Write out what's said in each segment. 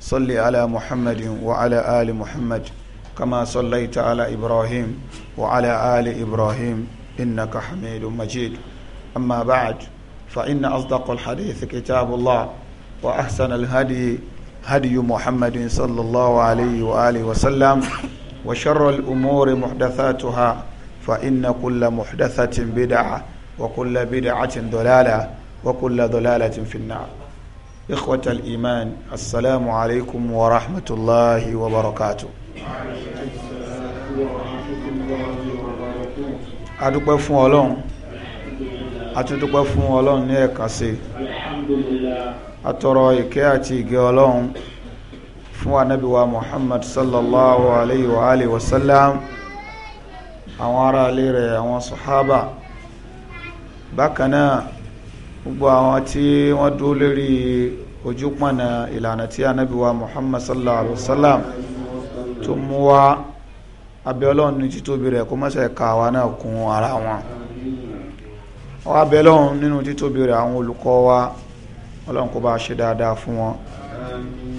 صل على محمد وعلى آل محمد كما صليت على إبراهيم وعلى آل إبراهيم إنك حميد مجيد أما بعد فإن أصدق الحديث كتاب الله وأحسن الهدي هدي محمد صلى الله عليه وآله وسلم وشر الأمور محدثاتها فإن كل محدثة بدعة وكل بدعة ضلالة وكل ضلالة في النار إخوة الإيمان السلام عليكم ورحمة الله وبركاته adúpẹ́ fún ọlọ́run atúndúpẹ́ fún ọlọ́run ní ẹ̀ka sí atọrọ ìkẹ́ àti ìgẹ́ ọlọ́run fún anábíwá muhammad sallallahu alayhi wa alayhi wa sallam àwọn ará ilé rẹ̀ àwọn sàhábà bákan náà gbogbo àwọn tí wọ́n dúró lórí ojú pọ̀nà ìlànà tí anábì wa muhammad sallallahu alaihi wa sallam tó mú wá abẹ́ ọlọ́run ní títóbi rẹ̀ kó mọ́sẹ̀ ka wa náà kún ara wọn wọ́n abẹ́ ọlọ́run nínú títóbi rẹ̀ àwọn olùkọ́ wa ọlọ́run kó bá ṣe dáadáa fún wọn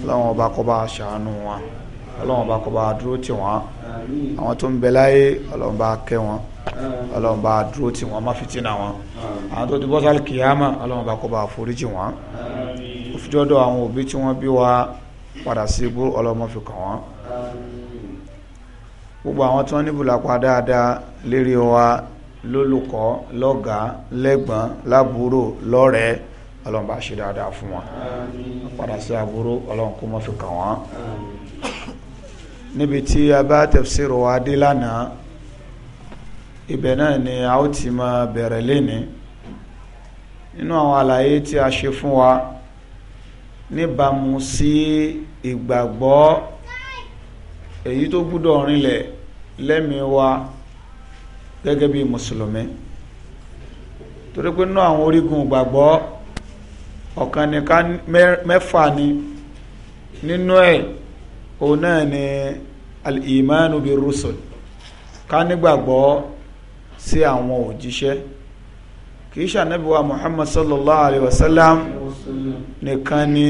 ọlọ́run ọba kó bá ṣàánú wọn ọlọ́run ọba kó bá dúró tì wọ́n àwọn tó ń bẹ láyé ọlọ́run bá kẹ́ wọn ọlọ́run bá dúró tì wọ́n má fìtínà wọn àwọn tó ti bọ́sálì kìyàmà ọlọ́run ọba kó bá foríjì wọn dọ́dọ̀ àwọn òbí tí wọ́n bí wa padà sí ibú ọlọ́mọ fi kàn wọ́n gbogbo àwọn tí wọ́n níbùlàpá dáadáa lérí wa lólùkọ́ lọ́gàá lẹ́gbọ́n lábúrò lọ́rẹ̀ẹ́ ọlọ́run bá ṣe dáadáa fún wọn padà sí àbúrò ọlọ́run kó má fi kàn wọ́n níbi tí a bá tafsiru wa dé lánàá ibẹ̀ náà ni a ó ti máa bẹ̀rẹ̀ lénìí nínú àwọn àlàyé tí a ṣe fún wa níbàámu sí ìgbàgbọ́ èyí tó gbúdọ̀ rinlẹ̀ lẹ́mìí wa gẹ́gẹ́ bí mùsùlùmí torí pé náà àwọn orígun ìgbàgbọ́ ọ̀kan ní ká mẹ́fà ni nínú ẹ̀ òun náà ni al-imanu bi rusul ká nígbàgbọ́ sí àwọn òjíṣẹ́ kìí ṣànẹ́bíwá Muhammad sallallahu alayhi wa sallam nìkan ni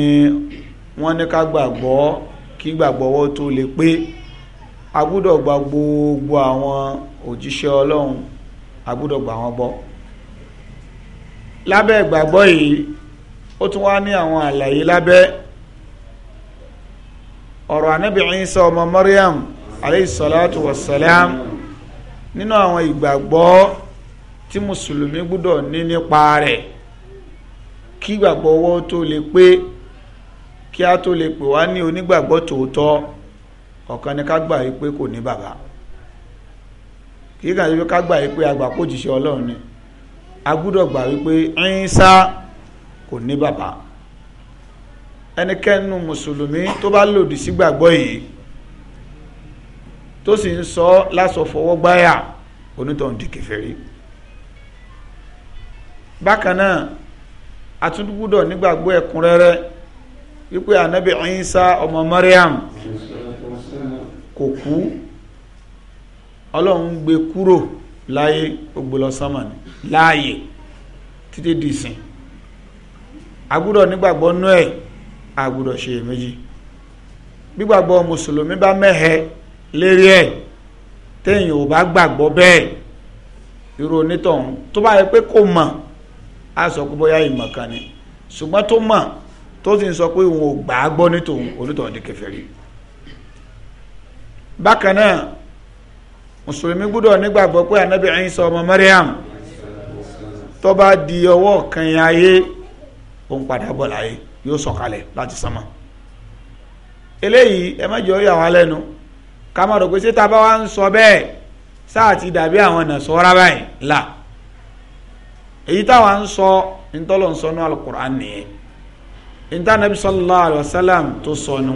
wọ́n ní ká gbàgbọ́ kí gbàgbọ́ wọ́n tó lè pé a gbọ́dọ̀ gba gbogbo àwọn òjíṣẹ́ Ọlọ́run a gbọ́dọ̀ gbà wọ́n gbọ́ lábẹ́ ìgbàgbọ́ yìí ó tún wá ní àwọn àlàyé lábẹ́ ọ̀rọ̀ ànábì Ìsá ọmọ Maryam aleyhisalatu wasalam nínú àwọn ìgbàgbọ́ tí mùsùlùmí gbọ́dọ̀ ní nípa rẹ̀ kí gbàgbọ́ ọwọ́ tó lè pé kí a tó lè pè wá ní onígbàgbọ́ tòótọ́ ọ̀kan ni ká gbà yí pé kò ní bàbá kí kàn yí pé ká gbà yí pé àgbà kò jíṣẹ́ ọlọ́run ni a gbọ́dọ̀ gbà wípé ẹ̀ńsá kò ní bàbá ẹnikẹ́nu mùsùlùmí tó bá lòdì sí gbàgbọ́ yìí tó sì ń sọ lásọfọwọ́gbáyà onítọ̀hún di kèfèrí bákan náà àtúndúgbúdọ̀ nígbàgbọ́ ẹ̀kúnrẹ́rẹ́ wípé ànábì Ìsá ọmọ Mariam kò kú ọlọ́run gbé kúrò láyé ògbólọ́sánmà ní láàyè títí dìsìn agbúdọ̀ nígbàgbọ́ nú ẹ̀ agbúdọ̀ ṣe èméjì gbígbàgbọ́ mùsùlùmí bá mẹ́hẹ lérí ẹ̀ téèyàn ò bá gbàgbọ́ bẹ́ẹ̀ irú onítọ̀hún tó bá yẹ pé kò mọ̀ á sọ pé bóyá ìmọ̀ kan ni ṣùgbọ́n tó mọ̀ tó sì ń sọ pé òun ò gbà á gbọ́ ní tòun onítọ̀hún di kèfèrí bákan náà mùsùlùmí gbọ́dọ̀ nígbàgbọ́ pé anabi Isa ọmọ Mariam tó bá di ọwọ́ kan ayé òun padà bọ̀ láyé yóò sọ̀kalẹ̀ láti sánmà eléyìí ẹ má yà wá lẹ́nu ká má rò pé ṣé tá bá wá ń sọ bẹ́ẹ̀ sáà ti dàbí àwọn nàṣọ́ra báyìí là. èyí táwa ń sọ ntọ́lọ̀ ń alukur'an nìyẹn nta nabi sallallahu alayhi wa sallam tó sọ nù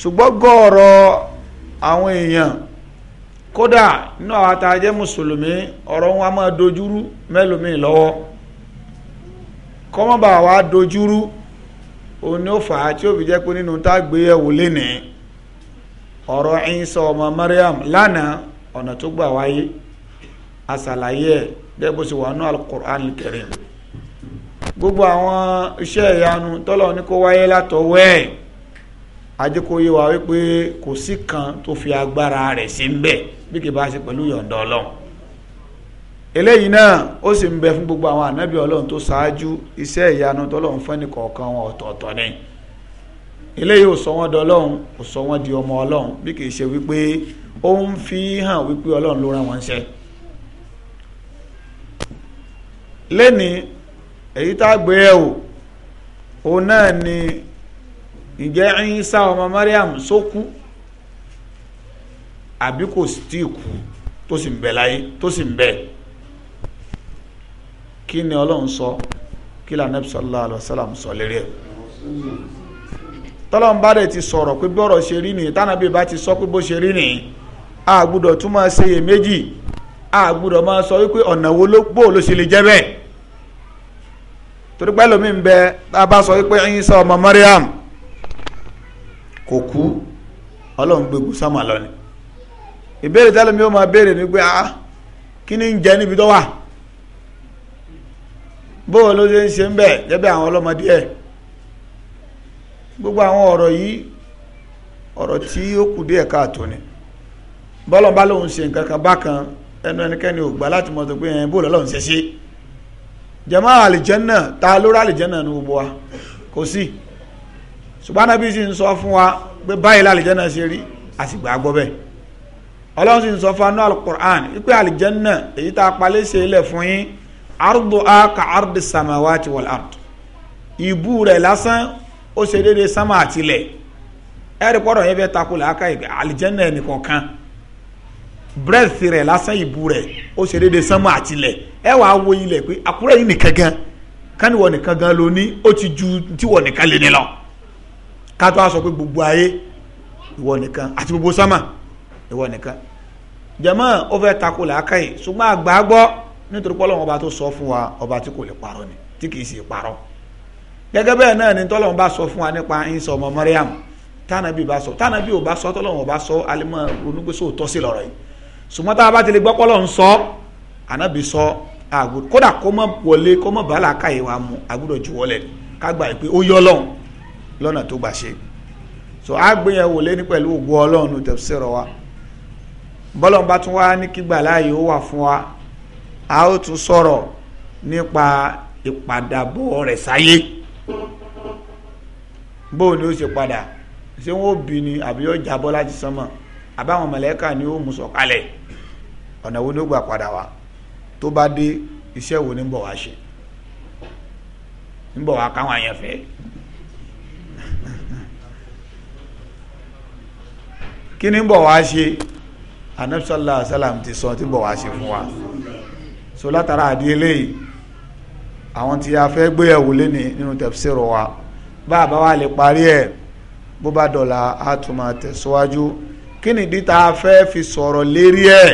ṣùgbọ́n gọ́ọ̀rọ̀ àwọn èèyàn kódà nínú àwọn mùsùlùmí ọ̀rọ̀ wọn a máa dojúrú lọ́wọ́ kọ́mọ́bà wa dojúrú òun ni ó fà á tí ó fi jẹ́ pé nínú tá a gbé yẹ̀wò lénìí ọ̀rọ̀ Mariam lánàá ọ̀nà tó gbà wáyé gẹ́gẹ́ bó ṣe wà nú alukur'an kẹrim gbogbo àwọn iṣẹ́ ìyanu tọ́lọ̀ ní kó wáyé látọwọ́ ẹ̀ ajẹ́kóyé wa wípé kò sí kan tó fi agbára rẹ̀ sí ń bẹ̀ bí kì bá ṣe pẹ̀lú yọ̀ǹda ọlọ́run eléyìí náà ó sì ń bẹ fún gbogbo àwọn ànábì ọlọ́run tó ṣáájú iṣẹ́ ìyanu tọ́lọ́run fẹ́ ní kọ̀ọ̀kan wọn ọ̀tọ̀ọ̀tọ̀ ni eléyìí ò sọ wọ́n di ọlọ́run kò sọ wọ́n di ọmọ ọlọ́run bí kì í ṣe wípé ó ń fi hàn wípé ọlọ́run ló rán wọn ṣẹ́ lẹ́ni èyí tá a gbé ẹ̀wò òun náà ni ǹjẹ́ Ìsá Mariam só àbí kò tí kú tó sì ń ni ọlọ́run sọ kí la Nabi sọ lérí ẹ̀ tọ́lọ́run ti sọ̀rọ̀ pé bí ọ̀rọ̀ ṣe rí nìyí tánàbí bá ti sọ pé bó ṣe rí nìyí a tún máa ṣe iyèméjì. àgbùdọ̀ máa sọ wípé ọ̀nà wo ló gbó ló ṣe lè jẹ́ bẹ́ẹ̀ torí lómi ń bẹ tá a bá sọ wípé Mariam kò kú ọlọ́run gbégbó lọ ni ìbéèrè tá lómi ó máa béèrè ni pé ah kí ni ń jẹ níbi tó wà bóò ló ṣe ń ṣe ń àwọn ọlọ́mọdé ẹ̀ gbogbo àwọn ọ̀rọ̀ yìí ọ̀rọ̀ tí ó kù díẹ̀ ni bọ́lọ̀ bá lóun ṣe nǹkan ẹnu ẹnikẹ́ni ò gbà láti mọ̀ tó pé ẹ̀yìn bóòlù ọlọ́run ṣe ṣe jẹ́mọ́ àlìjẹ́nà ta lórí àlìjẹ́nà ní gbogbo wa kò sí ṣùgbọ́n anábì sì ń sọ fún wa pé báyìí làlìjẹ́nà ṣe rí àsìgbà gbọ́ bẹ́ẹ̀ ọlọ́run sì ń sọ fún anú alukur'an wípé àlìjẹ́nà èyí tá a palẹ̀ ṣe ilẹ̀ fún yín ardu a ka ardu samawati wal ard ìbú rẹ̀ lásán ó ṣe déédéé sámà àtilẹ̀ ẹ̀rí pọ́dọ̀ yẹn fẹ́ takò làákà àlìjẹ́nà ẹnìkọ̀ọ̀kan breath rẹ̀ lásán ìbú rẹ̀ ó ṣe déédéé sánmọ́ àtilẹ̀ ẹ wo ilẹ̀ pé àkúrẹ́ yìí nìkan gan káníwọ̀ nìkan gan ló ní ó ti ju tíwọ̀ nìkan lé ní lọ ká a sọ pé gbogbo ayé ìwọ nìkan àti gbogbo sánmọ́ ìwọ nìkan jẹ̀mọ́ ó fẹ́ takò làákàyè ṣùgbọ́n àgbà gbọ́ nítorí pé ọba tó sọ fún wa ọba tí kò lè ni tí kì í sì parọ́ gẹ́gẹ́ náà ni tọ́lọ́run sọ fún wa nípa ọmọ Mariam bá sọ ò bá sọ ṣùgbọ́n tá a bá ti lè gbọ́ pọ́lọ́ ń sọ ànábì sọ àgùdọ̀ kódà kó mọ̀ wọlé kó mọ̀ bàálà káyé wa mu àgùdọ̀ jù wọlé kágbà pé ó yọ lọ́hùn lọ́nà tó gbà ṣe so àgbéyẹ̀wò lé ní pẹ̀lú ògbó ọlọ́run tẹ̀síọ̀rọ̀ wa bọ́lọ́n bá tún wá ní kígbà láàyè ó wà fún wa a ó tún sọ̀rọ̀ nípa ìpadàbọ̀ rẹ̀ sáyé bóun ni ó ṣe padà ṣé wọn ò bí ni àbí ọjà bọ́ láti sánmọ̀ àbáwọn mọ̀lẹ́kà ni ó mú sọ̀kalẹ̀ ọ̀nà wo ló gbà padà wá tó bá dé iṣẹ́ wo ni ń bọ̀ wá ṣe ń bọ̀ wá káwọn àyàn fẹ́ kí ni ń bọ̀ wá ṣe anabi sallallahu ti sọ tí bọ̀ wá ṣe fún wa so látara àdí eléyìí àwọn tí a fẹ́ gbéyàwó léni nínú tafsir wa bá a bá wà lè parí ẹ̀ bó bá dọ̀la a tún máa tẹ̀síwájú. So kí nìdí tá a fẹ́ fi sọ̀rọ̀ lérí ẹ̀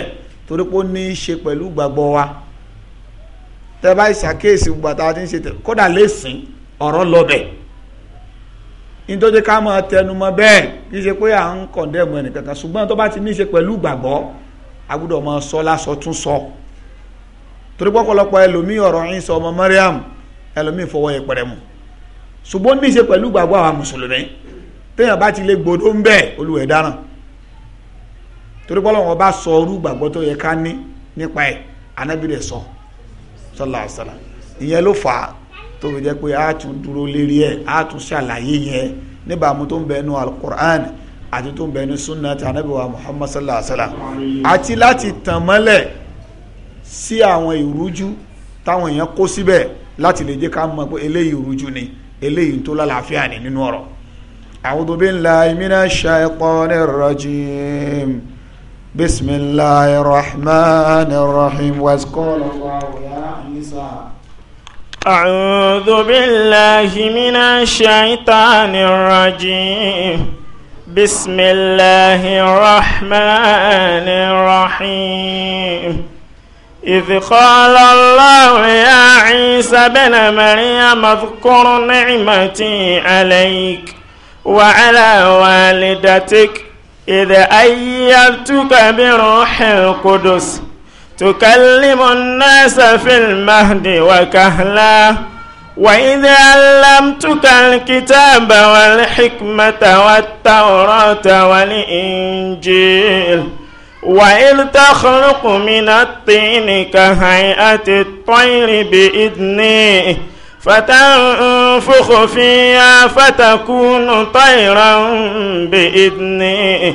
torí pé ó ní í ṣe pẹ̀lú gbàgbọ́ wa tẹ́ bá ìṣàkíyèsí gbogbo àtàwọn tí ń ṣe tẹ̀ kódà lẹ́sìn ọ̀rọ̀ lọ́bẹ̀ nítorí ká máa bẹ́ẹ̀ ṣe pé à ń ṣùgbọ́n tó bá ti ní í ṣe pẹ̀lú gbàgbọ́ Mariam fọwọ́ mu ṣùgbọ́n ní í ṣe pẹ̀lú gbàgbọ́ mùsùlùmí téèyàn bá ti torí pé Ọlọ́run bá sọ irú gbàgbọ́ tó yẹ ká ní nípa ẹ̀ anábì rẹ̀ sọ sallallahu alaihi wasallam ìyẹn ló fà á tó fi jẹ́ pé a tún dúró lérí ẹ̀ a tún ṣàlàyé yẹn níbàámu tó ń bẹ nu alukur'an àti tó ń bẹ nu sunna ti anábì wa muhammad sallallahu alaihi wasallam àti láti tàn mọ́lẹ̀ sí àwọn ìrújú táwọn èèyàn kó síbẹ̀ láti lè jẹ́ ká mọ̀ pé eléyìí ìrújú ni eléyìí tó lálàáfíà ni nínú ọ̀rọ̀. a'udhu billahi minash shaitanir rajim. بسم الله الرحمن الرحيم وإذ قال الله يا عيسى أعوذ بالله من الشيطان الرجيم بسم الله الرحمن الرحيم إذ قال الله يا عيسى بن مريم اذكر نعمتي عليك وعلى والدتك إذ أيدتك بروح القدس تكلم الناس في المهد وكهلا وإذا علمتك الكتاب والحكمة والتوراة والإنجيل وإذ تخلق من الطين كهيئة الطير بإذنه فتنفخ فيها فتكون طيرا بإذنه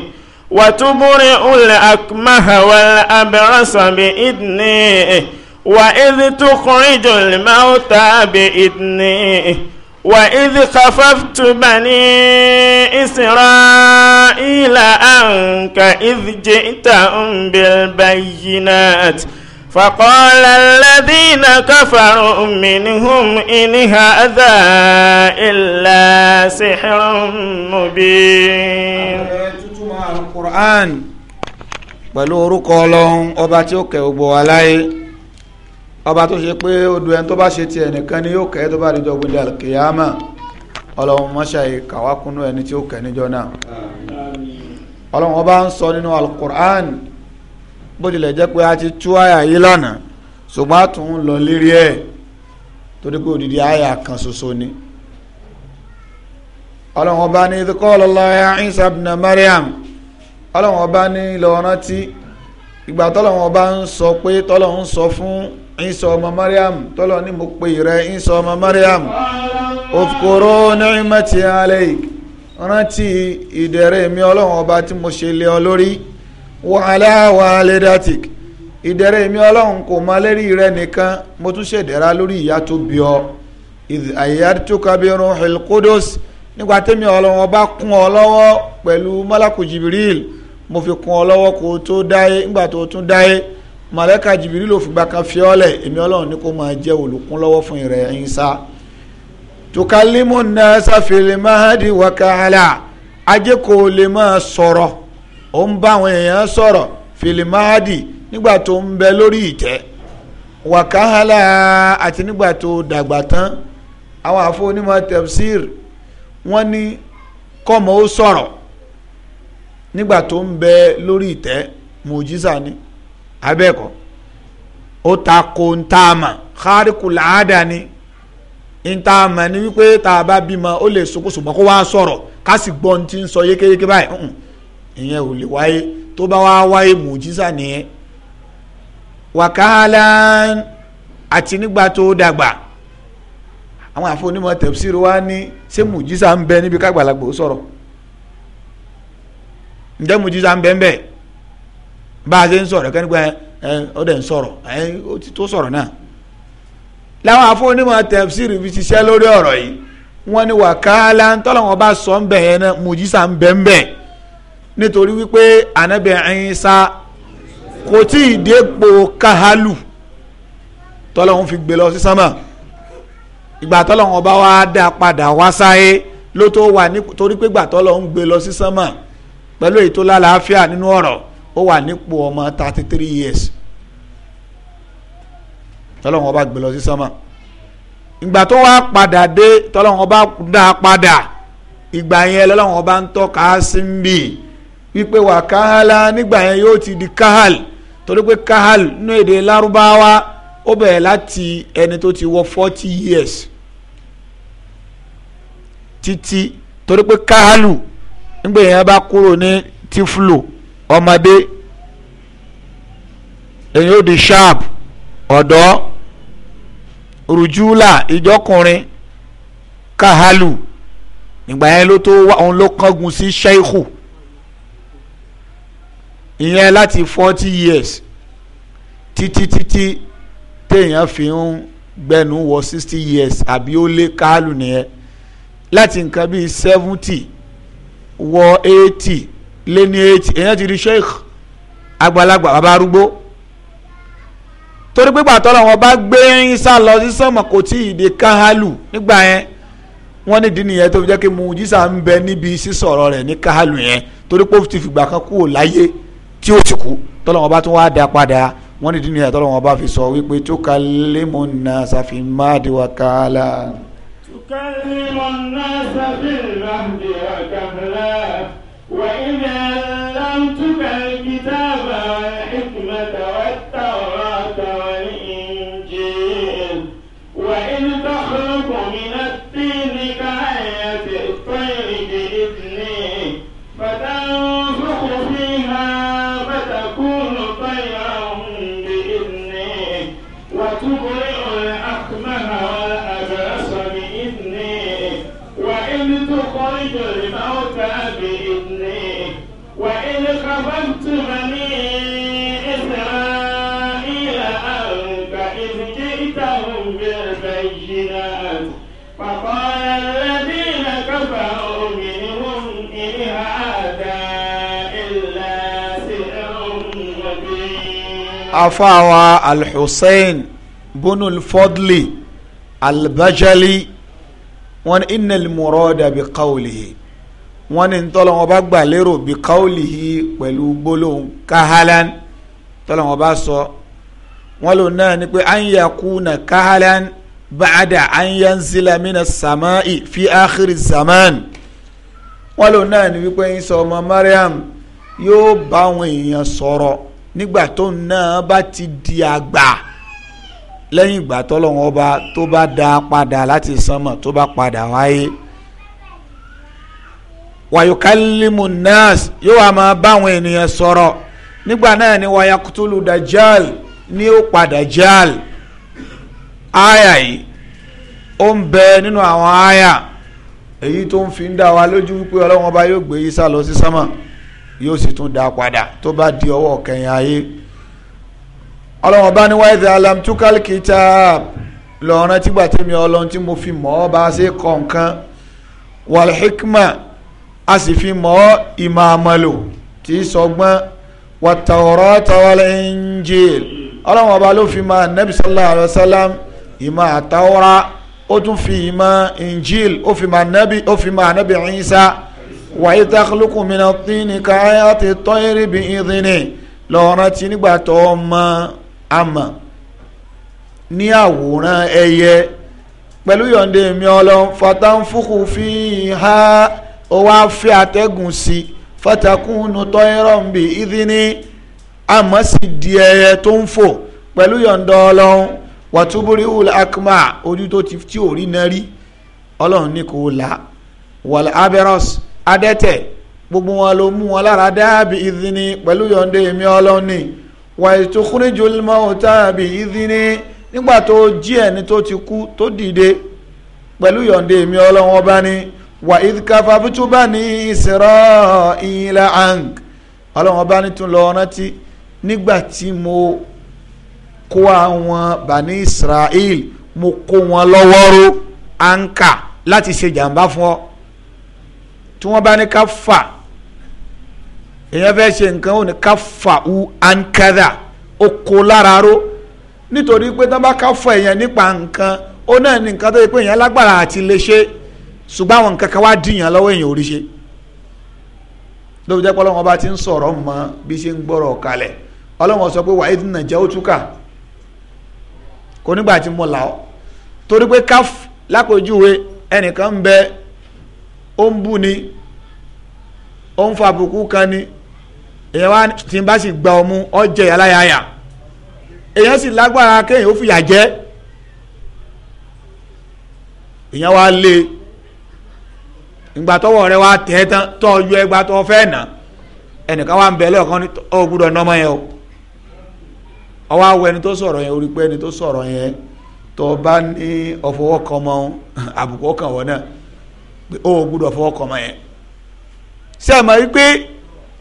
وتبرئ الأكمه والأبرص بإذنه وإذ تخرج الموتى بإذنه وإذ خففت بني إسرائيل عنك إذ جئتهم بالبينات ۖ فقال الذين كفروا منهم إن هذا إلا سحر مبين pẹ̀lú orúkọ ọlọ́run ọba tí ó kẹ́ gbogbo wa láyé ọba tó ṣe pé odò ẹni tó bá ṣe ti ẹnìkan ni yóò kẹ́ tó bá dìjọ gbìndé alkiyama ọlọ́run mọ́ṣá ìkàwákúnú ẹni tí ó kẹ́ níjọ náà ọlọ́run ọba ń sọ nínú alukur'an bó tilẹ̀ jẹ́ pé a ti tú àyà yìí lánàá ṣùgbọ́n a tún ń lọ lérí ẹ̀ torí pé òdìdí àyà kan ṣoṣo ni. ọlọ́run ọba ní qala Allah Isa ibn Maryam ọlọ́run ọba ní lọ rántí ìgbà tọ́lọ́run ọba ń sọ pé tọ́lọ́run ń sọ fún Isa ọmọ Maryam tọ́lọ́run ní mo pè rẹ Isa ọmọ Maryam ufkuru ni'mati alayk rántí ìdẹ̀rẹ̀ mi ọlọ́run ọba tí mo ṣe lé ọ lórí. wàhálà wàhálẹ́dàtìk ìdẹ̀rẹ̀ mi ọlọ́run kò mọ lérí rẹ nìkan mo tún ṣèdẹ̀ra lórí ìyá tó bí ọ àyàtúkàbírun hilkudos nígbà tẹ́mi ọlọ́run ọba kún ọ lọ́wọ́ jibril mo fi kún ọ lọ́wọ́ kó o tó jibril ò fìgbà kan fi èmi ọlọ́run máa jẹ́ olùkún lọ́wọ́ wakala kò lè máa ó ń bá àwọn èèyàn sọ̀rọ̀ filimahadi nígbà tó ń bẹ lórí ìtẹ́ wàkàhálà àti nígbà tó dàgbà tán àwọn àfọ onímọ̀ wọ́n ní kọ́mọ ó sọ̀rọ̀ nígbà tó ń bẹ lórí ni ó ta ko ń tá a ni ń ni wípé tá a bá bímọ ó lè sunkún kó wá sọ̀rọ̀ ká sì gbọ́ ti ń sọ yékéyéké báyìí ìyẹn ò lè wáyé tó bá wáyé mùjísà nìyẹn wàkàlà àti nígbà tó dàgbà àwọn àfọnímọ̀ tẹ̀síìrì wa ní ṣé mùjísà ń bẹ níbi kágbàlagbò sọ̀rọ̀ ǹjẹ́ mùjísà ń bẹ ń bẹ bá a ṣe ń sọ̀rọ̀ dẹ̀ ń sọ̀rọ̀ ó ti tó sọ̀rọ̀ náà láwọn sọ ń yẹn náà nítorí wípé ànábì Ìsá kò tí ì dépò káhálù tọ́lọ́hún fi gbé lọ sí sánmà ìgbà tọ́lọ́hún ọba wa dá padà wá sáyé ló tó wà nítorí pé ìgbà tọ́lọ́hún gbé lọ sí sánmà pẹ̀lú èyí tó lálàáfíà nínú ọ̀rọ̀ ó wà nípò ọmọ thirty three years tọ́lọ́hún ọba gbé lọ sí sánmà ìgbà tó wá padà dé tọ́lọ́hún ọba dá padà ìgbà yẹn lọ́lọ́hún ọba ń tọ́ka sí ń bì í wípé wà káhálà nígbà yẹn yóò ti di káhál torí pé káhál nínú èdè lárúbáwá ó bẹ̀rẹ̀ láti ẹni tó ti wọ forty years títí torí pé káhálù nígbà yẹn bá kúrò ní tiflo ọmọdé èyí ó di sharp ọ̀dọ́ rùjúlà ìjọkùnrin káhálù nígbà yẹn ló tó wá òun ló kángun sí sheikhu ìyẹn láti forty years títí títí téèyàn fi ń gbẹnu wọ sixty years àbí ó lé káàlù nìyẹn láti nǹkan bíi seventy wọ eighty lé ní eighty èèyàn ti di sheikh àgbàlagbà bàbá arúgbó torí pé gbàtọ́ làwọn bá gbé Ìsá lọ sí sánmọ̀ kò tí ì di káhálù nígbà yẹn wọ́n ní ìdí nìyẹn tó fi jẹ́ kí mùjísà ń bẹ níbi sísọ̀rọ̀ rẹ̀ ní káhálù yẹn torí pé ti fìgbà kan kúrò láyé tí ó ti kú tọ́lọ́wọ́n bá tún wá da padà wọ́n ní dínú ìyàtọ̀ lọ́wọ́n bá fi sọ wípé tukallimunnas fil mahdi wa kahla. tukallimunnas fil mahdi wa kahla wa idha lam tukallim. afaawa alḥusain bunul fadli albajali wọn ni inal murada bi qawlihi wọn ni ntọ́lọ́wọ́n bá gbà lérò bi qawlihi pẹ̀lú gbólóhùn kahalan tọ́lọ́wọ́n bá sọ wọn lò náà ni pé an yakuna kahalan baada an yanzila mina samai fi akhiri zaman wọn lò náà ni wípé ń sọ ọmọ mariam yóò bá àwọn èèyàn sọ̀rọ̀ nígbà tó náà bá ti di àgbà lẹ́yìn ìgbà tọ́lọ́wọ́n ọba tó bá dá padà láti sánmọ̀ tó bá padà wáyé wàyùkálímù nas yóò wá máa báwọn ènìyàn sọ̀rọ̀ nígbà náà ni wàyàkútúlù dajal ní ó pa dajal aya yìí ó ń bẹ nínú àwọn àyà èyí tó ń fi ń dá wa lójú wípé ọlọ́wọ́n ọba yóò gbé yísà lọ sí sánmọ̀ yóò sì tún dá padà tó bá di ọwọ́ kẹyìn ayé ọlọ́wọ́n bá ní wáyé alam tukal kitab lọ́ọ̀rán tígbà tẹ́mi ọlọ́run tí mo fi mọ̀ ọ́ bá a ṣe kọ̀ọ̀kan wal hikma a sì fi mọ̀ ọ́ ìmọ̀ àmọ́lò tí í sọgbọ́n wat tawrata wal injil ọlọ́wọ́n bá ló fi mọ̀ nabi sallallahu alayhi wa sallam ìmọ̀ àtàwọ́rá ó tún fi ìmọ̀ injil ó fi mọ̀ nabi ó fi mọ̀ nabi Isa wàyí takhluqu mina tini kayati tayri bi idhini lọ́ọ̀rán tí nígbà tó ọmọ àmà ní àwòrán ẹyẹ pẹ̀lú yọ̀ǹde mi ọlọ́run fatanfukhu fiha ó wá fi àtẹ́gùn sí fatakunu tayran bi idhini àmọ́ sì di ẹyẹ tó ń fò pẹ̀lú yọ̀ǹda ọlọ́run wàtúbúrí ul akma ojú tó ti tí ò rí náà ní kò la wal abẹ́rọ́sì adẹ́tẹ̀ gbogbo wọn ló mú wọn lára dábì ìdíní pẹ̀lú yọ̀ǹde èmi ọlọ́ni wàyí tó kúrú jùlọmọ́ òtàbí ìdíní nígbà tó jí ẹni tó ti kú tó dìde pẹ̀lú yọ̀ǹde èmi ọlọ́wọ́n bá ní wà ìdíkàfà bá ní ìsirọ́ ìyìnlá ang ọlọ́wọ́n bá ní tún lọ rántí nígbà tí mo kó àwọn bani Israel mo kó wọn lọ́wọ́rọ́ anka láti ṣe jàǹbá fún ọ tí wọ́n bá ní ká fà èèyàn fẹ́ ṣe nǹkan ó ní ká fà ú ankada ó kó lára ró nítorí pé tán bá ká fọ èèyàn nípa nǹkan ó náà ní nǹkan tó yẹ pé èèyàn lágbára àti lè ṣe ṣùgbọ́n àwọn nǹkan kan wá dìyàn lọ́wọ́ èèyàn ò ṣe lóbi jẹ́ pé ọlọ́run ọba ti ń sọ̀rọ̀ mọ́ bí ṣe ń gbọ́rọ̀ kalẹ̀ ọlọ́run sọ pé wàá ìdí nàìjẹ́ ó túkà kò nígbà tí mo là ọ́ torí pé káf lákòjúwe ẹnìkan ń bẹ o ń bú ni o ń fa àbùkù kan ni èèyàn wá n bá sì gba ọmú ọjẹ aláyàyà èèyàn sì lágbára kéèyàn ó fìyà jẹ èèyàn wá lé ìgbà tọ́wọ́ rẹ̀ wá tẹ tán tó ẹgbà tó fẹ́ nà ẹnìkan wá ń bẹ lọọkan ní ọ gbúdọ̀ yẹn o ọwọ́ awọ ẹni tó sọ̀rọ̀ yẹn orí pé ẹni tó sọ̀rọ̀ yẹn tó bá ní ọfọwọ́ kan mọ àbùkù ọkàn náà ó gbúdọ̀ fọwọ́ ọmọ yẹn ṣé ẹ mọ̀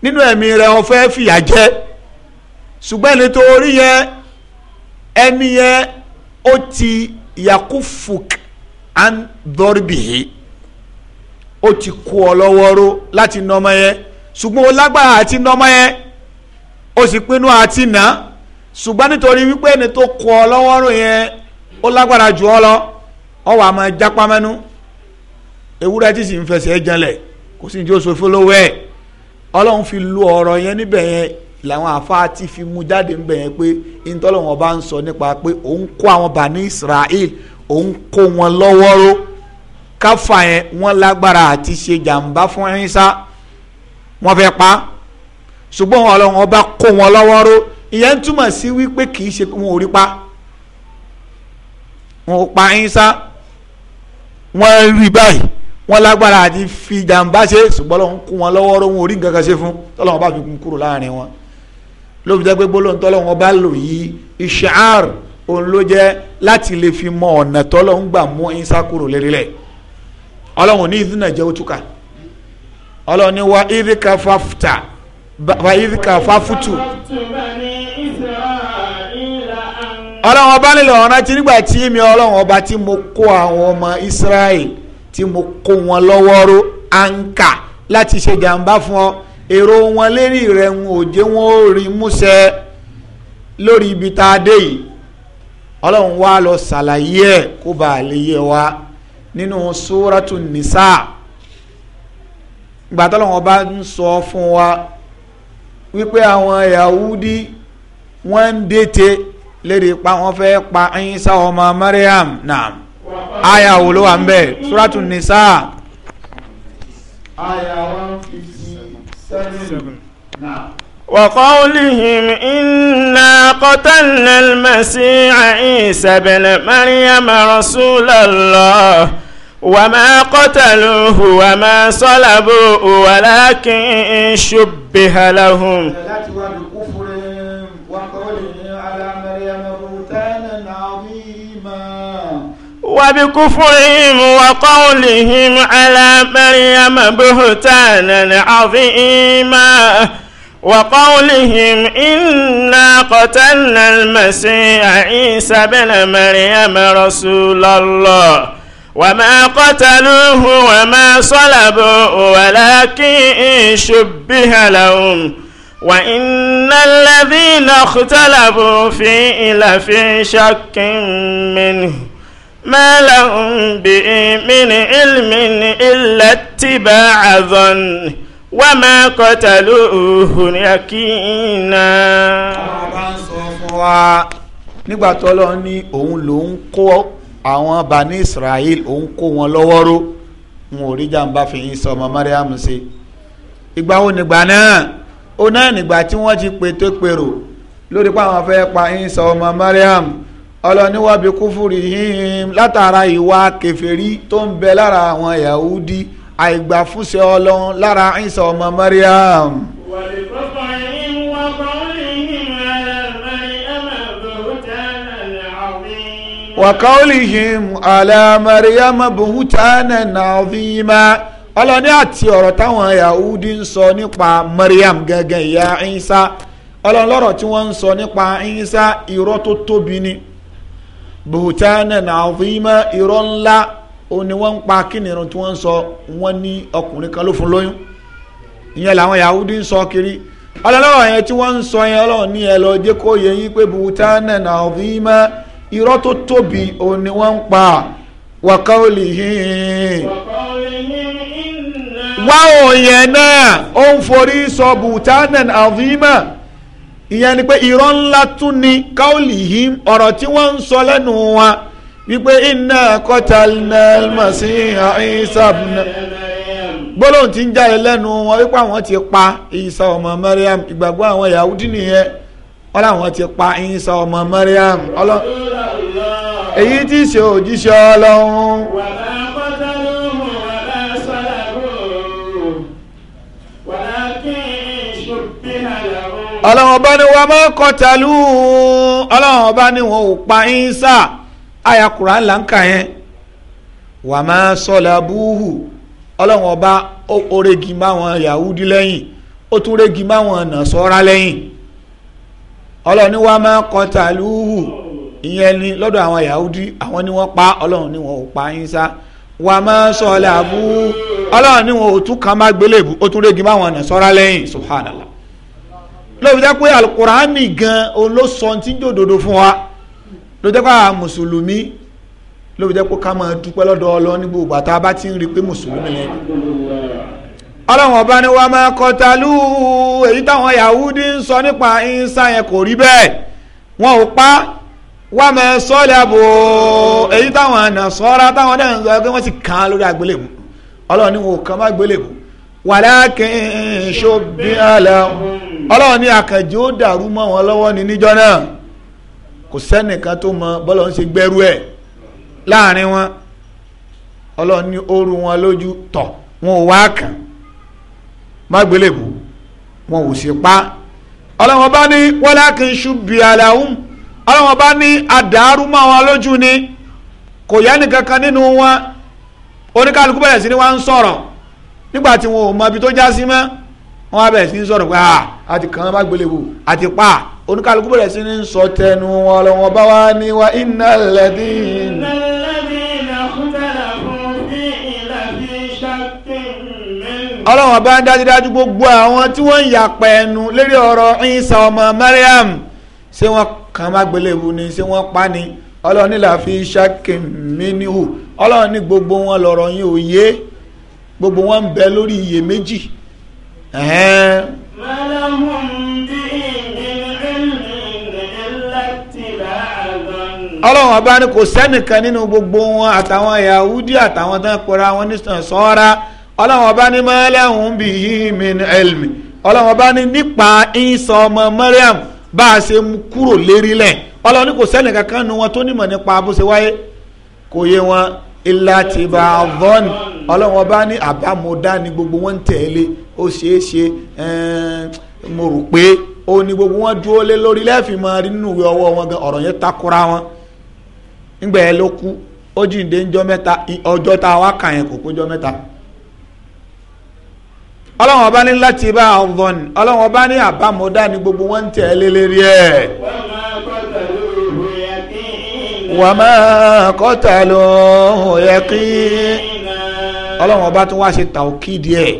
nínú ẹ̀mí rẹ o fẹ́ fìyà jẹ ṣùgbọ́n ẹni tó yẹn ẹni yẹn ó ti yakufuk an dọ́rìbìhì ó ti kó ọ lọ́wọ́ ró láti nà ọmọ yẹn ṣùgbọ́n o lágbára àti nà ọmọ yẹn ó sì pinnu àti nà ṣùgbọ́n nítorí wípé ẹni tó ọ lọ́wọ́ ró yẹn ọ lọ ọ wà máa jápá ewúrẹ́ tí sì ń fẹsẹ̀ janlẹ̀ kò sí ní tí ó so fọlọ́wọ́ ẹ̀ ọlọ́run fi lu ọ̀rọ̀ yẹn níbẹ̀ yẹn làwọn àfáà ti fi mú jáde níbẹ̀ yẹn pé ntọ́lọ́wọ́n bá ń sọ nípa pé òun kó àwọn bà Israel òun kó wọn lọ́wọ́rọ́ káfà yẹn wọ́n lágbára àti ṣe jàǹbá fún ẹ̀ńsá wọ́n fẹ́ pa ṣùgbọ́n ọlọ́run ọba kó wọn lọ́wọ́rọ́ ìyẹn túmọ̀ sí wípé kì í ṣe pé wọn ò rí pa wọn pa ẹ̀ńsá wọ́n rí báyìí wọ́n lágbára àti fi ṣe ṣùgbọ́n lọ́wọ́ ń wọn lọ́wọ́ wọn orí nǹkan fún tọ́lọ́wọ́n bá fi kún kúrò láàrin wọn lóbi jẹ́ pé ọba tọ́lọ́wọ́n bá lò yìí ìṣàr òun ló jẹ́ láti lè fi mọ ọ̀nà tọ́lọ́wọ́n gbà mú kúrò lérílẹ̀ ọlọ́wọ́n ní ìdúnà jẹ́ òtúkà ọlọ́wọ́n ní wa ìdíkà wa ìdíkà fáfútù ọlọ́wọ́n bá nílò nígbà tí mo kó wọn lọ́wọ́ ró àǹkà láti ṣe jàǹbá fún ọ èrò wọn lérí rẹ ń òjé wọn ó rí músẹ lórí ibi tá a dé yìí ọlọ́run wá lọ ṣàlàyé ẹ̀ kó bá a lè yé wa nínú súrátù nìsá ìgbà tọ́lọ́wọ́n bá ń sọ fún wa wípé àwọn yahudi wọ́n ń dètè lérí pa wọ́n fẹ́ pa ẹ̀yìn sáwọn ọmọ Mariam náà. aya wo ló wà ń bẹ̀ suratu nisa. aya one fifty seven. وقولهم إنا قتلنا المسيح عيسى بن مريم رسول الله وما قتلوه وما صلبوه ولكن شبه لهم وبكفرهم وقولهم على مريم بهتانا عظيما وقولهم إنا قتلنا المسيح عيسى بن مريم رسول الله وما قتلوه وما صلبوه ولكن شبه لهم وإن الذين اختلفوا فيه لفي شك منه ما لهم به من علم إلا اتباع ظن وما قتلوه يقينا. nígbà tó lọ ní òun lòún kó àwọn bani Israel òun kó wọn lọ́wọ́ ró wọn ò rí jàǹbá fi yín sọ ọmọ Mariam ṣe ìgbà wo nìgbà náà ó náà nìgbà tí wọ́n ti pètè pèrò lórí pé àwọn fẹ́ pa yín sọ ọmọ Mariam ọlọ́niwábi kúfúrì híhìm látara ìwà kẹfẹ́rí tó ń bẹ lára àwọn yahudi àìgbàfúnṣe ọlọ́run lára Ìsá ọmọ Mariam. wàkàólìhìm àlà Mariam buhutana nàvìmá ọlọ́ni àti ọ̀rọ̀ táwọn yahudi ń sọ nípa Mariam gẹ́gẹ́ ìyá Ìsá ọlọ́run lọ́rọ̀ tí wọ́n ń sọ nípa Ìsá irọ́ tó tóbi ni. bùtánà nàzímà irọ ńlá ó ní ń pa tí wọ́n ń sọ wọ́n ní ọkùnrin kan ló lóyún ìyẹn làwọn yahudi ń kiri ọlọ́lọ́wọ́ yẹn tí wọ́n ń sọ yẹn ní ẹ lọ jẹ́ kó yẹ yín pé bùtánà nàzímà tó sọ ìyẹn ni pé irọ́ ńlá tún ni kaulihim ọ̀rọ̀ tí wọ́n ń sọ lẹ́nu wọn wípé inna qatalna al-masiha gbólóhùn tí ń jáde lẹ́nu wọn wípé àwọn ti pa Isa ọmọ Maryam ìgbàgbọ́ àwọn Yahudi nìyẹn wọn làwọn ti pa Isa ọmọ Maryam ọlọ́ èyí tí ṣe òjíṣẹ́ Ọlọ́run. ọlọ́run ọba ni wọ́n máa kọtàlú ọlọ́run ọba ni wọ́n ò pa Ìsá ayakura lanka yẹn wọ́n máa sọ̀lá búhù ọlọ́run ọba ó regi máwọn Yahudi lẹ́yìn ó tún regi máwọn nàṣọ́ra lẹ́yìn ọlọ́run ni wọ́n máa kọtàlú ìyẹn ni lọ́dọ̀ àwọn Yahudi àwọn ni wọ́n pa ọlọ́run ni wọ́n ò pa Ìsá wà máa sọ ọ̀làbù ọlọ́run ni wọn ò tún kan má gbélébù ó tún régi máwọn ọ̀nà sọ́ra lẹ́yìn subhanallah lóbi jẹ́ pé alukurani gan olóso ti ń jòdòdò fún wa lóbi jẹ́ pé a mùsùlùmí lóbi jẹ́ pé ká máa dúpẹ́ lọ́dọ̀ ọlọ́run ní gbogbo àtàwọn bá ti ń rí i pé mùsùlùmí ni ọlọ́run ọba ni wọ́n máa kọtalú èyí táwọn yahudi ń sọ nípa ìsá yẹn kò rí bẹ́ẹ̀ wọn ò pa wọ́n máa sọ lẹ́bù èyí táwọn nàṣọ́ra táwọn náà ń sọ pé wọ́n ti kàn án lórí àgbélébù ọlọ́run ni wọn ò kàn má àgbélébù wàlákìn ṣó bí ọlọ́run ní àkànjẹ́ ó dàrú mọ́ wọn lọ́wọ́ ní níjọ́ kò sẹ́nìkan tó mọ bọ́lọ̀ ń ṣe gbẹ́rú ẹ̀ láàrin wọn ọlọ́run ooru wọn lójú tọ̀ wọn ò wá kàn wọn ò sì pa ọlọ́run bá ní wọ́lá aláhùn bá ní àdàrú mọ́ wọn lójú ni kò yá nínú wọn oníkàlùkù bẹ̀rẹ̀ sí ni wọ́n ń sọ̀rọ̀ wọn ò mọ ibi tó já sí mọ́ wọn á bẹ̀rẹ̀ sí àti kàn án bá gbélé wò àti pa oníkàlùkù bẹ̀rẹ̀ sí ní sọ tẹnu wọn lọ́wọ́ bá wá ní wa iná lẹ́dí. ọlọ́wọ́n bá ń dájúdájú gbogbo àwọn tí wọ́n ń yàpẹ̀ ẹnu lérí ọ̀rọ̀ Ìsá ọmọ Mariam ṣé wọ́n kàn án gbélé wò ni ṣé wọ́n pa ni ọlọ́run ní làá fi ṣáàkì mínú ọlọ́run ní gbogbo wọn lọ́rọ̀ yín òye gbogbo wọn ń bẹ lórí iyèméjì ما لهم به من علم إلا اتباع ọlọ́run ọba ni kò sẹ́nìkan nínú gbogbo wọn àtàwọn yahudi àtàwọn tán pera wọn nísàn sọ́ra ọlọ́run ọba ni ma lahum bihi min ilmi ọlọ́run ọba ni nípa ìsọ ọmọ Maryam bá a ṣe mú kúrò lérílẹ̀ ọlọ́run ni kò sẹ́nìkan kan nu wọn tó nímọ̀ nípa bó ṣe wáyé kò yé wọn illa tiba adhan ọlọ́run ọba ní àbámọ̀dá ni gbogbo wọn ń tẹ̀lé ó ṣeé ṣe mo rò pé ó ní gbogbo wọn dúró lé lórí lẹ́ẹ̀fì máa nínú ìwé ọwọ́ wọn gan ọ̀rọ̀ yẹn takora wọn nígbà yẹn ló kú ó jíǹde ńjọ́ mẹ́ta ọjọ́ tá a wá kà yẹn kò péjọ́ mẹ́ta ọlọ́wọ́n bá ní láti bá ọ̀dọ́ ni ọlọ́wọ́n bá ní àbámọ̀dá ni gbogbo wọn ń tẹ̀ lérí ẹ̀. wàmà kọ́tà ló ń yẹ kí ọlọ́run ọba tún wá ṣe tàwọ́kìdì ẹ̀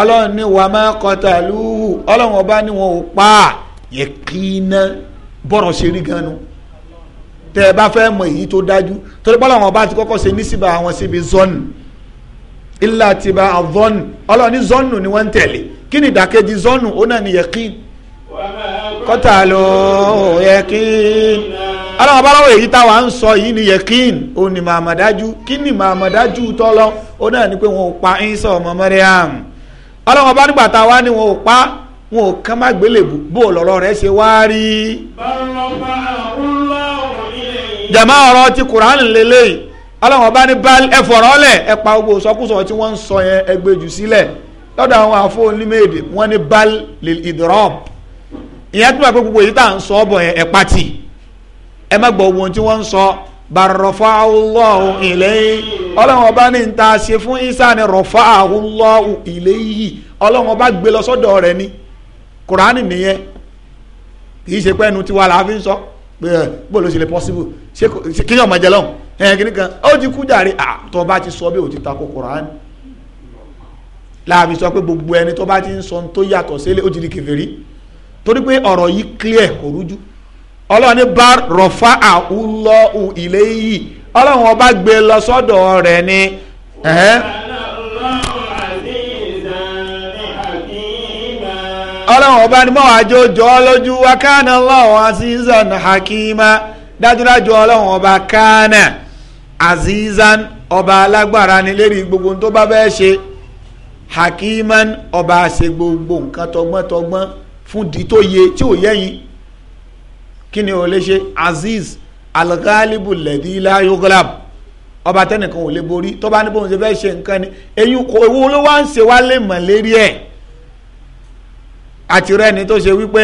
ọlọ́run ní wà má qataluhu ọlọ́run ọba ní wọn ò pa yẹ kí iná bọ̀rọ̀ ṣe rí gan nu tẹ ẹ bá fẹ́ mọ èyí tó dájú torí bọ́lá wọn ti kọ́kọ́ ṣe ní síbà àwọn síbi zọ́nù ilà tìbà àvọ́nù ọlọ́run ní zọ́nù ni wọ́n ń tẹ̀lé kí ni ìdàkejì zọ́nù ó náà ní yẹ kí qataluhu yẹ kí iná. aláwọ̀ ọba èyí táwa ń sọ yìí ni yẹ̀kín ó ní màmàdájú kí tọ́lọ́ ó náà ní pé wọn ò pa Ìsá ọmọ Mariam aláwọ̀ bá nígbà táwa ni wọn ò pa wọn ò kán má gbélébù bó lọ́rọ̀ rẹ̀ ṣe wá rí. ti Kùránì lélẹ́yìí aláwọ̀ bá ní ẹ̀fọ̀rọ̀ lẹ̀ ẹ̀ pa gbogbo sọkúsọ tí wọ́n ń sọ yẹn sílẹ̀ ẹ má gbọ́ ohun tí wọ́n ń sọ bàrọ̀fà ọlọ́hùn ilé ọlọ́run ọba ní ta ṣe fún isa ni rọ̀fà ọlọ́hùn ilé yìí ọlọ́run ọba gbé lọ sọ́dọ̀ rẹ̀ ni kùránì nìyẹn kì í ṣe pé ẹnu tiwa làá fi ń sọ pé ẹ eh, bó ló ṣe lè possible ṣé kí yàn máa jẹ lọ́hùn ẹ eh, kí ni kan ó ti kú jàre àtọ́ ah, bá ti sọ bí ó ti ta ko kùránì láàbí sọ pé gbogbo ẹni tó bá ti ń sọ tó yàtọ̀ sílé ó ti di kèfèrí torí pé ọ̀rọ̀ yìí clear kò rújú ọlọ́run ní bá rọ̀fà àhúlọ́hù ilé yìí ọlọ́run ọba gbé lọ sọ́dọ̀ rẹ̀ ni. ọlọ́run ọba ni mọ́wàá jọjọ́ lójú wa kánà lọ́wọ́ azizan hakima dájúdájú ọlọ́run ọba kánà azizan ọba alágbára ni lérí gbogbo tó bá bẹ́ẹ̀ ṣe hakiman ọba ṣe gbogbo nǹkan tọgbọ́ntọgbọ́n fún di tó yẹ tí ò yẹ yìí kí ni o lè ṣe aziz alghalibu lẹ́dí láyọ́gọ́làb ọba tẹnìkan ò lè borí tó bá ní bóun ṣe fẹ́ ṣe nǹkan ni eyín kò ewu ló wá ń ṣe wá lè mọ̀ lérí ẹ̀ àti rẹ̀ ni tó ṣe wípé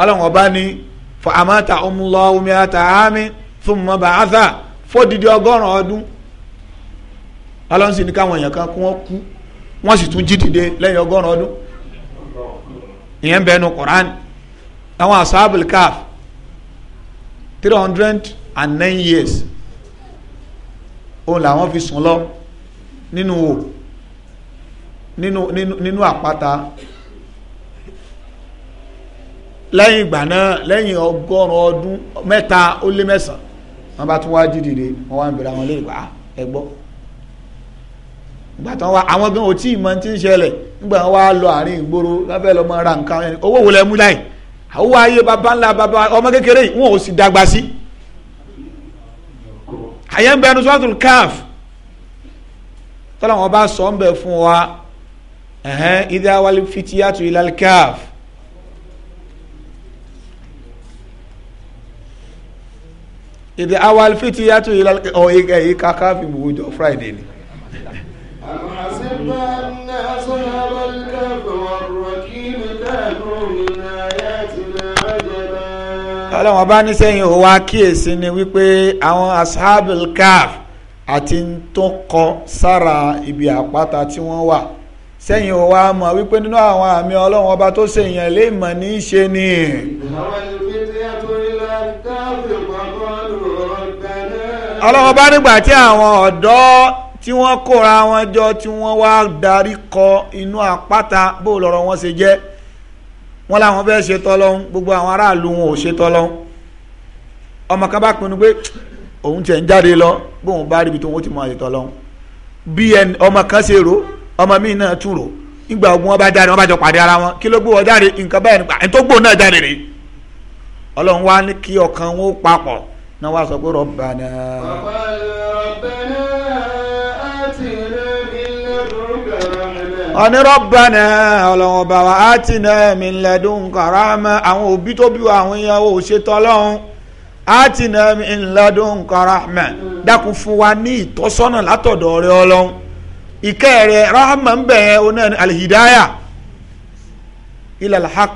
ọlọ́run ọba ni fọ àmọ́ta ọmúlọ omi ata àmì fún mọ́ bàáṣà fódìdí ọgọ́rùn ọdún ọlọ́run sì ní káwọn èèyàn kan kí wọ́n kú wọ́n sì tún jí dìde lẹ́yìn ọgọ́rùn ọdún ìyẹn bẹ́ẹ̀ nu Qur'an àwọn asábìlì káfí three hundred and nine years òun làwọn fi sùn lọ nínú wò nínú nínú nínú àpáta lẹ́yìn ìgbà náà lẹ́yìn ọgọ́rùn ọdún mẹ́ta ó lé mẹ́sàn wọ́n bá tún wá jí dìde wọ́n wá ń bèrè àwọn léèrè wá ẹ gbọ́ ìgbà tán wá àwọn gan ò tí ì mọ tí ń ṣẹlẹ̀ nígbà wọn wá lọ àárín ìgboro lábẹ́ lọ́mọ ra nǹkan owó wo lẹ mú láì àwọn ayé baba ńlá baba ọmọ kékeré yìí wọn ò sì dàgbà sí àyẹ̀ ń bẹ ẹnu sọ́tún káf tọ́lá wọn bá sọ ń bẹ fún wa ẹ̀hẹ́n ìdí awálé fitiyatu ilal káf ìdí awálé fitiyatu ilal káf ọ̀ ìka káf ìbùwọ́jọ́ friday ni. àmọ́ àṣẹ bá ń ná aṣọ àbálẹ̀ káf. ọlọ́wọ́n bá ní sẹ́yìn ó wá kíyèsí ni wípé àwọn ashabul kaf àti tó kọ sára ibi àpáta tí wọ́n wà sẹ́yìn ó wá mọ̀ wípé nínú àwọn àmì ọlọ́wọ́n ọba tó ṣèyàn lè mọ̀ ní í ṣe ni. ọlọ́wọ́n bá nígbà tí àwọn ọ̀dọ́ tí wọ́n kóra wọn jọ tí wọ́n wá darí kọ inú àpáta bó lọ́rọ̀ wọn ṣe jẹ́ wọ́n láwọn fẹ́ ṣe tọ́lọ́hún gbogbo àwọn aráàlú wọn ò ṣe tọ́lọ́hún ọmọ kan bá pinnu pé òun tiẹ̀ ń jáde lọ bóun bá ríbi tó wọ́n ti mọ àṣetọ́ lọ́hún bí ọmọ kan ṣe ọmọ míì náà tún rò nígbà ogun wọn bá jáde ara wọn kí ló gbé jáde nǹkan báyìí nípa ẹni tó gbó náà jáde ọ̀nìrọ̀bànà ọlọ́wọ́ba wa á ti nà mí lẹ́dùn kàrámà àwọn òbí tó bí wa àwọn èèyàn ò ṣètò ọlọ́run á ti nà mí lẹ́dùn kàrámà dákun fún wa ní ìtọ́sọ́nà látọ̀dọ̀ rẹ ọlọ́run ìkẹ́ rahama ń bẹ̀ yẹn oná ní alihidaya ilẹ̀ alhaq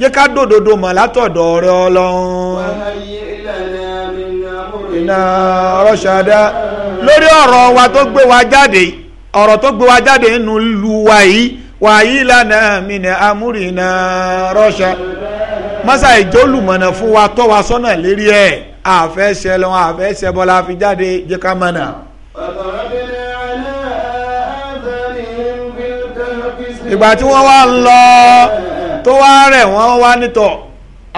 jẹ́ ká dòdòdò mọ̀ látọ̀dọ̀ rẹ ọlọ́run iná rọ́ṣadá lórí ọ̀rọ̀ wa tó gbé wa jáde yìí ọ̀rọ̀ tó gbé wa jáde nínú lu wa yìí wà yìí lánàá mi ní amúrìnà rọ́ṣà mọ́sá ìjọ́lùmọ̀nà fún wa tọ́ wa sọ́nà lérí ẹ̀ àfẹ́sẹ̀ lọ́wọ́ àfẹ́sẹ̀ bọ́lá fi jáde jẹ́ ká mọ̀nà. ìgbà tí wọ́n wá ń lọ tó wá rẹ̀ wọ́n wá nítọ̀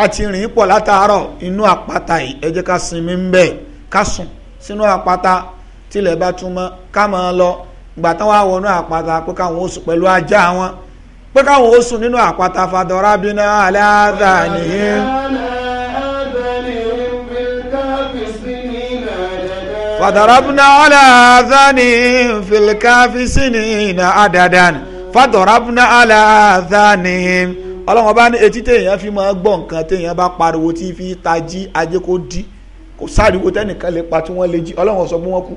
a rìn pọ̀ látàárọ̀ inú àpáta yìí ẹ jẹ́ ká sinmi ń bẹ̀ ká sùn sínú àpáta tilẹ̀ bá tún ká máa lọ gbà tán wá wọnú àpáta pé káwọn ó sùn pẹ̀lú ajá wọn pé káwọn ó sùn nínú àpáta fàdọ̀rà bínú aláàdá nìyẹn. fàdọ̀rọ̀bùnà aláàdá ní fìlìkàfíìsì ní ìnà àdàdà ní fàdọ̀rọ̀bùnà aláàdá ní ọlọ́wọ́n bá ní etí téèyàn fi máa gbọ́ nǹkan téèyàn bá pariwo tí fi tají ajé kó dí kò sáriwo tẹ́nìkan lè pa tí wọ́n lè jí ọlọ́wọ́n sọ pé wọ́n kú.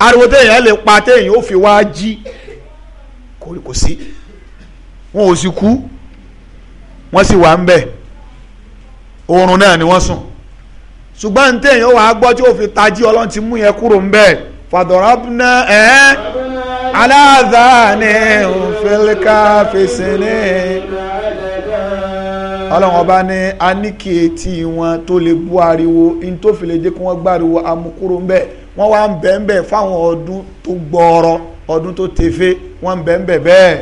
ariwo téèyàn lè pa téèyàn ó fi wá jí kò sí wọn ò sì kú wọ́n sì wà ń bẹ̀ oorun náà ni wọ́n sùn ṣùgbọ́n téèyàn wàá gbọ́ tí ó fi tají ọlọ́run ti mú yẹn kúrò ń ni ọba ní wọn tó lè ariwo ní tó fi lè jẹ́ ń bẹ̀ wọ́n wá ń bẹ̀ẹ̀bẹ̀ fáwọn ọdún tó gbọ́ọ̀rọ̀ ọdún tó tefe wọ́n ń bẹ̀ẹ̀bẹ̀ bẹ́ẹ̀.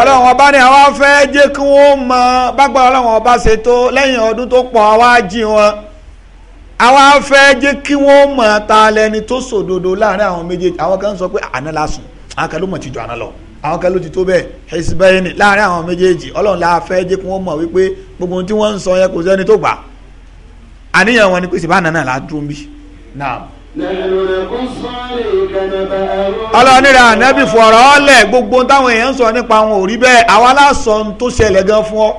ọlọ́run ọba ni àwa fẹ́ jẹ́ kí wọ́n mọ bágbà ọlọ́run ọba ṣe tó lẹ́yìn ọdún tó pọ̀ àwa jí wọn àwa fẹ́ jẹ́ kí wọ́n mọ̀ ta lẹni tó sòdodo láàrin àwọn méjèèjì àwọn kan sọ pé àná lásùn àwọn tìjọ àná lọ. àwọn kan ló ti tó bẹ́ẹ̀ hisbayni láàrin àwọn méjèèjì la fe eji kí wọ́n mọ̀ wípé gbogbo ohun tí wọn ń sọ yẹn kò sẹ́ni tó gbà àníyàn wọn ni pé sèbá nànà là á dúró bí. ọlọ́run níra fọ̀rọ̀ ọ́lẹ̀ gbogbo táwọn èèyàn ń sọ nípa wọn ò rí bẹ́ẹ̀ àwa fún ọ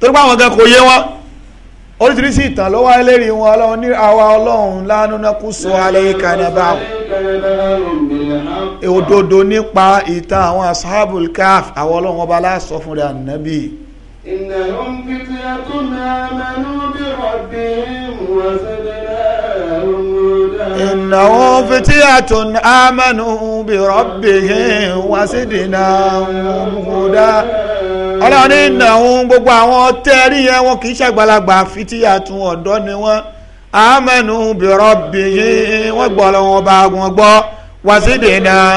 torí àwọn gan kò yé oríṣiríṣi ìtàn ló wáyé lérí wọn ọlọ́run ní àwa ọlọ́run lánàá kú sọ alẹ́ kanaba òdodo nípa ìtàn àwọn asahabul kaf àwọn ọlọ́run ọba aláṣọ fúnra ànábì. إنهم فتية آمنوا بربهم وزدناهم إنه فتية آمنوا بربهم وزدناهم هدى ọlọ́run ní ìnáwó gbogbo àwọn tẹ́rí yẹn wọn kì í ṣàgbàlagbà fìtíyà tún ọ̀dọ́ ni wọ́n amẹ́nu bìrọ̀ bìyí wọ́n gbọ́ ọlọ́run ọba wọn gbọ́ wàṣídẹ̀ẹ́ náà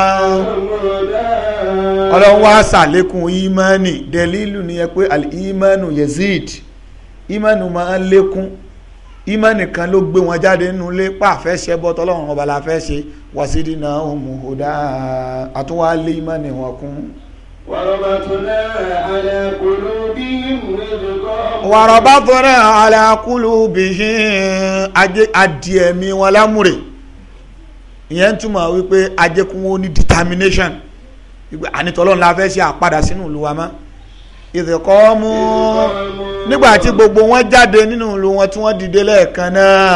ọlọ́run wá ṣàlékún ìmánì dẹ̀lílù nìyẹn pé ìmánù yezid ìmánù máa ń lékún ìmọ̀ nìkan ló gbé wọn jáde nínú ilé pàfẹ́ ṣe bọ́ tọ́lọ́run ọba la fẹ́ ṣe wàsídìí náà ó mú un dá àtúwá lé ìmọ̀ ni wọn kún. wàrọ̀bàtúnà àlàkùlù bí wàrọ̀bàtúnà àlàkùlù bí adìẹ mi wọn lámúre ìyẹn túmọ̀ wípé ajẹ́kùn ó ní determination ànitọ́lọ́run la fẹ́ ṣe àpadà sínú ìlú wa mọ́ ìdẹ̀kọ́ mú nígbà tí gbogbo wọn jáde nínú ìlú wọn tí wọ́n dìde lẹ́ẹ̀kan náà.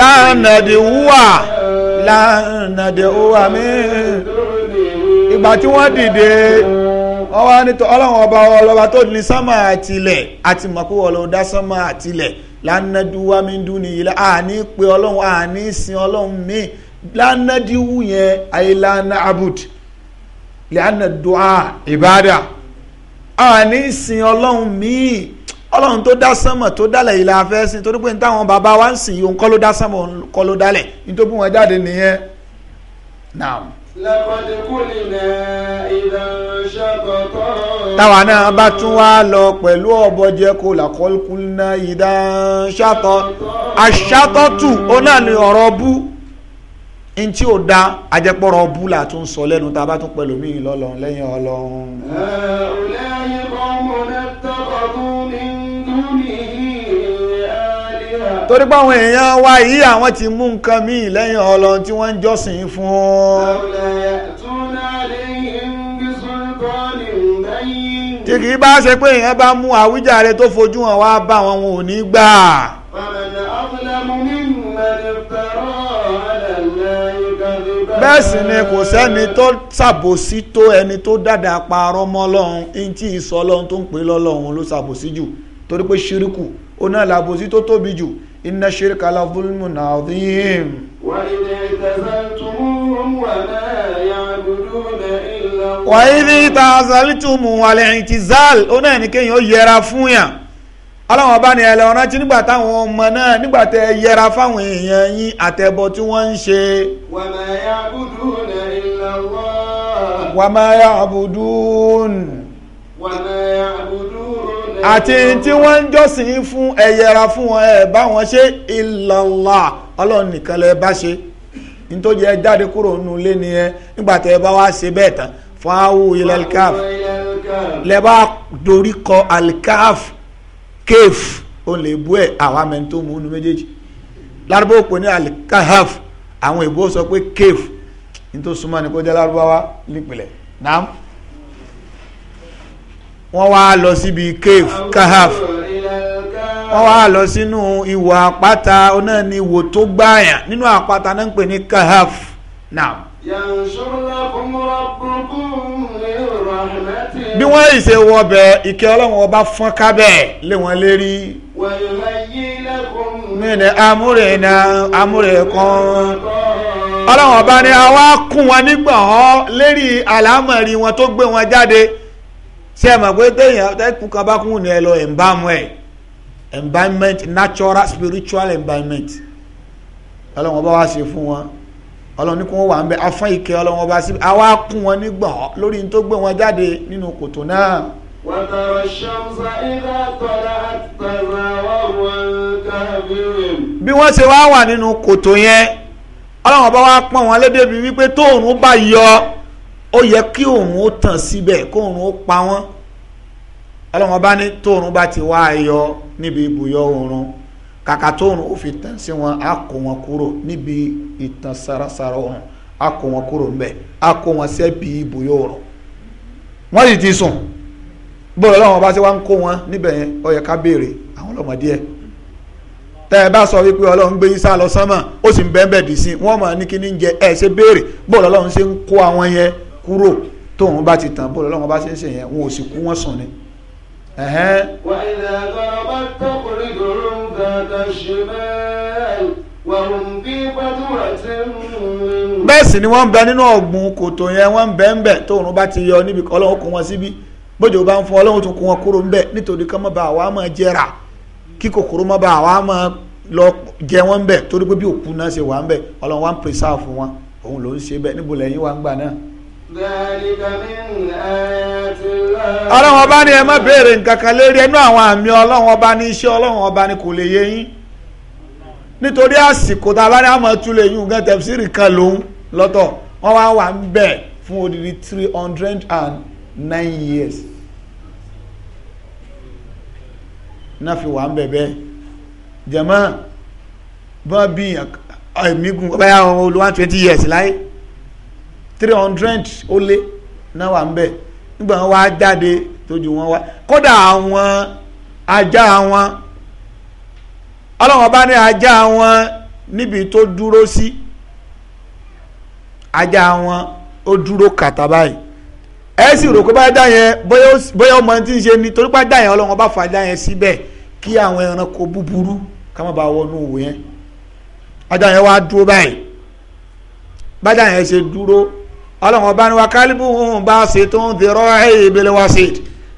láàánàdì wúwà láàánàdì wúwà mí ìgbà tí wọ́n dìde ọwọ́ nítorí ọlọ́run ọba ọlọ́ba tó ní sánmà àtìlẹ̀ àti mọ̀kú ọlọ́dá sánmà àtìlẹ̀ lánàdúwámídú nìyí la àní pé ọlọ́run àní sin ọlọ́run míì lánàdíwù yẹn àìlànà abud lẹ́nà dùá ìbádà a ní sin ọlọ́run míì ọlọ́run tó dá sánmọ̀ tó dálẹ̀ ìlà afẹ́sìn torí pé táwọn bàbá wa ń sìn yìí òun kọ́ ló dá sánmọ̀ òun kọ́ ló dálẹ̀ nítorí wọn jáde nìyẹn náà. táwa náà bá tún wá lọ pẹ̀lú ọ̀bọ̀jẹ́ kó laqad kulina idhan shatata. àṣàtọ̀tù ó náà ní ọ̀rọ̀ bú n tí ó dá ajẹ́pọ̀rọ̀ búlà tó ń sọ lẹ́nu tá a bá tún pẹ̀lú míì lọ́lọ́run lẹ́yìn ọlọ́run. torí pé àwọn èèyàn wa yìí àwọn ti mú nǹkan míì lẹ́yìn ọlọ́run tí wọ́n ń jọ́sìn fún un. tí kì í bá ṣe pé èèyàn bá mú àwíjàre tó fojú hàn wá bá wọn wọn ò ní gbà. ọ̀nà àbúlé mu ní mẹ́rin fẹ́ràn bẹ́ẹ̀ sì ni kò sẹ́ni tó ṣàbòsí tó ẹni tó dáadáa parọ́ mọ́ lọ́hún ní tí ìsọ lọ́hún tó ń pè lọ́lọ́hún ló ṣàbòsí jù torí pé ṣíríkù ó náà làbòsí tó tóbi jù inna ṣíríkà la zulmun adhim. wa idh tazaltumuhum wa la ya'buduna illa. wa idh tazaltumuhum wal i'tizal ó náà ní ó yẹra fún yàn ọlọ́wọ́n bá ní ẹlẹ́ ọ̀rán tí nígbà táwọn ọmọ náà nígbà tẹ yẹra fáwọn èèyàn yín àtẹ̀bọ tí wọ́n ń ṣe. wàmà abudun. wàmà abudun. àti tí wọ́n ń jọ́sìn fún ẹ yẹra fún wọn ẹ bá wọn ṣe illallah ọlọ́run nìkan lẹ bá ṣe nítorí ẹ jáde kúrò nínú ilé nìyẹn nígbà tẹ bá wá ṣe bẹ́ẹ̀ tán fáwọn ilẹ̀ alikaf lẹ bá dorí kọ alikaf cave ó lè bú ẹ àwọn amẹni tó mú nu méjèèjì lárúbáwá pè ní alikahaf àwọn ìbò sọ pé cave ní tó súnmọ́ ni kó jẹ́ lárúbáwá nípìnlẹ̀ naam wọ́n wá lọ síbi cave kahaf wọ́n wá lọ sínú ihò àpáta náà ni ihò tó gbáàyàn nínú àpáta náà ń pè ní kahaf naam bí wọ́n yìí ṣe wọ bẹ̀ ìkẹ́ ọlọ́run ọba fọ́n kábẹ̀ lé wọn lérí. mìíràn amúrè náà amúrè kan ọlọ́run ọba ni a wá kún wọn nígbà hàn lérí àlámọ̀rí wọn tó gbé wọn jáde ṣé ẹ mọ̀ pé téèyàn tẹ́kùn kan bá kún ní ẹ lọ ẹ̀ ń bá mu ẹ̀ environment natural spiritual environment ọlọ́run ọba wá ṣe fún wọn ọlọ́run ní kí wọ́n wà ń bẹ afọ́n ìkẹ́ ọlọ́run ọba síbi àwa kún wọn nígbọ̀n lórí tó gbé wọn jáde nínú kòtò náà. وترى الشمس إذا طلعت تزاور كهفهم bí wọ́n ṣe wá wà nínú kòtò yẹn ọlọ́run ọba wa pọ́n wọn lédè bíi wípé tóòrùn bá yọ ó yẹ kí òòrùn ó tàn síbẹ̀ kóòrùn ó pa wọ́n ọlọ́run ọba ní tóòrùn bá ti wá yọ níbi ibùyọ oòrùn kàkà tóòrùn ó fi tàn sí wọn á kó wọn kúrò níbi ìtàn sarasara ọ̀run a kó wọn kúrò ń a kó wọn sẹ́bi ibùyọ ọ̀run wọ́n sì ti sùn ọba ṣe wá ń kó wọn níbẹ̀ yẹn ó yẹ ká béèrè àwọn bá sọ wípé ọlọ́run gbé Ìsá lọ sánmà ó sì ń bẹ́ẹ̀ bẹ́ẹ̀ dì sí ní jẹ ṣe béèrè ṣe ń kó àwọn yẹn kúrò tóun bá ti tàn ọba ṣe ń ṣe yẹn wọn wọn sùn ni bẹ́ẹ̀ sì ni wọ́n ń bẹ nínú ọ̀gbun kòtò yẹn wọ́n ń bẹ ń bẹ tóòrùn bá ti yọ níbi ọlọ́run kó wọn síbi bójú bá ń fún ọlọ́run tún kó wọn kúrò ń bẹ nítorí kọ́ mọ́ bá àwa máa jẹrà kí kòkòrò mọ́ bá àwa máa lọ jẹ wọn ń torí pé bí òkú náà ṣe wà ń bẹ ọlọ́run wá ń pèsè fún wọn òun ló ń ṣe bẹ́ẹ̀ níbo lẹ́yìn wá ń gbà náà. ọlọ́run ọba ni ẹ má béèrè nǹkan kan lérí ẹnu àwọn àmì ọlọ́run ọba ní iṣẹ́ ọlọ́run ọba ni kò lè yé yín nítorí àsìkò tá a bá ní àmọ́ túlẹ̀ yìí nǹkan tẹ̀síìrì kan lòun lọ́tọ̀ wọ́n wá wà ń bẹ̀ fún odidi three hundred and nine years náà fi wà ń bẹ̀ bẹ́ẹ̀ jẹ̀mọ́ bọ́n bí ẹ̀mí gùn ọba yà wọn olú one twenty years láyé three hundred ó lé náà wà ń bẹ̀ nígbà wọn wá jáde tójú wọn wá kódà àwọn ajá wọn ọlọ́run ọba ní ajá wọn níbi tó dúró sí ajá wọn ó dúró kàtà báyìí ẹ sì rò pé bá dá yẹn bóyá ọmọ tí ń ṣe ni torí dá yẹn ọlọ́run bá fà yẹn síbẹ̀ kí àwọn ẹranko búburú ká má bàa wọnú òwò yẹn ajá yẹn wá dúró báyìí bá yẹn ṣe dúró ọlọ́run bá ní wa kálíbù bá ṣe tó ń dèrò ẹ̀ ìbílẹ̀ wá ṣe.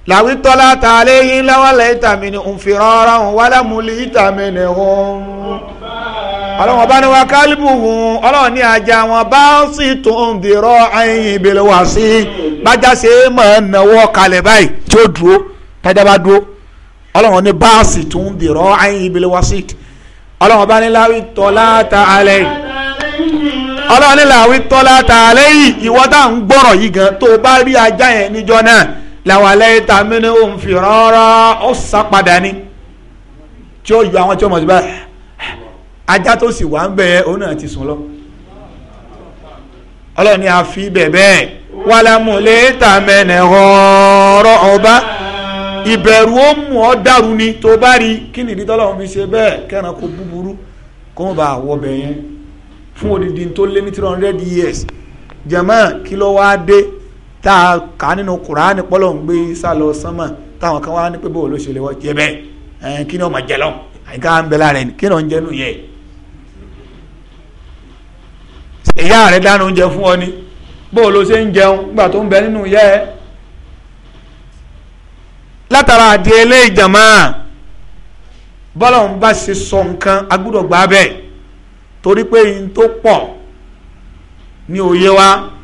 làwí tọ́lá ta léyìn láwàlẹ̀ ìtàmì ni òun fi rọra òun wàlámùlì ìtàmì ni òun. ọlọ́run ọba ni wa kálíbù hùn ọlọ́run ní ajá wọn bá sì tún dìrọ̀ ẹ̀yìn ìbílẹ̀ wá sí bájá ṣe é mọ̀ ẹ́ náwó kalẹ̀ báyìí tí ó dúró tájá bá dúró ọlọ́run ní bá sì tún dìrọ̀ ẹ̀yìn ìbílẹ̀ wá sí ọlọ́run ọba ni láwí tọ́lá ta alẹ́ yìí ọlọ́run nílà tọ́lá ta lẹ́yìn yìí gan làwàlẹ́ ìta mínú òun fi rárá ó sá padà ni tí ó yọ àwọn tí ó mọ̀ sí báyìí ajá tó sì wà ń bẹ̀ òun náà ti sùn lọ ọlọ́ni àfi bẹ̀bẹ̀ wàlámùlẹ̀ ìta mẹ́nà rọ̀ọ̀rọ̀ ọba ìbẹ̀rù ó mú ọ dàrú ni tó bá rí kí nìdí tọ́lọ́run fi ṣe bẹ́ẹ̀ kẹ́ran kó búburú kó mọ̀ bá wọ bẹ̀ yẹn fún odidi tó lé ní three hundred years jẹ̀mọ́ kí ló wá dé tá a kà nínú kuraani pọ́lọ́ ń gbé sá lọ sánmà táwọn kan wá ní pé bóòlù ṣe lè wọ́ jẹ bẹ́ẹ̀ kí ni ọmọ jẹ lọ àyíká ń bẹ lára ẹni kí ni ọ̀n jẹ nù yẹ. ìyá rẹ dáná oúnjẹ fún ọ ni bóòlù ṣe ń jẹun nígbà tó ń bẹ nínú yẹ ẹ. látara àdìẹ ilé ìjàmá bọ́lá bá ṣe sọ nǹkan agbúdọ̀ bẹ́ẹ̀ torí pé n tó pọ̀ ní òye wa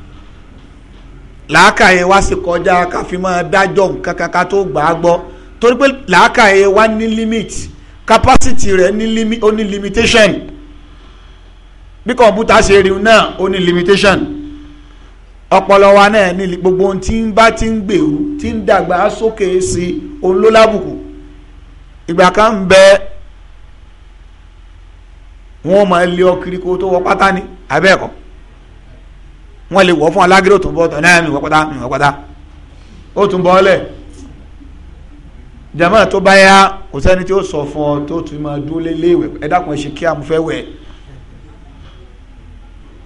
làákàyè wa sì kọjá ká fi máa dájọ́ nǹkan kan ká tó gbà á gbọ́ torí pé làákàyè wa ní limit capacity rẹ̀ ní limi ó ní limitation bí kọ̀ǹpútà ṣe rí náà ó ní limitation ọpọlọ wa náà ní gbogbo ohun tí ń bá ti ń gbèrú tí ń dàgbà sókè sí òun ló lábùkù ìgbà kan ń bẹ wọn máa lé ọ kiri kó tó wọ pátá ni abẹ́ẹ̀kọ́ wọ́n lè wọ́ fún alágídé òtún bọ́ náà mi wọ́pátá mi wọ́pátá ó tún bọ́ lẹ̀ jama tó bá yá kò sẹ́ni tí ó sọ fún ọ tó tún máa dúró lé léèwẹ̀ ẹ dákun kí amúfẹ́ wẹ̀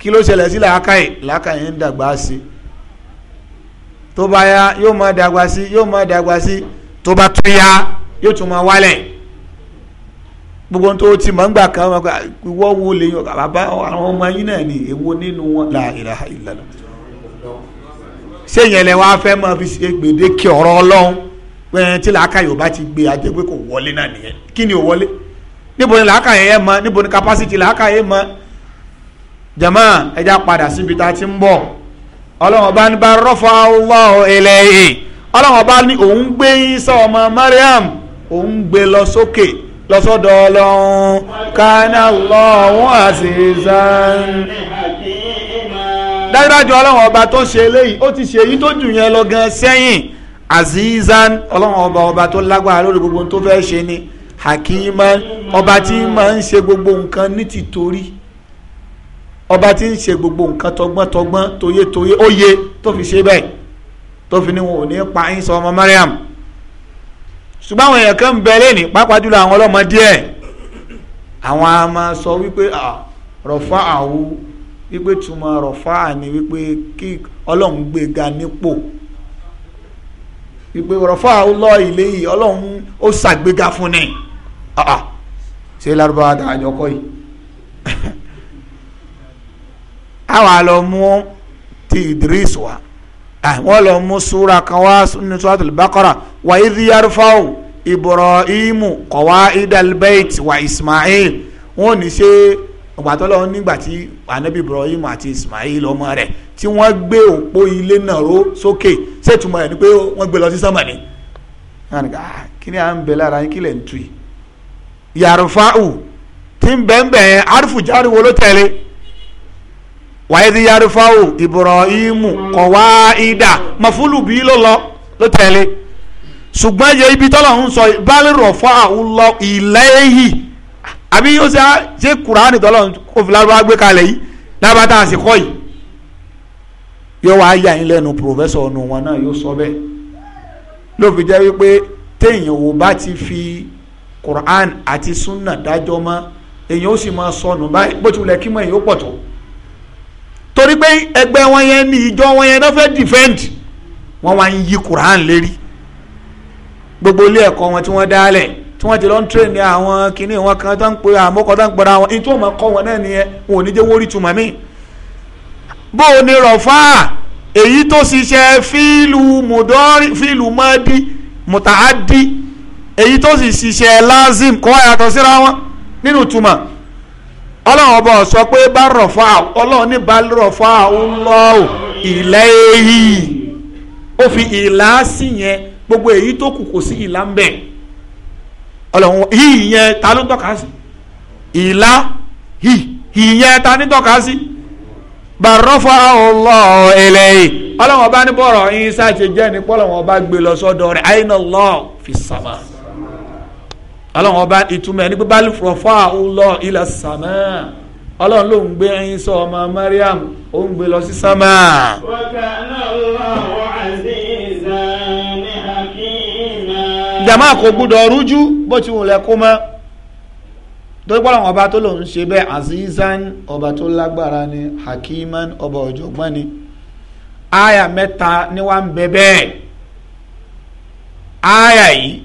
kí ló ṣẹlẹ̀ sí làákàyè làákàyè ń dàgbà sí tó bá yá yóò máa dàgbà sí yóò máa dàgbà sí tó bá tún yá yóò tún máa wálẹ̀ gbogbo tó ti máa ń gbà kan wọn ìwọ wo lè yọ bàbá àwọn ọmọ yín náà ni èwo nínú wọn la ilaha illallah ṣé yẹn lẹ fẹ́ máa fi ṣe gbèdéke ọ̀rọ̀ ọlọ́run pẹ̀lú tí làákà yorùbá ti gbé ajẹ́ pé kò wọlé náà nìyẹn kí ni ò wọlé níbo ni làákà yẹn mọ níbo ni làákà yẹn mọ jama ẹja padà ti gbé ọmọ Mariam òun lọ́sọ́dọ̀ ọlọ́run kánà lọ́wọ́n àṣìṣàn dájúdájú ọlọ́run ọba tó ṣe eléyìí ó ti ṣe èyí tó jù yẹn lọ gan sẹ́yìn àṣìṣàn ọlọ́run ọba ọba tó lágbára lórí gbogbo tó fẹ́ ṣe ni hakiman ọba tí máa ń ṣe gbogbo nǹkan ní tìtorí ọba tí ń ṣe gbogbo nǹkan tọgbọ́ntọgbọ́n tóyétóyé ó yẹ tó fi ṣe bẹ́ẹ̀ tó fi ní wọn ò ní pa yín sọ ọmọ Mariam ṣùgbọ́n àwọn èèyàn kan ń bẹ lẹ́nì pàápàá jùlọ àwọn ọlọ́mọ díẹ̀ àwọn a máa sọ wípé rọ̀fà àwo wípé túmọ̀ rọ̀fà ni wípé kí ọlọ́run gbé ga nípò wípé rọ̀fà lọ ilé yìí ọlọ́run ó ṣàgbéga fún ni ṣé lárúbáwá tá kọ́ yìí àwa lọ ti Idris wa wọ́n lọ mú súra kan wá nínú Suratul Baqara wa idh yarfa'u ibrahim qawa'idal bayt wa ismail wọn ò ní ṣe ọ̀gbàtọ́lọ́ nígbà tí anabi ibrahim àti ismail ọmọ rẹ̀ tí wọ́n gbé òpó ilé náà ró sókè ṣètùmọ̀ ẹ̀ ni pé wọ́n gbé lọ sí sánmà ni ah, kí ni à ń bẹ lára yín kí lè ń tu yìí yarufa'u tí ń bẹ́ẹ̀ bẹ́ẹ̀ arifu járe wo ló tẹ̀lé wàyí ti yarufa'u ibrahimu kọ̀wá mm. ida mafulu bíi ló lọ ló tẹ̀lé. ṣùgbọ́n yẹ ibi tọ́lọ̀ ń sọ bálẹ̀rọ̀ fún àwùlọ ilẹ̀ èyí àbí yóò ṣe ṣe kùránì tọ́lọ̀ kó fi lárúbá gbé kalẹ̀ yìí lábàtà àsìkò yìí yóò wá yà yín lẹ́nu pòfẹ́sọ̀ ọ̀nù wọn náà yóò sọ bẹ́ẹ̀ ló fi jẹ́ wípé téèyàn ò bá ti fi kùránì àti súnà dájọ́ mọ́ èèyàn ó sì máa sọnù báyìí bó ti wulẹ̀ kí mọ́ èèyàn ó pọ̀ tó torí pé ẹgbẹ́ wọn yẹn ní ìjọ wọn yẹn náà fẹ́ dìfẹ́ǹdì wọ́n wá ń yí kùránì lérí gbogbo ilé ẹ̀kọ́ wọn tí wọ́n dálẹ̀ tí wọ́n ti lọ ń train ní àwọn kinní wọn kan tó ń pe àmọ́kọ́ tó ń pera wọn ìtú ọmọ kọ́ wọn náà nìyẹn wọn ò ní jẹ́ wọ́n rí tuma mí. bó o ní rọ̀fà èyí tó ṣiṣẹ́ fíìlù mùdọ́rì fíìlù mọ́dí mùtàádì èyí tó sì ṣiṣẹ́ lazim kọ́ yàtọ̀ síra wọn nínú tuma ọlọ́run ọba sọ pé bá rọ̀fà ọlọ́run ní bá rọ̀fà ń lọ ilẹ̀ èyí ó fi ìlà sí yẹn gbogbo èyí tó kù kò sí ìlà ń bẹ ọlọ́run yìí yẹn ta ló ń tọ́ka sí ìlà yìí yẹn ta ní tọ́ka sí bàrọ́fà Allah eléyìí ọlọ́run ọba ní bọ̀rọ̀ yín sáàṣẹ jẹ́ ní pọ́lọ́run ọba gbé lọ sọ́dọ̀ rẹ̀ àyìn Allah fi sàmà ọlọ́run ọba ìtumọ̀ ẹni pé bá rọ́fà Allah ila sàmà ọlọ́run ló ń gbé ẹyin sọ ọmọ mariam ó ń gbé lọ sí sámà. wọ́n kà náà lọ́wọ́ àti. jama kò gbúdọ̀ rújú bó ti wùn lẹ kó mọ́ torí ọba tó lòun ṣe bẹ́ẹ̀ azizan ọba tó lágbára ni hakiman ọba ọ̀jọ̀gbọ́n ni aya mẹ́ta ni wà ń bẹ bẹ́ẹ̀ aya yìí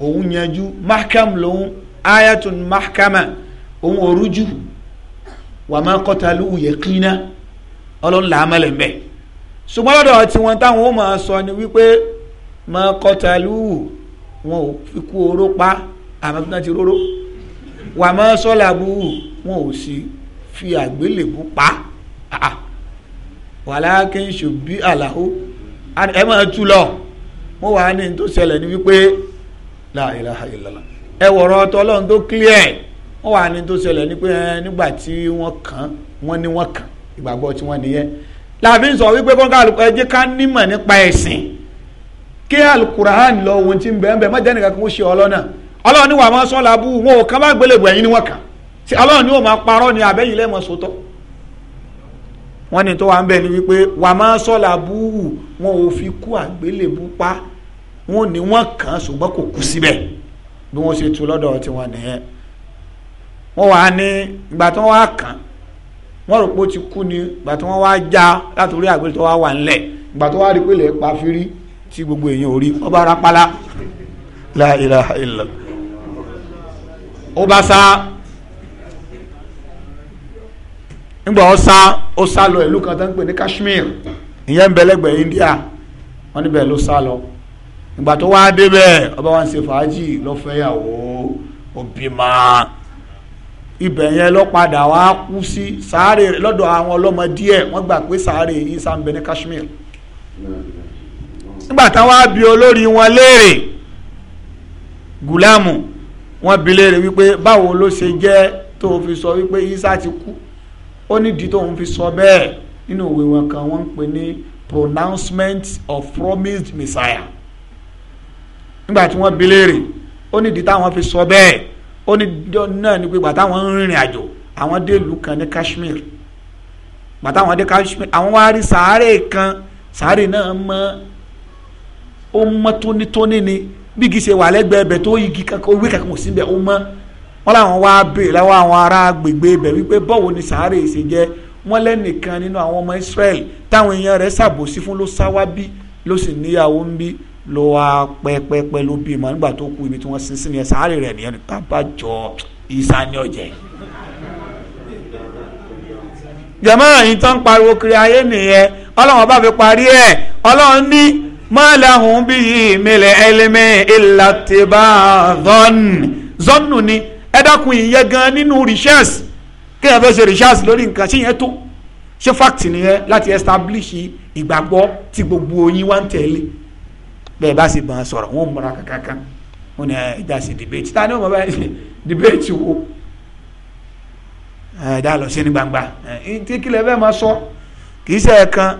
òun yanjú mahkam lòun ayatun mahkama òun ò wà máa ọlọ́run là wọn ò ikú oró pa àmọ́ tí wọ́n ti róró wà mọ́ sọ́là búhù wọn ò sì fi àgbélébú pa wàhálà kí n ṣòbí àlàó ẹ máa tú lọ wọn wà á ní tó ṣẹlẹ̀ ní wípé la ilaha illallah ẹ wọ̀rọ̀ tọ́lọ́run tó clear wọ́n wà ní tó ṣẹlẹ̀ ní pé nígbà tí wọ́n kàn wọ́n ní wọ́n kàn ìgbàgbọ́ tí wọ́n nìyẹn làbí sọ wípé kọ́ńkà ẹ jẹ́ ká nímọ̀ nípa ẹ̀sìn kí alukurahan lọ ohun tí ń bẹ ń bẹ mọ́jẹ́ nìkan kí wọ́n ṣe ọlọ́nà ọlọ́run ní wàá máa sọ́ làbú wọn ò kàn má gbélébù ẹ̀yìn ni wọn kàn sí ọlọ́run ní wọ́n máa parọ́ ni lẹ́mọ̀ ní tó wà ń bẹ ni wípé wàá máa sọ́ làbú wọn ò fi kú àgbélébù pa wọn ni wọn kàn ṣùgbọ́n kò kú síbẹ̀ tu lọ́dọ̀ tí nìyẹn Wọn wàá ní ìgbà tí kàn wọn rò pé ó ni ìgbà tí wá já látòrí àgbélé tí gbogbo èèyàn ò rí ọba rapala la ilaha illa ọba sá nígbà ó sá ó sá lọ ìlú kan tó ń pè ní Kashmir ìyẹn ń India wọ́n níbẹ̀ ló sá lọ ìgbà tó wá débẹ̀ ọba wa ń ṣe fàájì lọ́fẹ̀ẹ́yàwó òbí máa ibẹ̀ yẹn lọ padà wá kú sí sàárè lọ́dọ̀ àwọn ọlọ́mọ díẹ̀ wọ́n gbà pé sàárè yìí sá ń bẹ ní Kashmir. Mm nígbà táwọn á bi olórí wọn léèrè gùlámù wọn bi léèrè wípé báwo ló ṣe jẹ́ tó fi sọ wípé isa ti kú ó nídìí tóun fi sọ bẹ́ẹ̀ nínú òwe wọn kan wọ́n ń pè ní pronouncement of promised messiah nígbà tí wọ́n bi léèrè ó nídìí táwọn fi sọ bẹ́ẹ̀ ó ní náà ni pé gbà táwọn ń rìnrìn àjò àwọn dé ìlú kan ní Kashmir gbà táwọn dé Kashmir àwọn wá rí sàárè kan sàárè náà mọ́ ó mọ́ tónítóní ni bí igi ṣe wà lẹ́gbẹ̀ẹ́ ibẹ̀ tó igi kankan owó kankan kò sí ibẹ̀ ó mọ́ wọn làwọn wá béèrè lọ́wọ́ àwọn ará agbègbè ibẹ̀ wípé báwo ni sàárè ṣe jẹ́ wọn lẹ́nìkan nínú àwọn ọmọ Israẹli táwọn èèyàn rẹ̀ ṣàbòsí fún ló sá wá bí ló sì níyàwó ń bí ló wá pẹ́pẹ́pẹ́ ló bímọ nígbà tó kú ibi tí wọ́n sin sí ni sàárè rẹ̀ nìyẹn ní tábàjọ ìsàníọ̀jẹ̀ jẹ̀mọ́ ìtàn pariwo kiri ayé nìyẹn ọlọ́run bá fi parí ẹ̀ ọlọ́run ní ma lahum bihi min ilmi illa tibaa zọ́nù zọ́nù ni ẹ dákun ìyẹn gan nínú research kéèyàn fẹ́ ṣe research lórí nǹkan ṣé yẹn tó ṣé fact nìyẹn láti establish ìgbàgbọ́ tí gbogbo yín wá ń tẹ̀lé bẹ́ẹ̀ bá sì bàn sọ̀rọ̀ wọn ò múra kankan wọn ni ẹ dá sí debate ta ni wọn bá yẹ debate wo ẹ dá lọ sí ní gbangba ẹ kílẹ̀ bẹ́ẹ̀ máa sọ kì í ṣe ẹ̀kan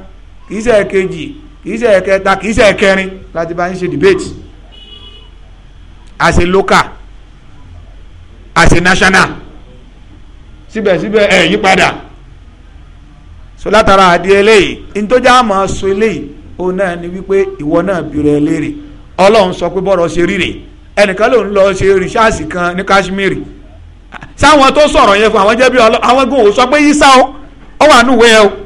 kì í ṣe ẹ̀kejì kìí ṣe ẹ̀kẹta kìí ṣe ẹ̀kẹrin láti bá ń ṣe debate as a local as a national síbẹ̀síbẹ̀ ẹ̀ yí padà so látara àdí eléyìí ntọ́jà máa sọ eléyìí òun náà ni wípé ìwọ náà bìrẹ̀ léèrè ọlọ́run sọ pé bọ́rọ̀ ṣe rí rèé ẹnìkan lòun lọ ṣe rìṣáàsì kan ní Kashmiri sáwọn tó sọ̀rọ̀ yẹn fún àwọn jẹ́ bí àwọn gbòòwò sọ pé yísà ó wà núwèé o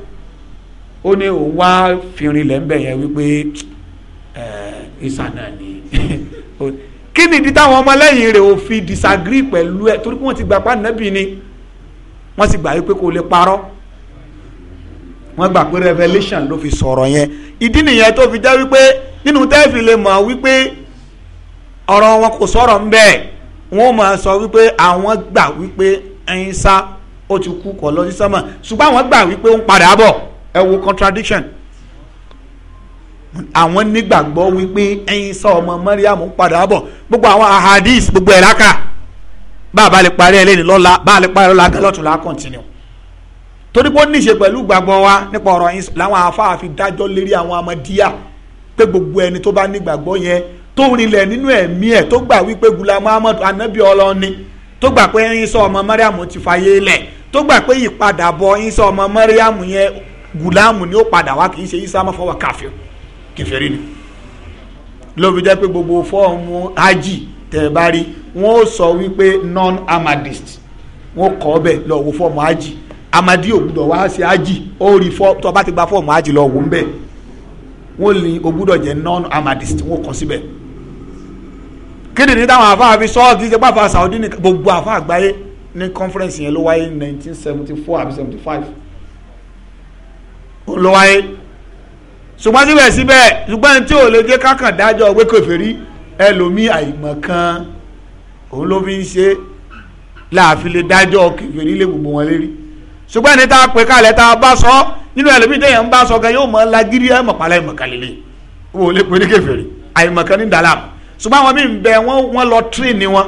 ó ní òun wá fìrìn lẹ́ńbẹ̀ yẹn wípé ìsà náà ni kí ni ìdí táwọn ọmọlẹ́yìn rẹ̀ ò fi disagree pẹ̀lú ẹ̀ torí wọ́n ti gbà pa nẹ́bì ni wọ́n sì gbà wípé kò lè parọ́ wọ́n gbà pé revelation ló fi sọ̀rọ̀ yẹn ìdí nìyẹn tó fi jẹ́ wípé nínú tẹ́ẹ̀fì lè mọ̀ wípé ọ̀rọ̀ wọn kò sọ̀rọ̀ ń bẹ́ẹ̀ wọ́n máa sọ wípé àwọn gbà wípé ẹ̀yin sá ó ti kú kọ́ lọ ṣùgbọ́n àwọn gbà wípé ó ń padà bọ̀ ẹ wo contradiction àwọn nígbàgbọ́ wípé ẹyin sọ ọmọ Mariam padà bọ̀ gbogbo àwọn ahadis gbogbo ẹ̀ láka bá a bá lè parí ẹ lẹ́nu lọ́la bá a lè parí lọ́la gẹ́lọ́tún la continue torí pé ó níṣe pẹ̀lú gbàgbọ́ wa nípa ọ̀rọ̀ yín làwọn afáà fi dájọ́ lérí àwọn amadíyà pé gbogbo ẹni tó bá nígbàgbọ́ yẹn tó rinlẹ̀ nínú ẹ̀mí ẹ̀ tó gbà wípé Ghulam Ahmad anabi ọlọ́ni tó gbà pé ẹyin sọ ọmọ Mariam ti fàyè lẹ̀ tó gbà pé ìpadàbọ̀ ẹyin sọ ọmọ Mariam yẹn gùlámù ni ó padà wá kì í ṣe isama fọwọ́ káfíọ́ kẹfẹ́rí ni lóbi jẹ́ pé gbogbo fọ́ọ̀mù hájì tẹ̀ bá rí sọ wípé non amadist wọ́n kọ́ ọbẹ̀ lọ́wọ́ fọ́ọ̀mù hájì amadi ògbúdọ̀ wá ṣe hájì ó rí fọ́ tó bá ti gba fọ́ọ̀mù hájì lọ́wọ́ ń bẹ̀ wọ́n ní ògbúdọ̀ jẹ́ non amadist wọ́n kọ́ síbẹ̀ kíni ní táwọn àfáà fi sọ́ọ́ kí ṣe pàfà Saudi ní gbogbo àfáà àgbáyé ní conference yẹn ló wáyé ní nineteen àbí seventy ló wáyé ṣùgbọ́n síbẹ̀síbẹ̀ ṣùgbọ́n tí ò lè jẹ́ kákàn dájọ́ pé kèfèrí àìmọ̀ kan òun ló fi ń ṣe láàfin lè dájọ́ kèfèrí lè gbogbo wọn lérí ṣùgbọ́n ní tá a pè kalẹ̀ tá a bá sọ nínú ẹlòmíì téèyàn ń bá sọ gan yóò mọ lagiri ẹ̀ mọ̀ pàlẹ́ mọ̀ kàlẹ́lẹ́ wò ó lè pè ní kèfèrí àìmọ̀ kan ní dàlám ṣùgbọ́n àwọn míì ń bẹ wọ́n lọ tírì ni wọn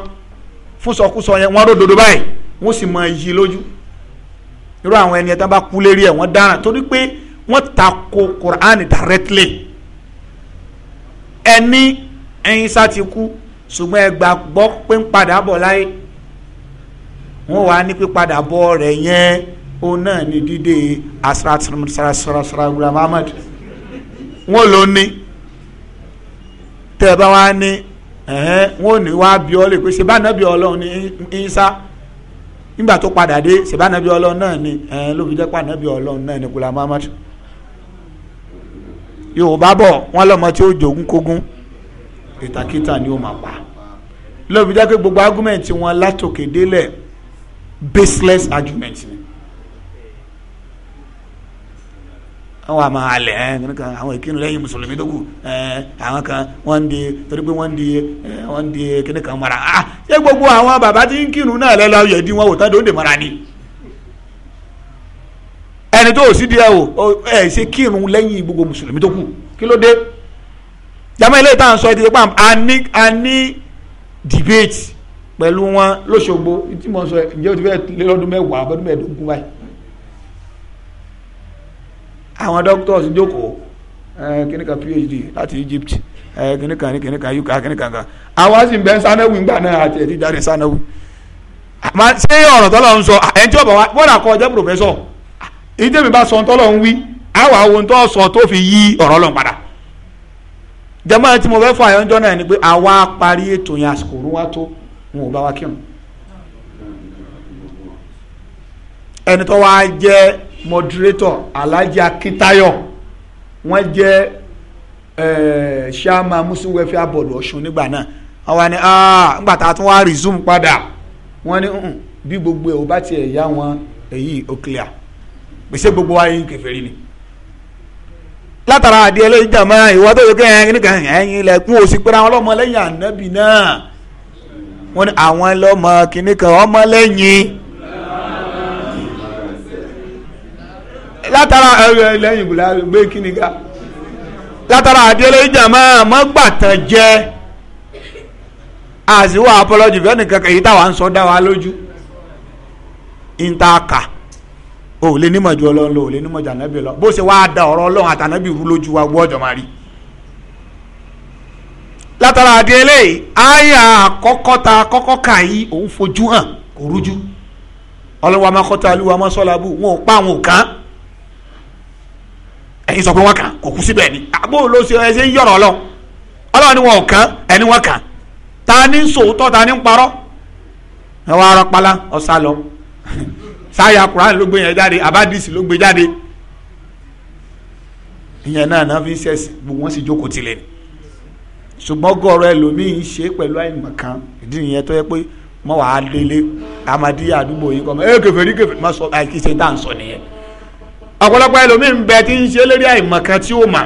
fún sọkúsọ yẹn wọ́n ródòdó báyìí wọ́n sì mọ iyì lójú irú àwọn ẹni ẹ̀ tán wọ́n ta ko Quran directly ẹni ẹyin sá ti kú ṣùgbọ́n ẹ gbà gbọ́ pé ń padà bọ̀ láyé wọ́n wà ní pípadà bọ̀ rẹ̀ yẹn òun náà ni dídé asrasrasrasrasra Muhammad wọ́n ló ní tẹ́ ẹ bá wá ní ẹ̀hẹ́n wọ́n ò ní wá bí ọ lè pé ṣe bá nàbí ọlọ́run ní ìsá nígbà tó padà dé ṣe bá nàbí ọlọ́run náà ni ẹ̀hẹ́n ló fi jẹ́ pàdánàbí ọlọ́run náà ni kùlà Muhammad. yorùbá bọ̀ wọ́n lọ́mọ tí ó jogún kógún ìtàkìtà ni ó máa pa lóbi jẹ́ pé gbogbo argument wọn látòkè délẹ̀ baseless argument ni àwọn àmọ alẹ ẹ nǹkan àwọn ìkíni lẹ́yìn mùsùlùmí tó kù ẹ àwọn kan wọn ń di torí pé wọn ń di ẹ wọn ń di mara ah ṣé gbogbo àwọn bàbá tí ń kírun náà lẹ lọ yẹ di wọn mara ni. ẹni tó sì díẹ̀ o ẹ ṣe kírun gbogbo mùsùlùmí tó kù kí ló dé jàmọ́ ilé ìtàn sọ ètò ìpàm àní àní debate pẹ̀lú wọn lọ́sọ̀gbọ́ tí mo sọ ǹjẹ́ o ti fẹ́ lé lọ́dún mẹ́wàá lọ́dún mẹ́ẹ̀ẹ́dógún báyìí àwọn doctors jókòó kíní kan phd láti Egypt kíní kan kíní kan UK kíní kan kan àwọn sì ń bẹ náà àti jáde ṣé ọ̀rọ̀ ń sọ ń tí kọ́ ìdẹ́mi bá sọ ntọ́lọ̀ ń wí àwọn àwọn tó sọ tó fi yí ọ̀rọ̀ lọ padà jẹ́mọ́ tí mo fẹ́ fún àyànjọ́ náà ni pé àwa parí ètò yẹn àsìkò òru wa tó wọn ò bá wa kírun ẹni tó wá jẹ́ moderator Alhaji Akíntayọ̀ wọ́n jẹ́ ṣáàmà Muslim welfare board Ọ̀ṣun nígbà náà àwa ni ah, nígbà tá a tún wá resume padà wọ́n ní bí gbogbo ẹ̀ ò bá tiẹ̀ yá wọn èyí ó clear gbèsè gbogbo wa yín kèfèrí ni látara àdìẹ lóyún jàmá ìwà tó yẹ kí ẹyin nìkan ẹyin ilẹ̀kùn òsì pé àwọn ọlọ́mọ lẹ́yìn ànábì náà wọ́n ní àwọn ọlọ́mọ kìnnì kan ọmọ lẹ́yìn látara lẹ́yìn gbùlá gbé kìnnì ká látara àdìẹ lóyún jàmá mọ́gbàtàn jẹ́ àsìwò apọlọ́jù fẹ́ẹ́ nìkan kan èyí táwa ń sọ dá wa lójú ń ta kà o ò lè nímọ̀ ju ọlọ́run lọ o ò lè nímọ̀ ju ànábì lọ bó ṣe wáá da ọ̀rọ̀ ọlọ́run àtànábì rú lójú wa gbọ́dọ̀ máa rí. látara àdé eléyìí àyà àkọ́kọ́ ta kọ́kọ́ kà yí òun fojú hàn kò rújú ọlọ́wọ́ amákọ́ta alúwa amásọ́làbù wọn ò pa àwọn kan ẹ̀yin sọ pé wọ́n kàn kò kú síbẹ̀ ni àbó ló ṣe ẹ ṣe ń yọ̀rọ̀ lọ ọlọ́run ni wọn ò kàn ẹni wọn kàn ta ni sòótọ́ ta ni ń parọ́ ẹ wá rọpálá ọ̀sá lọ sáyà Quran ló gbé yẹn jáde abadisi ló gbé jáde ìyẹn náà náà fi ń sì jókòó tilẹ̀ ṣùgbọ́n gọ́ọ̀rọ̀ ẹlòmíín ṣe pẹ̀lú àìmọ̀kan ìdí nìyẹn tó yẹ pé mọ wàá délé amadiya àdúgbò yìí kọ́ ẹ kẹfẹ́rí kẹfẹ́ má sọ àìkí ṣe tá à nìyẹn ẹlòmíín bẹ tí ń ṣe lórí tí ó mà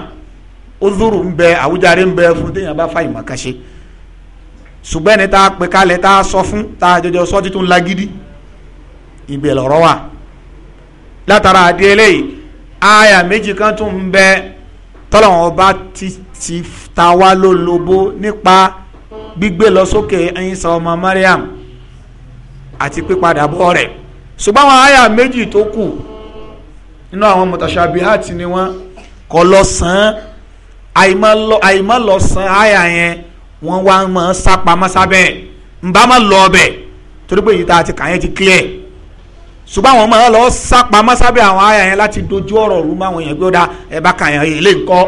ó ń bẹ ń fa ṣe ẹni tá a pè kalẹ̀ tá a sọ fún tá a ibe lọrọ wa látara àdé eléyìí aya méjì kan tún ń bẹ tọ́lọ́wọ́n ọba ti ti ta wá lólobó nípa gbígbé lọ sókè ẹ̀yìnsá ọmọ Mariam àti pípadà bọ́ rẹ̀ ṣùgbọ́n àwọn aya méjì tó kù nínú àwọn mutashabihat ni wọ́n kọ́ lọ́sàn-án àìmọ́ lọ́sàn-án aya yẹn wọ́n wá máa sápamọ́ sábẹ́ ń bá má lọ ọbẹ̀ torí pé èyí tá a ti kà yẹn ti clear ṣùgbọ́n àwọn ọmọ lọ sápamọ́ sábẹ́ àwọn àyà yẹn láti dojú ọ̀rọ̀ rú máwọn yẹn gbọ́dá ẹ bá kàn yẹn ilé ńkọ́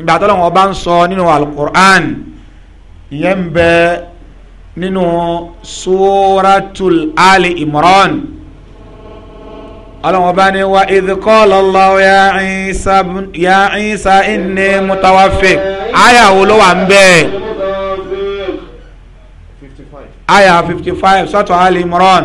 ìgbà tó lọ́wọ́ bá ń sọ nínú alukur'an ìyẹn ń bẹ nínú suratul ali imran ọlọ́wọ́n bá ní wa idikọ́lọ́ lọ́wọ́ ya Isa inni mutawafik àyà wo ló wà ń bẹ́ẹ̀ àyà fifty five sọ́tọ̀ ali imran.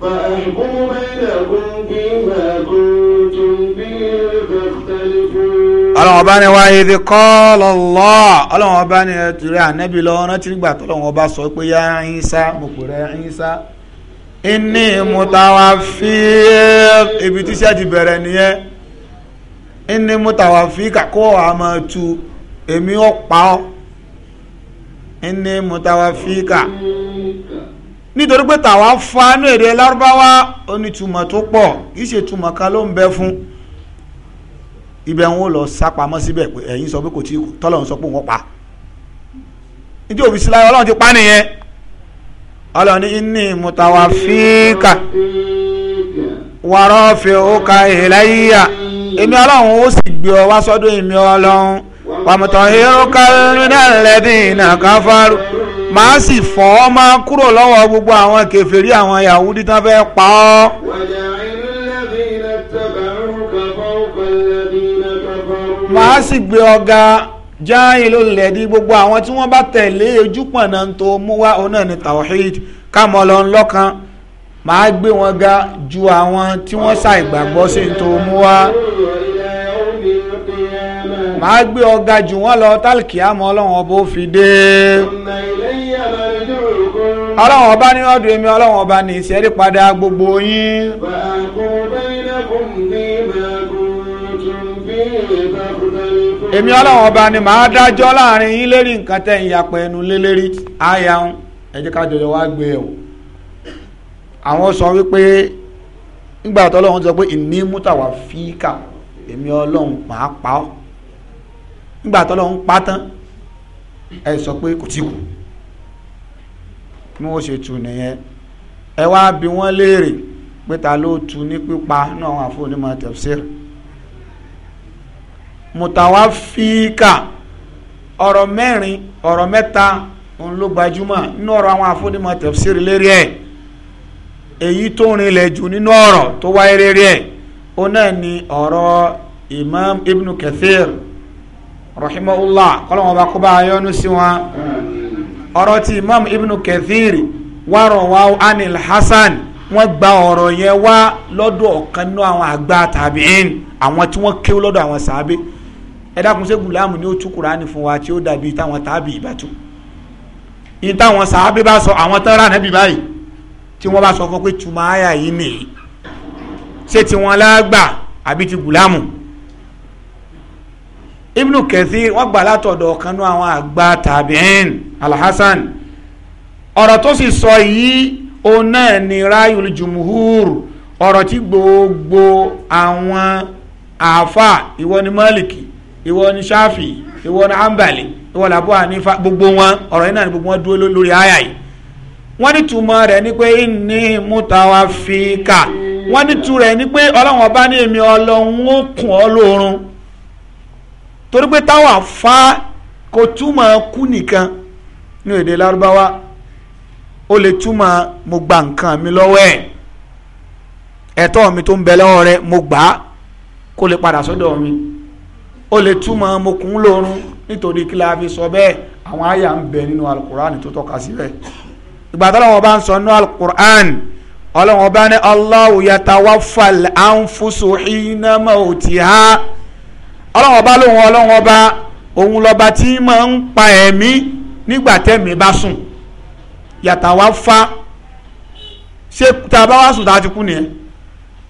فأحكم بينكم فيما كنتم فيه تختلفون ọba ni wá ibi kọ́ọ̀lọ́ lọ́ ọlọ́run ọba ni lọ ọna nígbà tó ọba sọ pé ya ẹ̀yìnsá mo pè rẹ̀ ẹ̀yìnsá inni mutawa fi ibi tíṣẹ́ ti bẹrẹ nìyẹn inni mutawa fi kàkó àmọ́ tu èmi ọ̀pá ọ́ nítorí pé tàwa fánú èdè lárúbáwá onítùmọ̀ tó pọ̀ kì í ṣe túmọ̀ kan ló ń bẹ fún ibẹ̀ ń wò lọ sápamọ́ síbẹ̀ pé ẹ̀yin sọ pé kò tí tọ́lọ̀ ń sọ pé wọ́n pa nítorí òbí síláyà ọlọ́run ti pa nìyẹn ọlọ́run ní inni mutawafika wàrọ̀ fi òkà ìlẹ́yìíyà èmi ọlọ́run ó sì gbé ọ wá sọ́dọ̀ èmi ọlọ́run. wàmùtọ̀hìrù kálínà o káfárù màá sì fọ́ ọ máa kúrò lọ́wọ́ gbogbo àwọn kèfèrí àwọn Yahudi fẹ́ pa ọ́. màá sì gbé ọ̀gá jáàyìn gbogbo àwọn tí wọ́n bá tẹ̀lé ojúpọ̀nà tó mú wá òun ní tawhid kámọ́ lọ lọ́kan màá gbé wọn ga ju àwọn tí wọ́n ṣàìgbàgbọ́ sí tó mú wá. màá gbé ọ̀gá jù wọn lọ tálkì àmọ́ ọlọ́run ọba ó fi dé. ọlọ́run ọba ní ọdún èmi ọlọ́run ọba ní ìṣẹ́rí padà gbogbo yín. èmi ọlọ́run ọba ni màá dájọ́ láàrin yín lérí nǹkan tẹ̀ ń yàpẹ̀ ẹnu lé lérí àyà ń ẹ jẹ́ ká jọjọ wá gbé ẹ̀wò e àwọn sọ wípé nígbà tó ọlọ́run sọ pé ìní mútàwá fíkà èmi ọlọ́run pàápàá nígbà tó lọ́n pa tán ẹ sọ pé kò tí kù bí wọ́n ṣe tù nìyẹn ẹ wá bi wọ́n léèrè pé ta ló tu ní pípa náà àwọn àfọwọ́nímọ̀ tafsir mutawafika ọ̀rọ̀ mẹ́rin ọ̀rọ̀ mẹ́ta òun ló gbajúmọ̀ nínú ọ̀rọ̀ àwọn àfọwọ́nímọ̀ tafsir lérí ẹ̀ èyí tó rinlẹ̀ jù nínú ọ̀rọ̀ tó wáyé lérí ẹ̀ náà ni ọ̀rọ̀ Imam Ibn Kathir rahimahullah kọ́lọ́wọ́n bá kó bá yọnu sí wọn ọ̀rọ̀ tí imam ibn kathir wàrọ̀ wa anil hasan wọ́n gba ọ̀rọ̀ yẹn wá lọ́dọ̀ ọ̀kan nínú àwọn àgbà tàbíìn àwọn tí wọ́n kéwọ́ lọ́dọ̀ àwọn sàábé ẹ dákun ṣe gùlámù ni ó tú kuraani fún wa tí ó dàbí táwọn tàbí ìbátú yìí táwọn sàábé bá sọ àwọn tán rà báyìí tí wọ́n bá sọ fún pé tùmọ̀ yìí nìyí ṣé tiwọn lágbà àbí ti gùlámù ibnu kathir wọ́n gbà látọ̀dọ̀ ọ̀kan nú àwọn àgbà tabi'in alhassan ọ̀rọ̀ tó sì sọ yìí òun náà ni rayul jumhur ọ̀rọ̀ tí gbogbo àwọn àáfà ìwọ ni málìkì ìwọ ni ṣáfì ìwọ ni ambali ìwọ làbọ̀ ànífà gbogbo wọn ọ̀rọ̀ yìí náà ni gbogbo wọn dúró lórí àyà yìí wọ́n ní túmọ̀ rẹ̀ ni pé inni mutawafika wọ́n ní tu rẹ̀ ni pé ọlọ́run ọba ní èmi ọlọ́run ó kùn ọ́ lórun torí pé táwa fa kò túmọ̀ kú nìkan ní èdè lárúbáwá ó lè túmọ̀ mo gba nǹkan mi lọ́wọ́ ẹ̀ ẹ̀tọ́ mi tó ń bẹ lọ́wọ́ rẹ mo gbà á kó lè padà sọ́dọ̀ mi ó lè túmọ̀ mo kún lórun nítorí kí la fi sọ bẹ́ẹ̀ àwọn àyà ń bẹ nínú alukur'an tó tọ́ka síbẹ̀ ìgbà tó lọ́wọ́ bá ń sọ nínú alukur'an ọlọ́wọ́ bá ní Allahu yatawaffal anfusu hina mawtiha ọlọ́run ọba lóhun ọlọ́run ọba òun lọ́ba tí máa ń pa ẹ̀mí nígbà tẹ́mi bá sùn yàtà wá fa ṣé tá a bá wá sùn tá a ti kú nìyẹn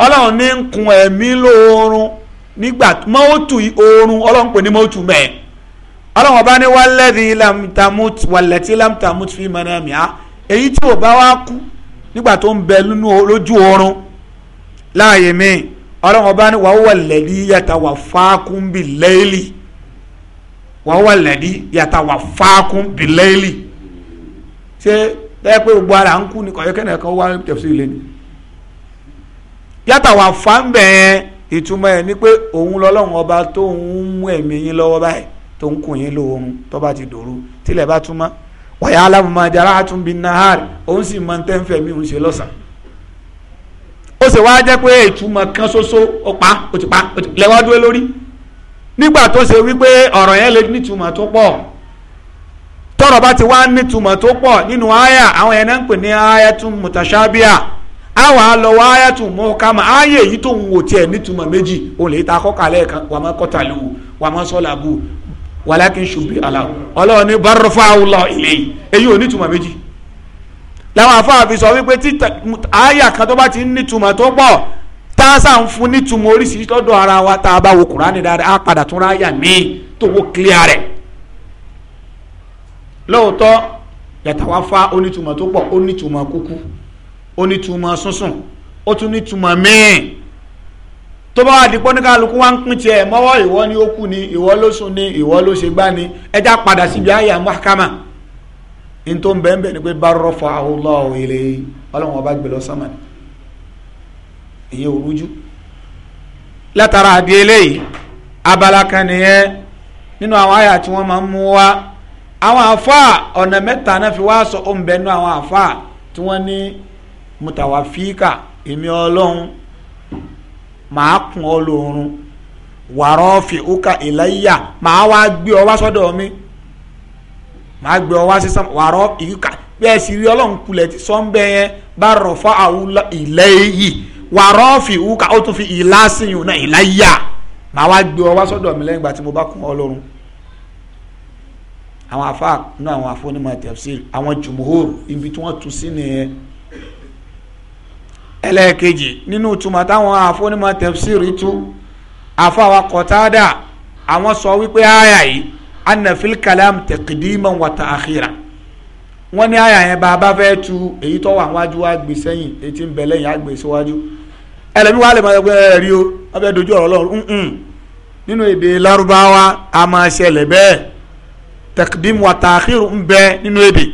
ọlọ́run ní ń kun ẹ̀mí lóorun nígbà mọ́tò oorun ọlọ́run pè ní mọ́tò mẹ́ẹ̀ ọlọ́run ọba ní wàlẹ́dì lamtamut wàlẹ́tì lamtamut fi mọ́nà mìíràn èyí tí ò bá wá kú nígbà tó ń bẹ lójú oorun láàyè míì ọlọ́run ọba ni wàá wà lẹ́dí yàtà wà fáákùn bí wàá yàtà wà pé gbogbo ara ń kú ni kọ̀yọ́kẹ́ náà wá tẹ̀sí ilé yàtà wà ìtumọ̀ ẹ̀ ni pé òun lọ́lọ́run ọba tó ń mú ẹ̀mí yín lọ́wọ́ báyìí tó ń kùn yín tó bá ti dòru bá túmọ̀ wàyà alámùmájà aláàtúnbí ó sì wá jẹ́ pé ìtumọ̀ kan ṣoṣo ó pa ó ti pa lẹ́wọ́n dúró lórí nígbà tó ṣe wípé ọ̀rọ̀ yẹn lè nítumọ̀ tó pọ̀ tọ́rọ̀ bá ti wá nítumọ̀ tó pọ̀ nínú àyà àwọn yẹn náà ń pè ní ayatun mutashabia àwọn àlọ́wọ́ ayatun mọ́kàmá ayé èyí tó ń wò tiẹ̀ nítumọ̀ méjì òun lè ta kọ́kàlẹ́ kan wà má kọ́tàlú wà má sọ́làbù wàlákìn ṣùgbọ́n aláwọ̀ ọlọ́run ní bá ilé yìí èyí ò nítumọ̀ méjì làwọn afáàfin sọ wípé tí àyà kan tó bá ti ń nítumọ̀ tó pọ̀ tá a sàn fún nítumọ̀ oríṣiríṣi lọ́dọ̀ ara wa tá a bá wo kùránì dáadáa á padà tún ráyà míì tó wó clear rẹ̀ lóòótọ́ yàtàwá fa onítumọ̀ tó pọ̀ onítumọ̀ kúkú onítumọ̀ sísun ó tún nítumọ̀ míì tó bá wà dípọ́ ní kálukú wá ń pín tiẹ̀ mọ́wọ́ ìwọ ni ó kú ni ìwọ ló sùn ni ìwọ ló ṣe gbá ni ẹja padà síbi àyà mọ́kàmá. in tó bẹ́ẹ̀ ni pé bá rọ́fà Allahu ilayhi ọlọ́run ọba gbé lọ sánmà ni látara àdé eléyìí abala kan nìyẹn nínú àwọn àyà tí wọ́n máa ń mú wá àwọn àfáà ọ̀nà mẹ́ta náà fi wá sọ òǹbẹ̀ nínú àwọn àfáà tí wọ́n ní mutawafika èmi ọlọ́run màá kún ọ lóorun wàrọ́ fi ìlàyà màá wá gbé ọ wá sọ́dọ̀ mi màá gbé ọ wá sí sọmọ wàrọ ìyíká bí ẹ sì rí ọlọ́run kulẹ̀ tí sọ́ńbẹ́ yẹn bá rọ̀ fọ́ àwùlọ ilẹ̀ yìí wàrọ̀ fi ìwúka ó tún fi ìlà síyùn náà ìlà yà màá wá gbé ọ wá sọ́dọ̀ mi lẹ́yìn ìgbà tí mo bá kún ọlọ́run àwọn afa náà àwọn afọ́nímọ̀ tafsir àwọn jùmọ̀hóró ibi tí wọ́n tún sí nìyẹn ẹlẹ́ẹ̀kejì nínú ìtumọ̀ táwọn afọ́nímọ̀ tafsir tú afa wa Qatada àwọn sọ wípé áyà yìí anna في الكلام taqdiman وتأخيرا، ta'khira wọ́n ní àyà yẹn bá a bá fẹ́ tu èyí tó wà wájú wá gbé sẹ́yìn èyí tí ń bẹ lẹ́yìn á gbé síwájú ẹlẹ́mi wàá lè máa yọ pé ẹ rí o wọ́n fẹ́ dojú ọ̀rọ̀ lọ́rùn nínú èdè lárúbáwá a máa ṣẹlẹ̀ bẹ́ẹ̀ taqdim wa ta'khir ń bẹ nínú èdè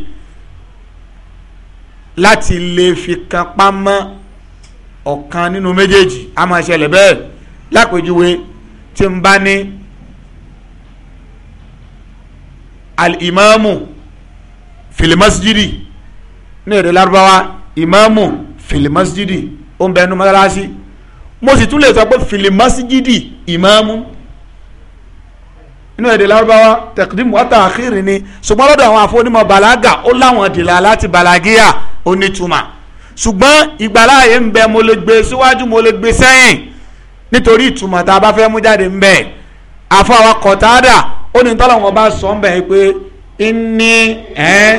láti lè fi kan pamọ́ ọ̀kan nínú méjèèjì a máa ṣẹlẹ̀ bẹ́ẹ̀ lápèjúwe tí ń bá ní. alimamu filimasijidi ní èdè Lárúbáwá imamu filimasijidi ó ń bẹ ẹnu mọ́sálásí mo sì tún lè sọ pé filimasijidi imamu inú èdè Lárúbáwá tẹkidimu àtàkìrì ni ṣùgbọ́n lọ́dọ̀ àwọn àfọwọ́nímọ̀ balaga ó láwọn dìlà láti balagiya ó nítumọ̀ ṣùgbọ́n ìgbàláyé ń bẹ mo lè gbé e síwájú mo lè gbé e sẹ́yìn nítorí ìtumọ̀ tá a bá fẹ́ mú jáde ń bẹ àfọwọ́ kọ̀tádà ó ní tọ́lá wọn bá sọ ń bẹ̀ pé inni ẹ̀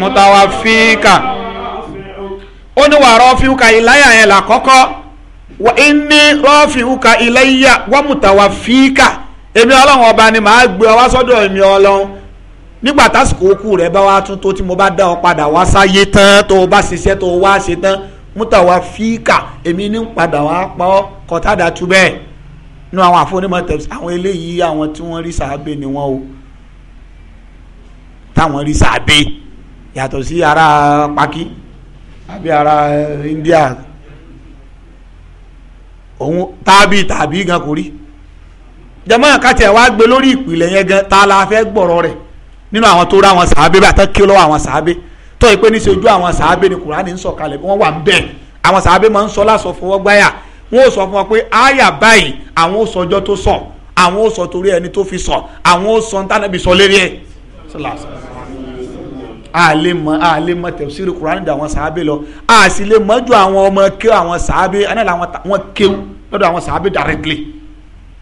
mutawafika ó ní wà rọ́fíùkà iláyà yẹn làkọ́kọ́ wà inni rọ́fíùkà iláyà wà mutawafika èmi ọlọ́run ọba ni màá gbé ọ wá sọ́dọ̀ èmi ọlọ́run nígbà tásìkò òkú rẹ bá wá tún tó tí mo bá dá ọ padà wá sáyé tán tó o bá ṣiṣẹ́ tó o wá ṣe tán mutawafika èmi ní padà wá pọ́ kọ́tàdà tú nínú àwọn àfọwọ́nímọ̀ tẹ̀sí àwọn eléyìí àwọn tí wọ́n rí sàábé ni wọ́n o táwọn rí sàábé yàtọ̀ sí ará Pákí àbí ará eh, India òun tàbí tàbí gan kò rí jẹ́mọ́ àkàtì ẹ̀ wá gbé lórí ìpìlẹ̀ yẹn gan ta la fẹ́ gbọ̀rọ̀ rẹ̀ nínú àwọn tó rá àwọn sàábé bàtà kí lọ́wọ́ àwọn sàábé tó yẹ pé níṣojú àwọn sàábé ni Kùránì ń sọ̀kalẹ̀ wọ́n wà ń bẹ̀ àwọn sàábé máa ń sọ lásọ fọwọ́ gbáyà wọn ò sọ fún wa pé àyà báyìí àwọn ò sọ ọjọ́ tó sọ àwọn ò sọ torí ẹni tó fi sọ àwọn ò sọ ntànàbí sọ lérí ẹ àlemọ àlemọ tẹfsiri kurani da àwọn sàábé lọ àsìlémọ ju àwọn ọmọ kéw àwọn sàábé anáàlà àwọn kéw lọ́dọ̀ àwọn sàábé directly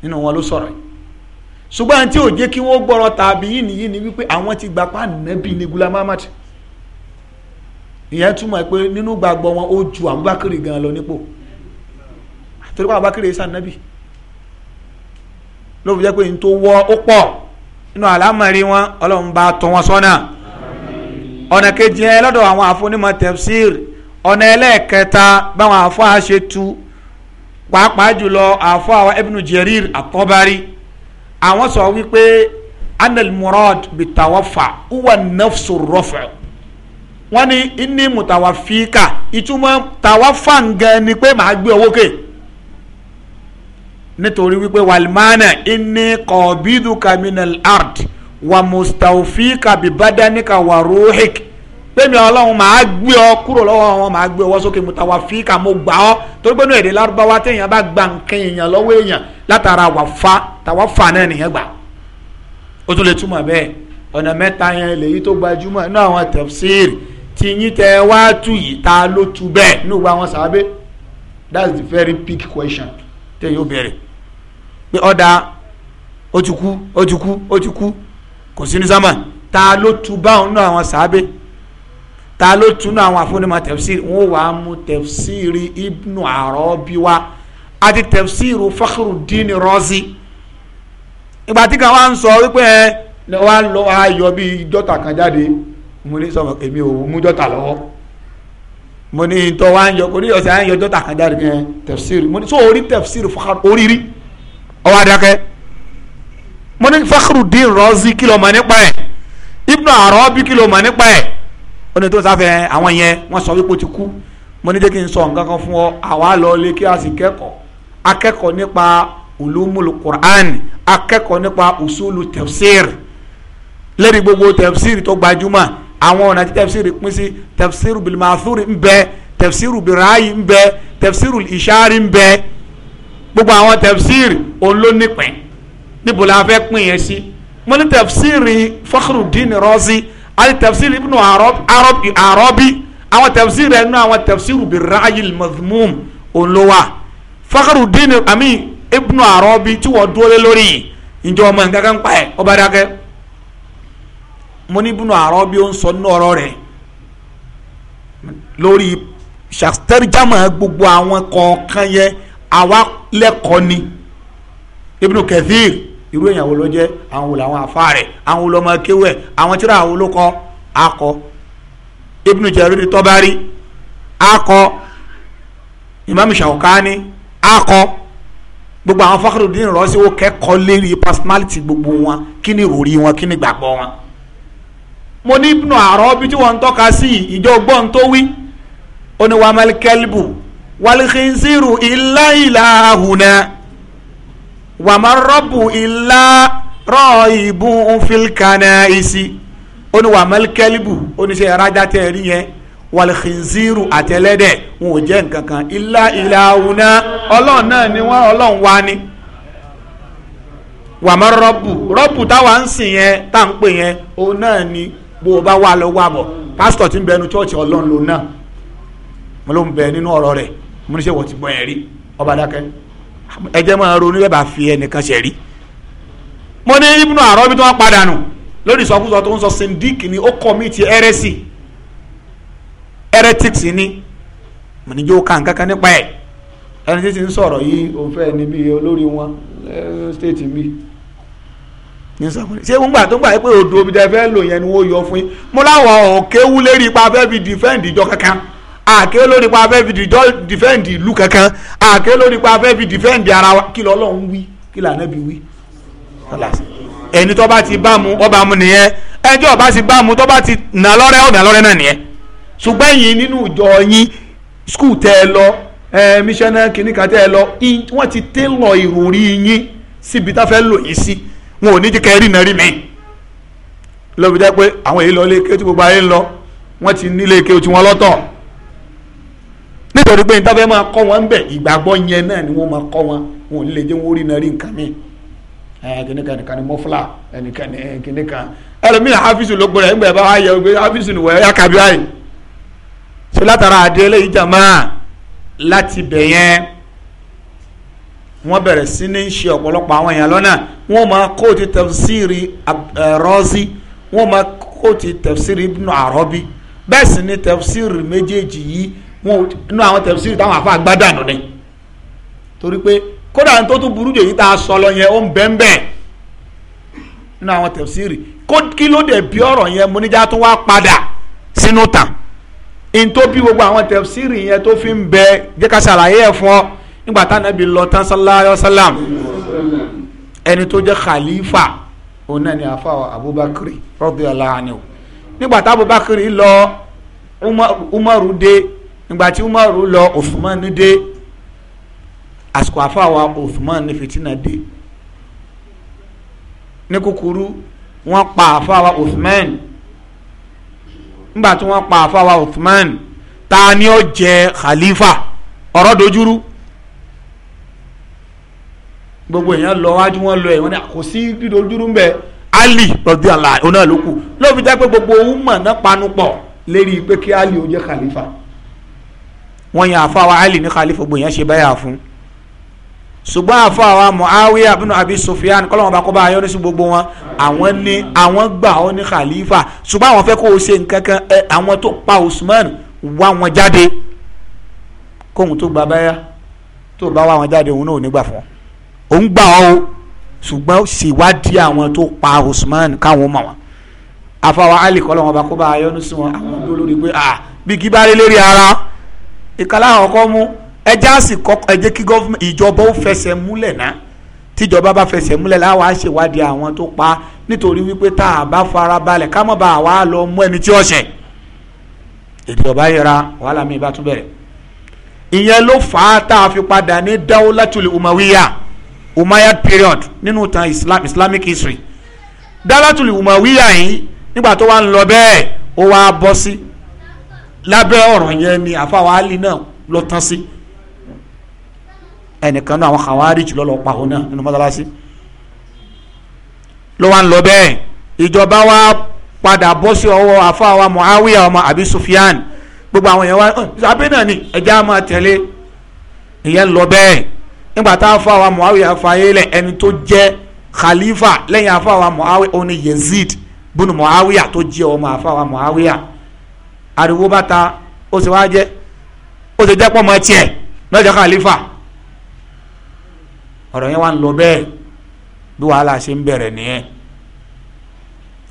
nínú wọn ló sọ̀rọ̀ yìí ṣùgbọ́n tí ò jẹ́ kí wọ́n gbọ́rọ̀ tàbí yìí nìyí ni wípé àwọn ti gbà pa nẹ́bí ní Ghulam Ahmad ìyẹn túmọ̀ pé nínú gbàgbọ́ wọn ó ju Abubakar gan lọ nípò torí pé àbákírè sàn nábì ló fi jẹ́ pé ní tó wọ́ ó pọ̀ nínú àlámọ̀rí wọn ọlọ́run bá tọ́ wọn sọ́nà ọ̀nà kejì ẹ lọ́dọ̀ àwọn àfonímọ̀ tafsir ọ̀nà ẹlẹ́ẹ̀kẹta báwọn àfọ́ àṣẹ tu pàápàá jùlọ àfọ́ àwọn Ibn Jarir at-Tabari àwọn sọ wípé anil murad bitawafa uwa nafsu rafa wọn ni inni mutawafika ìtumọ̀ tawafa ngan ni pé màá gbé owó kéè nítorí wípé walmana inni qabiduka minal ard wa mustawfika bi badanika wa ruhik pèmí ọlọ́run màá gbé ọ kúrò lọ́wọ́ wọn màá gbé ọwọ́ sókè mutawafika mo gbà ọ́ torí pé ní èdè lárúbáwá téèyàn bá gba nǹkan èèyàn lọ́wọ́ èèyàn látara wàfa tàwáfà náà nìyẹn gbà ó tún lè túmọ̀ bẹ́ẹ̀ ọ̀nà mẹ́ta yẹn lèyí tó gbajúmọ̀ inú àwọn tafsir tí yín tẹ wá tù yìí ta ló tu bẹ́ẹ̀ ní ògbà wọn sàábé that's the very big question tẹ̀yìn ó bẹ̀rẹ̀ pé ọ̀dà ó ti kú ó ti kú ó ti kú kò sí ní sámà ta ló tu báwọn náà àwọn sàábé ta ló tu náà àwọn àfúnimọ̀ tafsir wọn wà á mú tafsiri ibnu Arabi wa àti tafsiru Fakhruddin Razi ìgbà tí kan wá ń sọ wípé ẹ wá lọ ayọ̀ bíi jọ́tà kan jáde mo ní sọmọ èmi ò mú jọ́tà lọ́wọ́ mo ní tọ́ wá ń yọ orí ọ̀sẹ̀ à ń yọ jọ́tà kan jáde ẹ tafsir mo ní sọ orí tafsir Fakhruddin oríri ọwọ́ adákẹ́ mo ní Fakhruddin Razi kí ló mọ̀ nípa ẹ̀ Ibn Arabi kí ló mọ̀ nípa ẹ̀ ó ní tó sáfẹ́ àwọn yẹn wọ́n sọ wípé ó ti kú mo ní jẹ́ kí n sọ nǹkan kan fún ọ àwa lọ lé kí a sì kẹ́kọ̀ọ́ akẹ́kọ̀ọ́ nípa ulumul Qur'an akẹ́kọ̀ọ́ nípa usulu tafsir lẹ́rìí gbogbo tafsir tó gbajúmọ̀ àwọn ọ̀nà tí tafsir pín sí tafsir bil ma'thur ń bẹ tafsir bil ń bẹ tafsir ishari ń bẹ gbogbo àwọn tafsiri òun ló nípìn níbo la fẹ́ pín yẹn sí mo ní tafsiri Fakhruddin Razi àti tafsiri Ibn Arabi Arabi àwọn tafsiri rẹ̀ nínú àwọn tafsiri bi ra'yil madhmum òun ló wà Fakhruddin àmì Ibn Arabi tí wọ́n dúró lé lórí yìí njẹ ọmọ nǹkan kan pa ẹ ọba dákẹ́ mo ní ibùnú àárọ̀ ó ń sọ nínú ọ̀rọ̀ rẹ̀ lórí ṣàtẹrìjàmọ gbogbo àwọn kọ̀ọ̀kan yẹn àwa lẹ́kọ̀ọ́ ni ibnu Kathir irú èèyàn wo ló jẹ́ àwọn wo làwọn afa rẹ̀ àwọn wo lọ́mọ kéwẹ̀ àwọn tíra àwọn olókọ́ akọ Ibn Jarir Tabari akọ Imam Shawkani akọ gbogbo àwọn Fakhruddin Razi wo kẹ́kọ̀ọ́ lérí personality gbogbo wọn kí ni ìròrí wọn kí ni gbàgbọ́ wọn mo ní Ibn Arabi tí wọ́n ń tọ́ka sí ìjọ gbọ́n tó wí ó ní wàmẹ́lì kẹ́lbù walihinsiru illa ilahuna wàmárọ́bù illa rọ́ọ̀ìbù fìlkànà ìsì ó ní wàmálkẹ́lìbù ó ní ṣe ìrajà tẹ̀ rí yẹn wàlìkìnzírù àtẹlẹ́dẹ̀ wọn ò jẹ́ nǹkan kan illa ilahuna ọlọ́run náà ni wọ́n ọlọ́run wá ni wàmọ́ rọ́bù rọ́bù táwa ń sìn yẹn tá à ń pè yẹn òun náà ni bó o bá wà lọ́wọ́ àbọ̀ pásítọ̀ tí ń bẹ ẹnu chọ́ọ̀chì ọlọ́run lòun náà ló ń bẹ nínú ọ̀rọ̀ rẹ̀ mo ní sẹ́ wọ́n ti gbọ́ yẹn rí ọba dákẹ́ ẹjẹ́ máa ronú bẹ́ẹ̀ bá fi ẹnìkan ṣẹ̀ rí mo ní ibùdó àrọ́ bí tí wọ́n padà nù lórí ìsọkúsọ tó ń sọ síndíkì ni ó kọ́mìtì ẹrẹ́sì heretics ni mo ní jó kàn kankan nípa ẹ̀ ẹni tí ti ń sọ̀rọ̀ yìí òun fẹ́ ni bíi olórí wọn state mi ní sàkóso ṣé wọn gbà tó gbà pé odò omi tẹ fẹ́ lò yẹn ni wọ́n yọ fún yín mo láwọn òkèwú lérí ipa fẹ́ fi defend ìjọ kankan àkè lórí pa afẹ́ fi dìfẹ́ǹdì ìlú kankan àkè lórí pa afẹ́ fi dìfẹ́ǹdì ara wa kí lọ́lọ́run wí kí lànàbí wí. ẹni tó bá ti bá mu ọba mu nìyẹn ẹni tó bá ti bá mu tó bá ti nà lọ́rẹ́ ọ̀nà lọ́rẹ́ náà nìyẹn. ṣùgbọ́n yìí nínú ìjọ yín skul tẹ ẹ lọ ẹ mísánná kìnnìkan tẹ ẹ lọ wọ́n ti tẹ́lọ̀ ìròrí yín síbi tá fẹ́ lò yín sí wọn ò ní jẹ́ kẹ́ rí mi. lọ́bi jẹ́ pé àwọn èyí lọ lé kí nítorí pé nítorí ẹ máa kọ́ wọn bẹ̀ ìgbàgbọ́ yẹn náà ni wọ́n máa kọ́ wọn wọn ò lè jẹ́ wọ́n rí náà rí nǹkan mi kìnìkan nìkan ni mọ́fúlà ẹnìkan kìnìkan ẹlòmíràn hafizu ló gbọ́dọ̀ ẹgbẹ́ bá wáyé ọgbẹ́ hafizu ni wọ́n yá kábíyá yìí ṣe látara àdéhùn ìjàmbá láti bẹ̀ yẹn wọ́n bẹ̀rẹ̀ sí ní ṣe ọ̀pọ̀lọpọ̀ àwọn èèyàn lọ́nà wọ́n máa kóòtù tafsiri rọ́ọ̀sì wọ́n máa kóòtù tafsiri ibnu arabi bẹ́ẹ̀ sì ni tafsiri méjèèjì yìí wọn inú àwọn tẹ̀síìrì táwọn àfa àgbádànù ni torí pé kódà tó tún burú jù èyí tá a sọ lọ yẹn ó ń bẹ́ẹ̀ bẹ́ẹ̀ nínú àwọn tẹ̀síìrì kó kí ló dé bí ọ̀rọ̀ yẹn mo níjà tó wá padà sínú tàn n tó bí gbogbo àwọn tẹ̀síìrì yẹn tó fi ń bẹ jẹ́ ká ṣàlàyé ẹ̀ fún ọ nígbà táwọn ẹbí lọ tán sallàyọ sálàm ẹni tó jẹ́ khalifa òun náà ni àfa Abubakar radiyallahu anhu nígbà tá Abubakar lọ Umaru dé nígbà tí Umar lọ Uthman dé àsìkò àfàwà Uthman ní fìtínà dé ní kúkúrú wọ́n pa àfàwà Uthman nígbà tí wọ́n pa àfàwà Uthman ta ni ó jẹ khalifa ọ̀rọ̀ dojúrú gbogbo èèyàn lọ wájú wọn lọ ẹ wọn ni kò sí dídójúrú mbẹ ali rọdí àlà ọ̀nà ló kù lóbi jẹ́ pé gbogbo ọmọ náà panu pọ̀ lérí pé kí ali ó jẹ́ khalifa wọ́n yan àfa wa ali ní khalifa gbòyàn ṣe báyà fún ṣùgbọ́n àfa wa muawiya ibn abi sufyan kọ́lọ́wọ́n bá kọ́ bá ayọ́ nísú gbogbo wọn àwọn ní àwọn gbà ọ́ ní khalifa ṣùgbọ́n àwọn fẹ́ kó o ṣe nǹkan kan ẹ àwọn tó pa usman wá wọn jáde kóhun tó gba báyà tó bá wá wọn jáde òun náà ò ní gbà fún ọ òun gbà ọ́ o ṣùgbọ́n ṣèwádìí àwọn tó pa usman káwọn mọ̀ wọn àfa wa ali kọ́lọ́wọ́n bá kọ́ bá ayọ́ nísú wọn àwọn tó lórí pé ah bí kí lérí ara ìkàlà àkọ́kọ́ mú ẹjẹ́ àsìkò ẹjẹ́ kí ìjọba ó fẹsẹ̀ múlẹ̀ náà tíjọba bá fẹsẹ̀ múlẹ̀ láwa ṣèwádìí àwọn tó pa nítorí wípé tá a bá fara balẹ̀ ká mọ̀ bá a wá lọ mú ẹni tí ó ìjọba yẹra wàhálà mi bá tún bẹ̀rẹ̀ ìyẹn ló fà á tá a fi padà ní dawlatul umawiya umayyad period nínú tan islam islamic history dawlatul umawiya yìí nígbà tó wà ń lọ bẹ́ẹ̀ ó wá bọ́ sí lábẹ́ ọ̀rọ̀ yẹn ni àfàwọn àlì náà lọ tán sí ẹnìkan náà àwọn kàwárí jùlọ lọ pa òun náà nínú mọ́tàlásí ló wá ń lọ bẹ́ẹ̀ ìjọba wa padà bọ́ sí ọwọ́ àfàwọn Muawiya ọmọ àbí Sufyan gbogbo àwọn èèyàn wa sábẹ́ náà ni ẹ̀jẹ̀ á máa tẹ̀lé ìyẹn ń lọ bẹ́ẹ̀ nígbà tá a fọ àwọn Muawiya fàyè lẹ̀ ẹni tó jẹ́ khalifa lẹ́yìn àfàwọn Muawiya òun ni Yazid bùnú Muawiya tó jẹ́ ọmọ àfàwọn Muawiya ariwo bá ta ó sì wá jẹ́ ó sì jẹ́ pọ́nmọ́ tiẹ̀ lọ́jọ́ kàlífà ọ̀rọ̀ yẹn wà ń lọ bẹ́ẹ̀ bí wàhálà ṣe ń bẹ̀rẹ̀ nìyẹn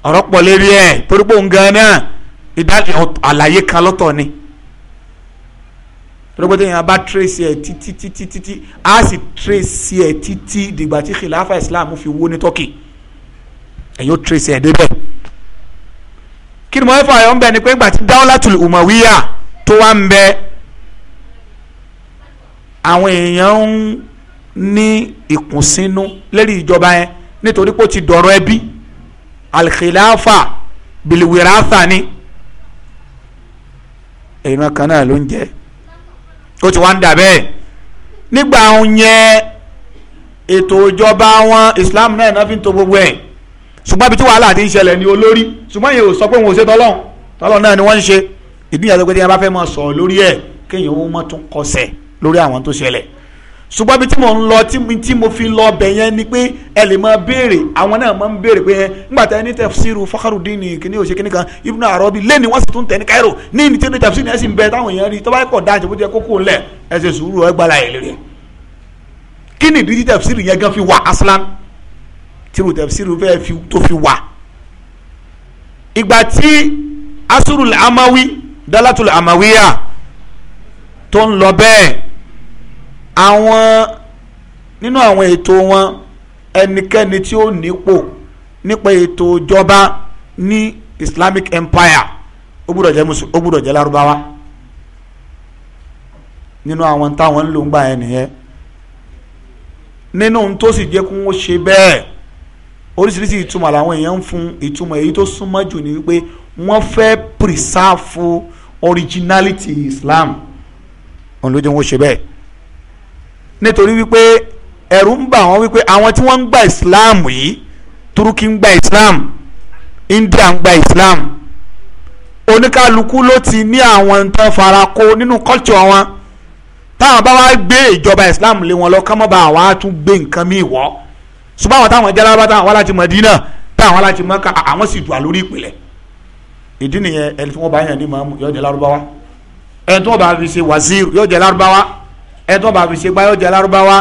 ọ̀rọ̀ pọ̀ lérí ẹ̀ torí pé òun gan náà ìdálẹ̀ àlàyé kan lọ́tọ̀ ni torípé téèyàn bá trace ẹ̀ títí títí títí á sì trace ẹ̀ títí dìgbà tí khilafa islam fi wó ní turkey ẹ̀yìn ó trace ẹ̀ débẹ̀ kí ni mo fẹ́ fààyàn ń bẹ ni pé ńgbà tí dáwọ́látùl umawiya tó wá ń bẹ àwọn èèyàn ń ní ìkùnsínú lérí ìjọba yẹn nítorí pé ó ti dọ̀rọ̀ ẹbí alkhilafa biliwirasa ni ìran kan náà ló ń jẹ ó ti wá ń dà bẹ́ẹ̀ nígbà yẹn ètò ìjọba wọn Islam náà náà fi ń to gbogbo ẹ̀ ṣùgbọ́n ibi tí wàhálà ti ń ṣẹlẹ̀ ni olórí ṣùgbọ́n yẹn ò sọ pé wọn ò ṣe tọ́lọ́hún tọ́lọ́hún náà ni wọ́n ń ṣe ìdíyàn tó pé tí yẹn bá fẹ́ máa sọ̀rọ̀ lórí ẹ̀ kéèyàn ó mọ́ tún kọsẹ̀ lórí àwọn tó ṣẹlẹ̀ ṣùgbọ́n ibi tí mo ń lọ tí mo fi lọ bẹ̀ yẹn ni pé ẹ lè máa béèrè àwọn náà máa ń béèrè pé yẹn nígbà tá ẹni tafsiru Fakhrudeen kìíní òṣè kìíní kan Ibn Arabi lẹ́ni wọ́n sì tún tẹ̀ ní Cairo ní ìní tí ó ní tafsiru yẹn sì ń bẹ táwọn èèyàn rí tó bá kọ̀ dáa ìjọba jẹ́ kókó ńlẹ̀ ẹ ṣe sùúrù ẹ gbala ẹ̀ lérè kí ni ìdí tí tafsiru yẹn gan fi wà aslan tìrù tẹ̀síìrù bẹ́ẹ̀ fi tó fi wà. ìgbà tí asúrù amawi dalatul amawiya tó ń lọ bẹ́ẹ̀ àwọn nínú àwọn ètò wọn ẹnikẹ́ni tí ó nípò nípa ètò ìjọba ní Islamic Empire ó gbúdọ̀ jẹ́ musu ó gbúdọ̀ jẹ́ Lárúbáwá nínú àwọn táwọn ń lò ń gbà yẹn nìyẹn nínú tó sì jẹ́ kó wọ́n ṣe bẹ́ẹ̀ oríṣiríṣi ìtumọ̀ làwọn èèyàn ń fún ìtumọ̀ èyí tó súnmọ́ jù ni wípé wọ́n fẹ́ preserve originality Islam òun ló jẹ́ wọ́n ṣe bẹ́ẹ̀ nítorí wípé ẹ̀rù ń bà wọ́n wípé àwọn tí wọ́n ń gba Islam yìí Turkey ń gba Islam India ń gba Islam oníkálukú ló ti ní àwọn tó fara kó nínú culture wọn táwọn bá wá gbé ìjọba Islam lé wọn lọ kọ́mọ́ba àwọn tún gbé nǹkan míì wọ́ ṣùgbọ́n àwọn táwọn jálábá táwọn wá láti Mọ̀dínà táwọn wá láti Mọ́kà àwọn sì dùn àlórí ìpìlẹ̀ ìdí nìyẹn ẹni tí wọ́n bá yàn ní màmú yóò jẹ́ lárúbáwá ẹni tí wọ́n bá fi ṣe wazir yóò jẹ́ lárúbáwá ẹni tí wọ́n bá fi ṣe gbá yóò jẹ́ lárúbáwá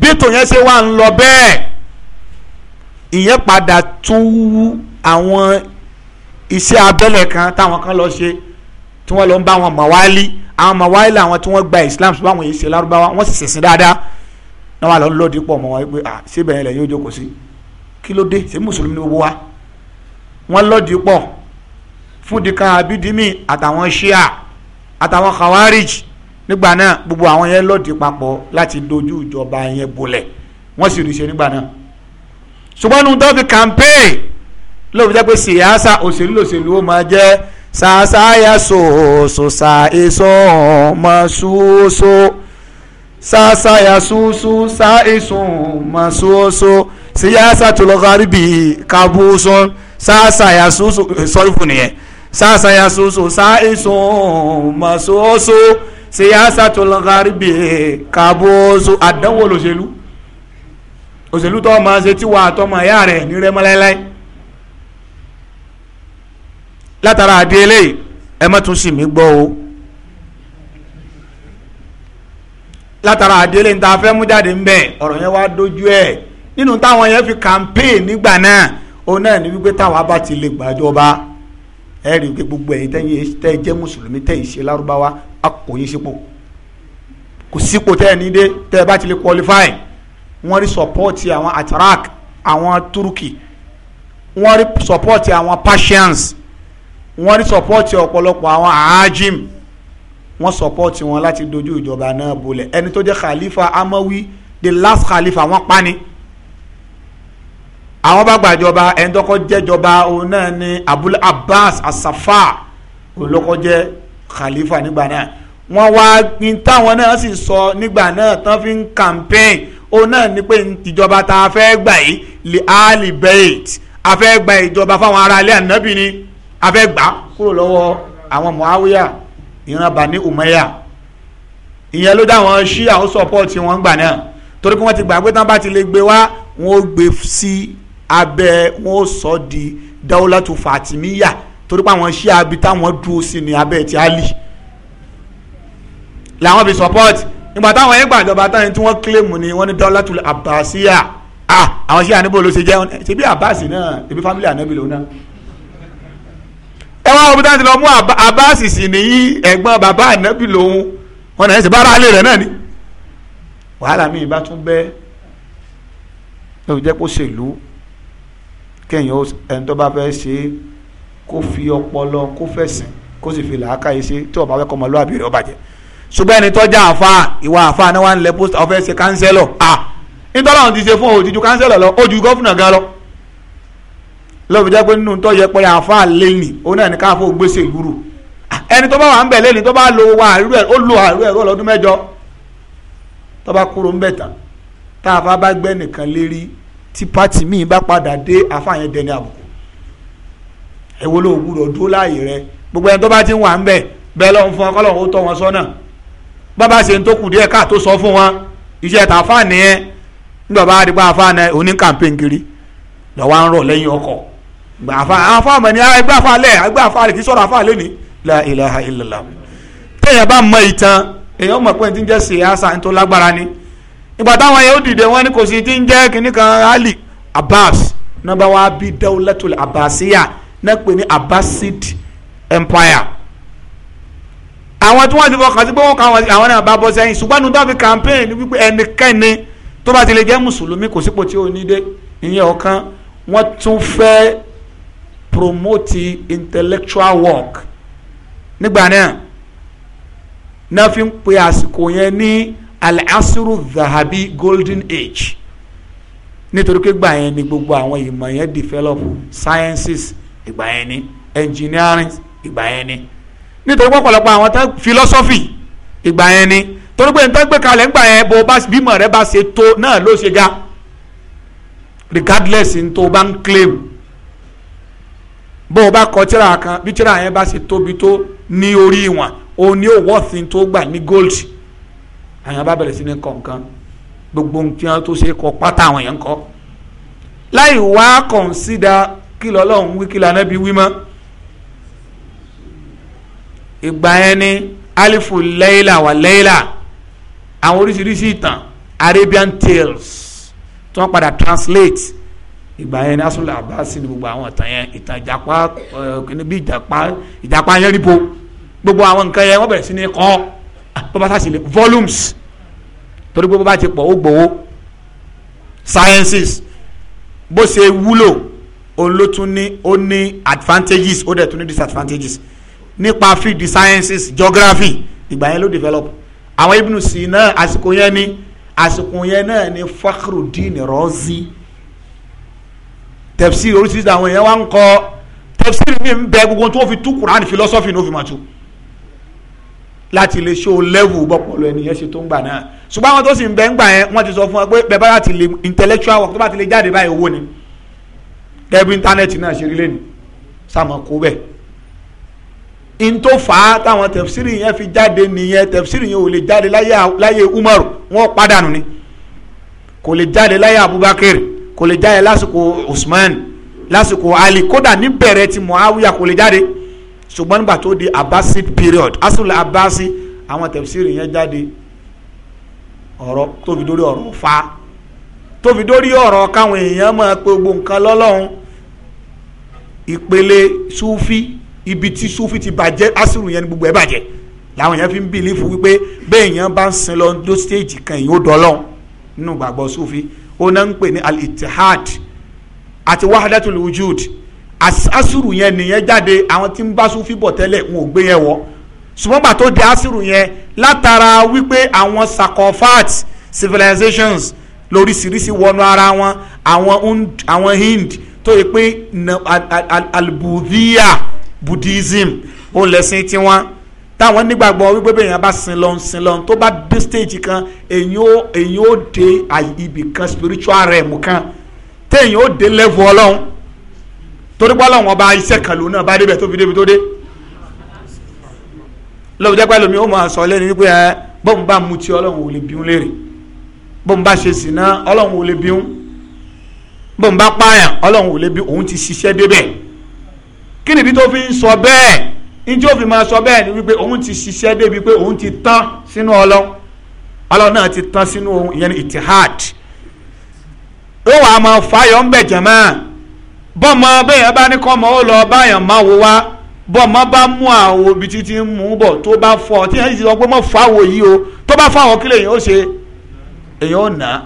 bí tòun yẹn ṣe wà ń lọ bẹ́ẹ̀ ìyẹn padà tún wú àwọn iṣẹ́ abẹ́lẹ̀ kan táwọn kan lọ ṣe tí wọ́n lọ ń bá àwọn mawali àwọn mawali àwọn tí wọ́n gba Islam ṣùgbọ́n àwọn yìí ṣe lárúbáwá wọ́n sì ṣẹ̀sìn dáadáa náà wà lọ ń lòdì pọ̀ mọ́ wọn pé à síbẹ̀ yẹn lẹ́yìn ó jókòó sí kí ló dé ṣé mùsùlùmí ni gbogbo wa wọ́n lòdì pọ̀ fún dika abidimi àtàwọn shia àtàwọn khawarij nígbà náà gbogbo àwọn yẹn lòdì papọ̀ láti dojú ìjọba yẹn bolẹ̀ wọ́n sì rí ṣe nígbà náà ṣùgbọ́n nu dọ́fi campaign lóòótọ́ jẹ́ pé sìyáṣà òṣèlú òṣèlú ó máa jẹ́ sàṣàyà sòsòsà èso ọmọ ṣoṣo sasa yasusu sa'isun masusu siyasatul gharibi kabusun sasa yasusu eh, sọrifu nìyẹn sasa yasusu sa'isun masusu siyasatul gharibi kabusun àdánwò lòṣèlú òṣèlú tó máa ṣe tí wàá tọmọ ẹ̀yà rẹ̀ ní rẹ́mọ́láíláí látara àdéhélé ẹ má tún sì mí gbọ́ o látara àdélé níta fẹ́ mú jáde ń ọ̀rọ̀ yẹn wá dojú ẹ̀ nínú táwọn yẹn fi campaign nígbà náà òun náà ní wípé táwa bá ti lè gbàjọba ẹ rí i pé gbogbo ẹ̀yin tẹ́yìn tẹ́ jẹ́ mùsùlùmí tẹ́yìn ṣe lárúbáwá a kò yín sípò kò sípò tẹ́ ẹ ní wọ́n rí support àwọn àwọn turkey wọ́n sọpọ́ọ̀tì wọn láti dojú ìjọba náà bolẹ̀ ẹni tó jẹ́ khalifa amawi the last khalifa wọ́n pa ni àwọn bá gbàjọba ẹni tó kọ́ jẹ́jọba òun náà ni abul abbas asafa olókọ́ jẹ́ khalifa nígbà náà wọ́n wá ní táwọn náà sì sọ nígbà náà tán fi ń campaign òun náà ni pé ìjọba tá fẹ́ gbà yìí lè ali bait a fẹ́ gba ìjọba fáwọn aráalé ànábì ni a fẹ́ gbà kúrò lọ́wọ́ àwọn muawiya ìran Bani Umayya ìyẹn ló dá wọn ṣí àwọn support wọn gbà náà torí pé wọ́n ti gbà pé tán bá ti lè gbé wá wọn ó gbé sí abẹ́ wọn ó sọ di Dawlatu Fatimiyya torí pé àwọn ṣí abi táwọn dúró sí ni abẹ́ ti Ali làwọn fi support ìgbà táwọn yẹn gbàjọba táwọn tí wọ́n claim ni wọ́n ní Dawlatu Abbasiya ah àwọn ṣí àníbò ló ṣe jẹ́ ṣe bí Abbas náà ṣe bí family ànábì lòun náà ẹ wá ọmọdé àti lọ mú abáàsì sì nìyí ẹ̀gbọ́n bàbá ànábì lòun wọn náà bára alẹ́ rẹ̀ náà ni wàhálà mi ìbá tún bẹ́ ẹ ò jẹ́ kó ṣèlú kéèyàn ẹni tó bá fẹ́ ṣe é kó fi ọpọlọ kó fẹ̀sìn kó sì fi làákàyè ṣe tí ọba akẹ́kọ̀ọ́ ọmọlúwàbí rẹ̀ ọbàjẹ́ ṣùgbọ́n ẹni tọ́jà àfa ìwà àfa ni wọ́n ń lẹ pósítà ọ̀fẹ́ ṣe kánsẹ́lọ̀ à nítorí àwọn ti ṣe fún òtítù kánsẹ́lọ̀ lọ ojú gọ́fúnà gan lọ. lọ́wọ́ jẹ́ pé nínú tó yẹ pé àáfàá lẹ́yìn ó náà ní káfọ́ gbèsè ẹni tó bá wà ń bẹ̀ lẹ́yìn tó bá lo wa àrú ẹ̀ ó lo àrú ẹ̀ lọ́dún mẹ́jọ tó bá kúrò ń bẹ̀ fa bá gbẹ́ nìkan lérí tí pati bá padà dé àáfàá yẹn dẹni àbùkù ẹ wo ló gbúdọ̀ dúró láàyè rẹ gbogbo ẹni tó bá ti wà ń bẹ̀ bẹ́ẹ̀ lọ́n fún bàbá ṣe ń tó kù sọ fún wọn iṣẹ́ tàfáà nìyẹn nígbà bá a pa náà oní kiri lọ́wọ́ à ń gba afa afa mọ̀ ní ẹgbẹ́ afa lẹ̀ ẹgbẹ́ afa lẹ̀ kì í sọ̀rọ̀ afa lẹ́ ni la ilaha illallah téèyàn bá mọ ìtàn èèyàn mọ̀ pé ti ń jẹ́ sèyásá ní tó lágbára ni ìgbà táwọn yẹn dìde wọn ni kò sí ti ń jẹ́ kínní kan ali abbas nọmba wa bí dawlatul abbasiya náà pè ní abbasid empire àwọn tí wọ́n ti fọkàn sí pé wọ́n kà wọ́n àwọn náà bá bọ́ sẹ́yìn ṣùgbọ́n nígbà fi campaign ní wípé ẹnikẹ́ni tó bá ti lè jẹ́ mùsùlùmí kò sípò tí ò ní dé ìyẹn ọ̀kan wọ́n tún fẹ́ẹ́ promote intellectual work nígbà náà náà fi ń pe àsìkò yẹn ní al-asiru zahabi golden age nítorí pé gbà yẹn ni gbogbo àwọn ìmọ̀ yẹn develop sciences ìgbà yẹn ni engineering ìgbà yẹn ni nítorí pọ̀pọ̀lọpọ̀ àwọn tán philosophy ìgbà yẹn ni torí pé nǹkan gbé kalẹ̀ ńgbà yẹn bó bá bímọ rẹ bá ṣe tó náà ló ṣe ga regardless n tó bá ń claim bó o bá kọ tíra kan bí tíra yẹn bá ṣe tóbi tó ní orí wọn o ní o wọ́ọ̀sì tó gbà ní gold àyàn bá bẹ̀rẹ̀ sí ní kọ̀ọ̀kan gbogbo nǹkan tó ṣe kọ pátá àwọn yẹn ń kọ́ láì wá kọ̀ǹsídà kìlọ̀ ọlọ́run wí kìlọ̀ anábì wí mọ́ ìgbà yẹn ni alifu leila wa leila àwọn oríṣiríṣi ìtàn arabian tales tí wọ́n padà translate ìgbà yẹn ní asúlẹ̀ àbáṣe ni gbogbo àwọn ìtàn yẹn ìtàn ìjàpá ẹni eh, bí ìjàpá ìjàpá yẹn rí po gbogbo àwọn nǹkan yẹn wọ́n bẹ̀rẹ̀ sí ní kọ́ bọ́bá sàṣìlè volumes torí gbogbo bá ti pọ̀ ó gbowó sciences bó ṣe wúlò òun ló tún ní ó ní advantages ó dẹ̀ tún ní disadvantages nípa field sciences geography ìgbà yẹn ló develop àwọn Ibn Sina àsìkò yẹn ni àsìkò yẹn náà ni Fakhruddin Razi tẹ̀fsírì oríṣiríṣi àwọn èèyàn wá ń kọ tẹ̀fsírì mi ń bẹ gbogbo tó fi tú kuraani philosophy ló fi máa tú láti lè ṣó level bọ́pọ̀lọ́ ẹnìyẹn ṣe tó ń gbà náà ṣùgbọ́n àwọn tó sì ń bẹ ń gbà yẹn wọ́n ti sọ fún wa pé bẹ́ẹ̀ bá láti lè intellectual work tó bá ti lè jáde báyìí owó ni gẹ́gẹ́ íńtánẹ́ẹ̀tì náà ṣe rí lẹ́nu sàmọ̀ kó bẹ́ẹ̀ n tó fà á táwọn tẹ̀fsírì yẹn fi jáde nìyẹn tẹ̀fsírì yẹn ò lè jáde láyé Umaru wọ́n padànù ni kò lè jáde láyé Abubakar kò lè jáde lásìkò Usman lásìkò Ali kódà níbẹ̀rẹ̀ ti Muawiya kò lè jáde ṣùgbọ́n nígbà tó di Abbasid period asul abasi àwọn tẹ̀síìrì yẹn jáde ọ̀rọ̀ tó fi dórí ọ̀rọ̀ fa tó dórí ọ̀rọ̀ káwọn èèyàn máa pe gbogbo nǹkan lọ́lọ́run ìpele sufi ibi tí sufi ti bàjẹ́ asiru yẹn ni gbogbo ẹ̀ bàjẹ́ làwọn èèyàn fi ń bìlífù wípé bẹ́ẹ̀ èèyàn bá ń sin lọ dó kan èèyàn ó dọ́lọ́run nínú gbàgbọ́ sufi òun náà ń pè ní al-ittihad àti wahadatul wujud asuru yẹn nìyẹn jáde àwọn tí ń bá sufi bọ̀ tẹ́lẹ̀ ń ò gbé yẹn wọ̀ ṣùgbọ́n tó di asuru yẹn látara wípé àwọn sakofat civilizations lóríṣiríṣi wọnú ara wọn àwọn àwọn Hind tó yẹ pé albudia Buddhism ó lẹ́sìn tiwọn. Al, al, al, táwọn nígbàgbọ́ wípé bẹ́ẹ̀ yẹn bá sin lọ sin lọ tó bá dé stage kan èyí ó èyí ó dé ibì kan spiritual realm kan téèyàn ó dé level ọlọ́run torí pé ọlọ́run ọba iṣẹ́ kan lòun náà bá débẹ̀ tó fi débi tó dé lọ́wọ́ jẹ́ pé lómi ó máa sọ lẹ́ni wípé ẹ bọ́n bá mu tí ọlọ́run ò lè bíun léèrè bọ́n bá ṣe sìná ọlọ́run ò lè bíun bọ́n bá pààyàn ọlọ́run ò lè bí òun ti ṣiṣẹ́ débẹ̀ kí nìdí tó fi ń sọ bẹ́ẹ̀ njẹ́ òfin máa sọ bẹ́ẹ̀ ni wípé òun ti ṣiṣẹ́ débi pé òun ti tán sínú ọlọ ọlọ́run náà ti tán sínú ohun ìyẹn ní itihad ó wàá máa fàyọ̀ ń bẹ̀ jẹ̀mọ́ bọ́mọ bẹ́ẹ̀ bá ní kọ́mọ ó lọ báyàn máa wo wá bọ́mọ bá mú àwo ibi títí ń mú bọ̀ tó bá fọ tí yẹn ti sọ pé mọ̀ fáwo yìí o tó bá fáwọn kílẹ̀ èèyàn ó ṣe èèyàn ó nà á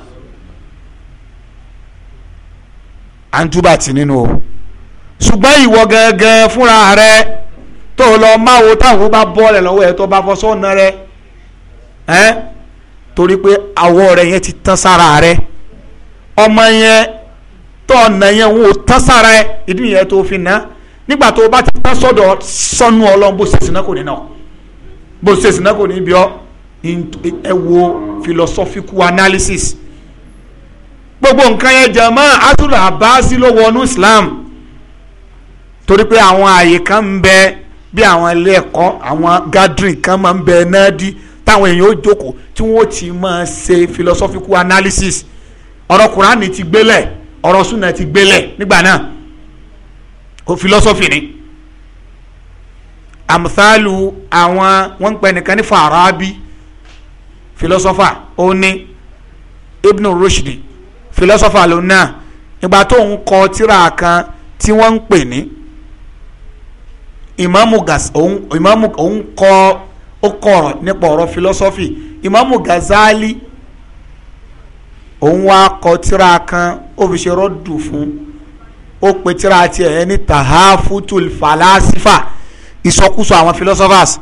à ń túbà tì nínú o ṣùgbọ́n ìwọ gẹ́gẹ́ fúnra rẹ̀ tó lọ ma táwọn bá bọ́ọ̀lẹ̀ lọ́wọ́ ẹ tó bá ọ sọ́ọ̀nà rẹ ẹ torí pé àwọ̀ rẹ yẹn ti tán sára rẹ ọmọ yẹn tọ̀nà yẹn wò tán sára ẹ ìdí yẹn tó fi ná nígbà tó bá ti tán sọ́dọ̀ sọ́nù ọlọ́run bó ṣe kò ní gbogbo nǹkan yẹn jẹ mọ́ asúlù ló wọnú torí pé àwọn àyè kan bí àwọn ilé ẹ̀kọ́ àwọn gathering kan máa ń bẹ náà dí táwọn èèyàn ó jókòó tí wọ́n ti máa ṣe philosophical analysis ọ̀rọ̀ kùránì ti gbélẹ̀ ọ̀rọ̀ súnà ti gbélẹ̀ nígbà náà kò philosophy ni amthalu àwọn wọ́n ń pè nìkan ní farabi philosopher ó ní ibn rushdi philosopher ló náà ìgbà tó ń kọ tírà kan tí wọ́n ń pè ní Imamu gas òun ìmáàmù òun kọ́ ó kọ̀rọ̀ nípa ọ̀rọ̀ philosophy ìmáàmù Gazali òun wá kọ tíra kan ó fi ṣe rọ́dù fún ó pe tíra tiẹ̀ ẹ ní tahafutul falasifa ìsọkúsọ àwọn philosophers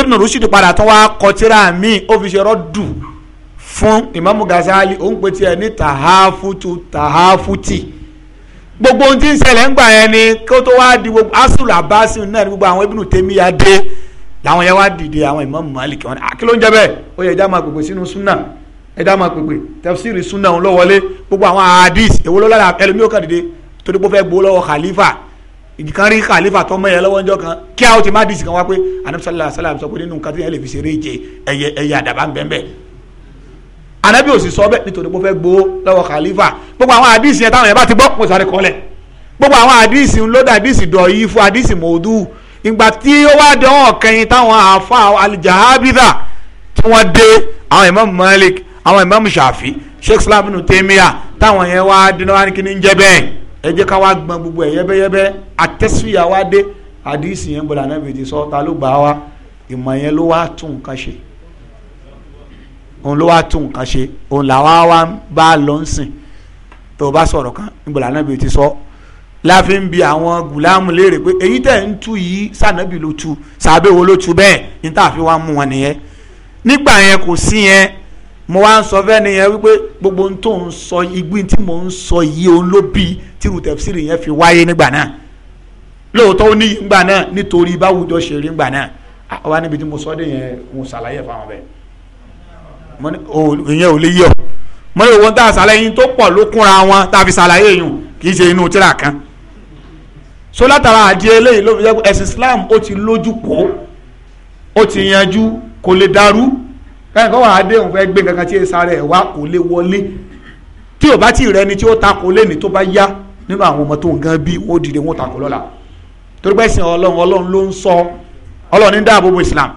Ibn Rushd padà tún wá kọ tíra míì ó fi ṣe rọ́dù fún ìmáàmù Gazali òun pe tiẹ̀ ní tahafutu tahafuti gbogbo ohun tí ń ṣẹlẹ̀ ń gbà yẹn ni kó tó wá di gbogbo asùlù abasi náà ni gbogbo àwọn ibùdó tèmi ya dé làwọn yẹn wá dìde àwọn Imam Malik wọn ah, kí ló ń jẹ bẹ́ẹ̀ ó yẹ ẹja máa pèpè sínú súnà ẹja máa pèpè tafsiri súnà ń lọ wọlé gbogbo àwọn hadith èwo ló lára ẹlòmíì ó kàn dìde torí pé ó fẹ́ gbowó lọ́wọ́ khalifa ìkan rí khalifa tó mẹ́yẹ lọ́wọ́ ọjọ́ kan kí a ó ti má dìsí kan wá pé anabi sallallahu alayhi sọ pé nínú nǹkan tí lè fi ṣeré je ẹyẹ ẹyẹ àdàbà ń bẹ́ẹ̀ anabi òsì sọ bẹ́ẹ̀ nítorí mo fẹ́ gbowó lọ́wọ́ khalifa gbogbo àwọn àdìsí yẹn táwọn yẹn bá ti gbọ́ mo sáré kọ́lẹ̀ gbogbo àwọn àdìsí ló dà àdìsí dọ̀yí fún àdìsí mòdù ìgbà tí ó wá dé wọn kẹyìn táwọn àfa alijahabida tí wọ́n dé àwọn imam malik àwọn imam shafi sheikh islam ibn taymiya táwọn yẹn wá dé náà wá ní kíní ń jẹ bẹ́ẹ̀ ẹ jẹ́ ká wá gbọ́n gbogbo ẹ̀ yẹ́bẹ́yẹ́bẹ́ àtẹ́síyà wá dé àdìsí yẹn gbọ́dọ̀ anabi ti sọ ta ló gbà wá ìmọ̀ yẹn ló wá tún nǹkan ṣe òun ló wá tún nǹkan ṣe òun làwa wá bá lọ ń sìn tó o bá sọ̀rọ̀ kan níbo lànàbí ti sọ láfi ń bi àwọn gùlámù léèrè pé èyí tẹ̀ ń tú yìí sànàbí ló tu sàbẹ̀ wo ló tu bẹ́ẹ̀ ní tá wá mú wọn nìyẹn nígbà yẹn kò sí yẹn mo wá ń sọ fẹ́ nìyẹn wípé gbogbo ohun tó ń sọ igbí tí mò ń sọ yìí òun ló bí tìrù tẹ̀síìrì yẹn fi wáyé nígbà náà lóòótọ́ ó ní ìgbà náà nítorí báwùjọ ṣe rí ìgbà náà àwa níbi tí mo sọ dé yẹn mo ṣàlàyé fáwọn bẹ́ẹ̀ Oh, ìyẹn ò lè yọ mo ní owó tá a ṣàlàyé yín tó pọ̀ ló kúnra wọn tá a fi ṣàlàyé yín kì í ṣe inú tíra kan so látara àdí eléyìí ló fi jẹ́ ẹ̀sìn Islam ó ti lójú pọ̀ ó ti yanjú kò lè darú káyọ̀ kọ́ wàá dé òun fẹ́ gbé kankan tí ẹ sáré ẹ̀ wá kò lè wọlé tí ò bá tí ì rẹni tí ó takò lẹ́ni tó bá yá nínú àwọn ọmọ tó ń gan bí wọ́n dìde wọ́n takò lọ́la torí pé ẹ̀sìn ọlọ́run ọlọ́run ló ń sọ ọlọ́run ní dáàbò Islam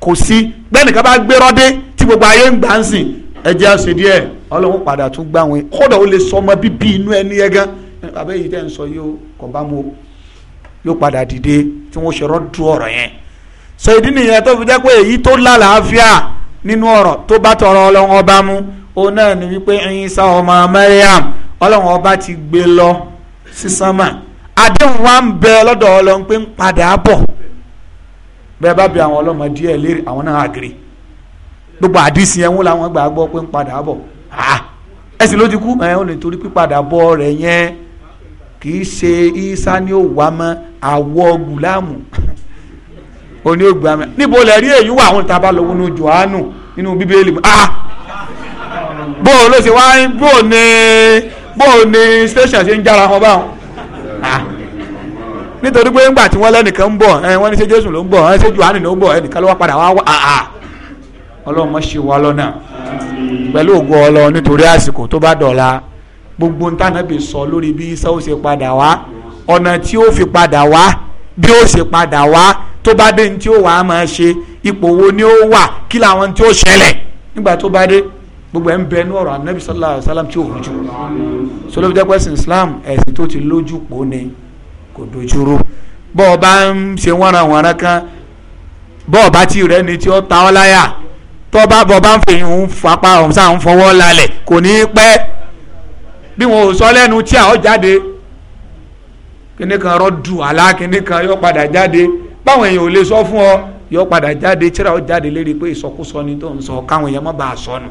kò sí bẹ́ẹ̀ nìkan bá gbérọ́ dé tí gbogbo ayé ń gbà ń sìn ẹjẹ́ àṣẹ díẹ̀ ọlọ́run padà tún gbà wọn kódà ó lè sọ ọmọ bíbí inú ẹni yẹn gan bàbá yìí tẹ́ ń sọ yóò kọ̀ bá mu yóò padà dìde tí wọ́n ṣe rọ́ọ̀dù ọ̀rọ̀ yẹn sọ ìdí nìyẹn tó fi jẹ́ pé èyí tó lálàáfíà nínú ọ̀rọ̀ tó bá tọrọ ọlọ́run ọba mu òun náà ni wípé Ìsá ọmọ Maryam ọlọ́run ọba ti gbé lọ sí sánmà àdéhùn wa ń bẹ lọ́dọ̀ ọlọ́run pé ń padà bọ̀ bẹ́ẹ̀ bá bẹ àwọn ọlọ́mọ díẹ̀ léèrè àwọn náà àgèrè gbogbo àdìsí yẹn wọn làwọn gbà gbọ́ pé ń padà bọ̀ ah, ẹsìn ló ti kú ẹ̀ ọ́n lè torí pípadà bọ̀ rẹ̀ yẹn kì í ṣe isa ni ó wà mọ́ àwọ̀ gùlámù òní ó gbà mí níbo lè rí èyí wà àwọn ìtaba lọ́wọ́ nínú johannu nínú bíbélì ah! bó o ló ṣe wá bó o ní bó o ní station ṣe ń jára wọn báwọn ah! nítorí pé ńgbà tí wọ́n lẹ́nìkan ń bọ̀ ẹ̀ wọ́n ní ṣe jésù ló ń bọ̀ ẹ̀ ṣe johannu ló ń bọ̀ ẹnìkan ló wá padà wá wá ọlọ́mọ ṣe wá lọ́nà pẹ̀lú ògo ọlọ́run nítorí àsìkò tó bá dọ̀la gbogbo ń tànàbì sọ lórí bí isa ó ṣe padà wá ọ̀nà tí ó fi padà wá bí ó ṣe padà wá tó bá dé ní tí ó wàá máa ṣe ipò wo ni ó wà kí làwọn tí ó ṣẹlẹ̀ nígbà tó bá dé gbogbo ẹ̀ ń bẹ ní ọ̀rọ̀ anabi sallallahu alayhi wa sallam tí ò rújú sọlọ́bi jẹ́ pẹ́sìn islam ẹ̀sìn tó ti lójú pò ní kò dojúrú bọ́ọ̀ bá ń ṣe wọ́nra wọ́nra kan bọ́ọ̀ bá ti rẹ́ ni tí ó ta ọ́ láyà tọ́ba bọ̀ bá ń fi ń fapá ọ̀sán ń fọwọ́ lálẹ̀ kò ní í pẹ́ bí wọn ò sọ lẹ́nu tí àwọn jáde kíní kan rọ́dù àlá kíní kan yọ padà jáde báwọn èèyàn ò lè sọ fún ọ yọ padà jáde tíra ọ jáde lérí pé ìsọkúsọ ni tó ń sọ káwọn èèyàn má bàa sọnù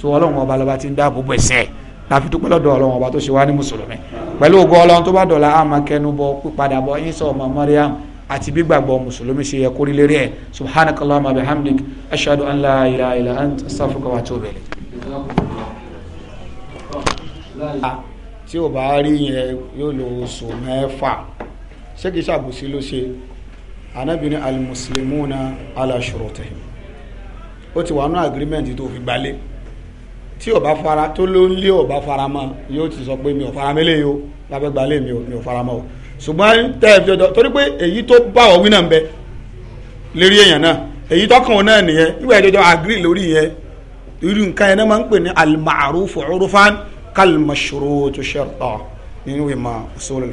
so ọlọ́run ọba lọ́ba ti ń dáàbò bò ẹ̀sìn ẹ̀ láfi dúpẹ́ lọ́dọ̀ ọlọ́run ọba tó ṣe wá ní mùsùlùmí pẹ̀lú ògo ọlọ́run tó bá dọ̀la àmọ́ kẹnu yín sọ ọmọ Mariam àti bí gbàgbọ́ mùsùlùmí ṣe yẹ kó rí lérí ẹ̀ subhanakallah ma bihamdik ashadu an la ilaha illa anta astaghfiruka wa atubu ilayk. tí o bá rí yẹn yóò lo oṣù mẹ́fà ṣé kìí ṣàbùsí ló ṣe anábìrin alimuslimuna ala shurutihim ó ti wà nù agreement tó fi gbalé tí o bá fara tó ló ń lé o fara mọ́ yóò ti sọ pé mi ò fara mẹ́lẹ́ yìí o lábẹ́ gbalé mi ò fara mọ́ o ṣùgbọ́n tẹ́ ẹ fi ọjọ́ torí pé èyí tó bá ọ wí náà ń bẹ lérí èèyàn náà èyí tọkàn ọ náà nìyẹn ìwé ìjọjọ àgírí lórí yẹn irú nǹkan yẹn náà máa ń pè ní al-ma'ruf urfan kal-mashrut sharta nínú ìmọ̀ usul al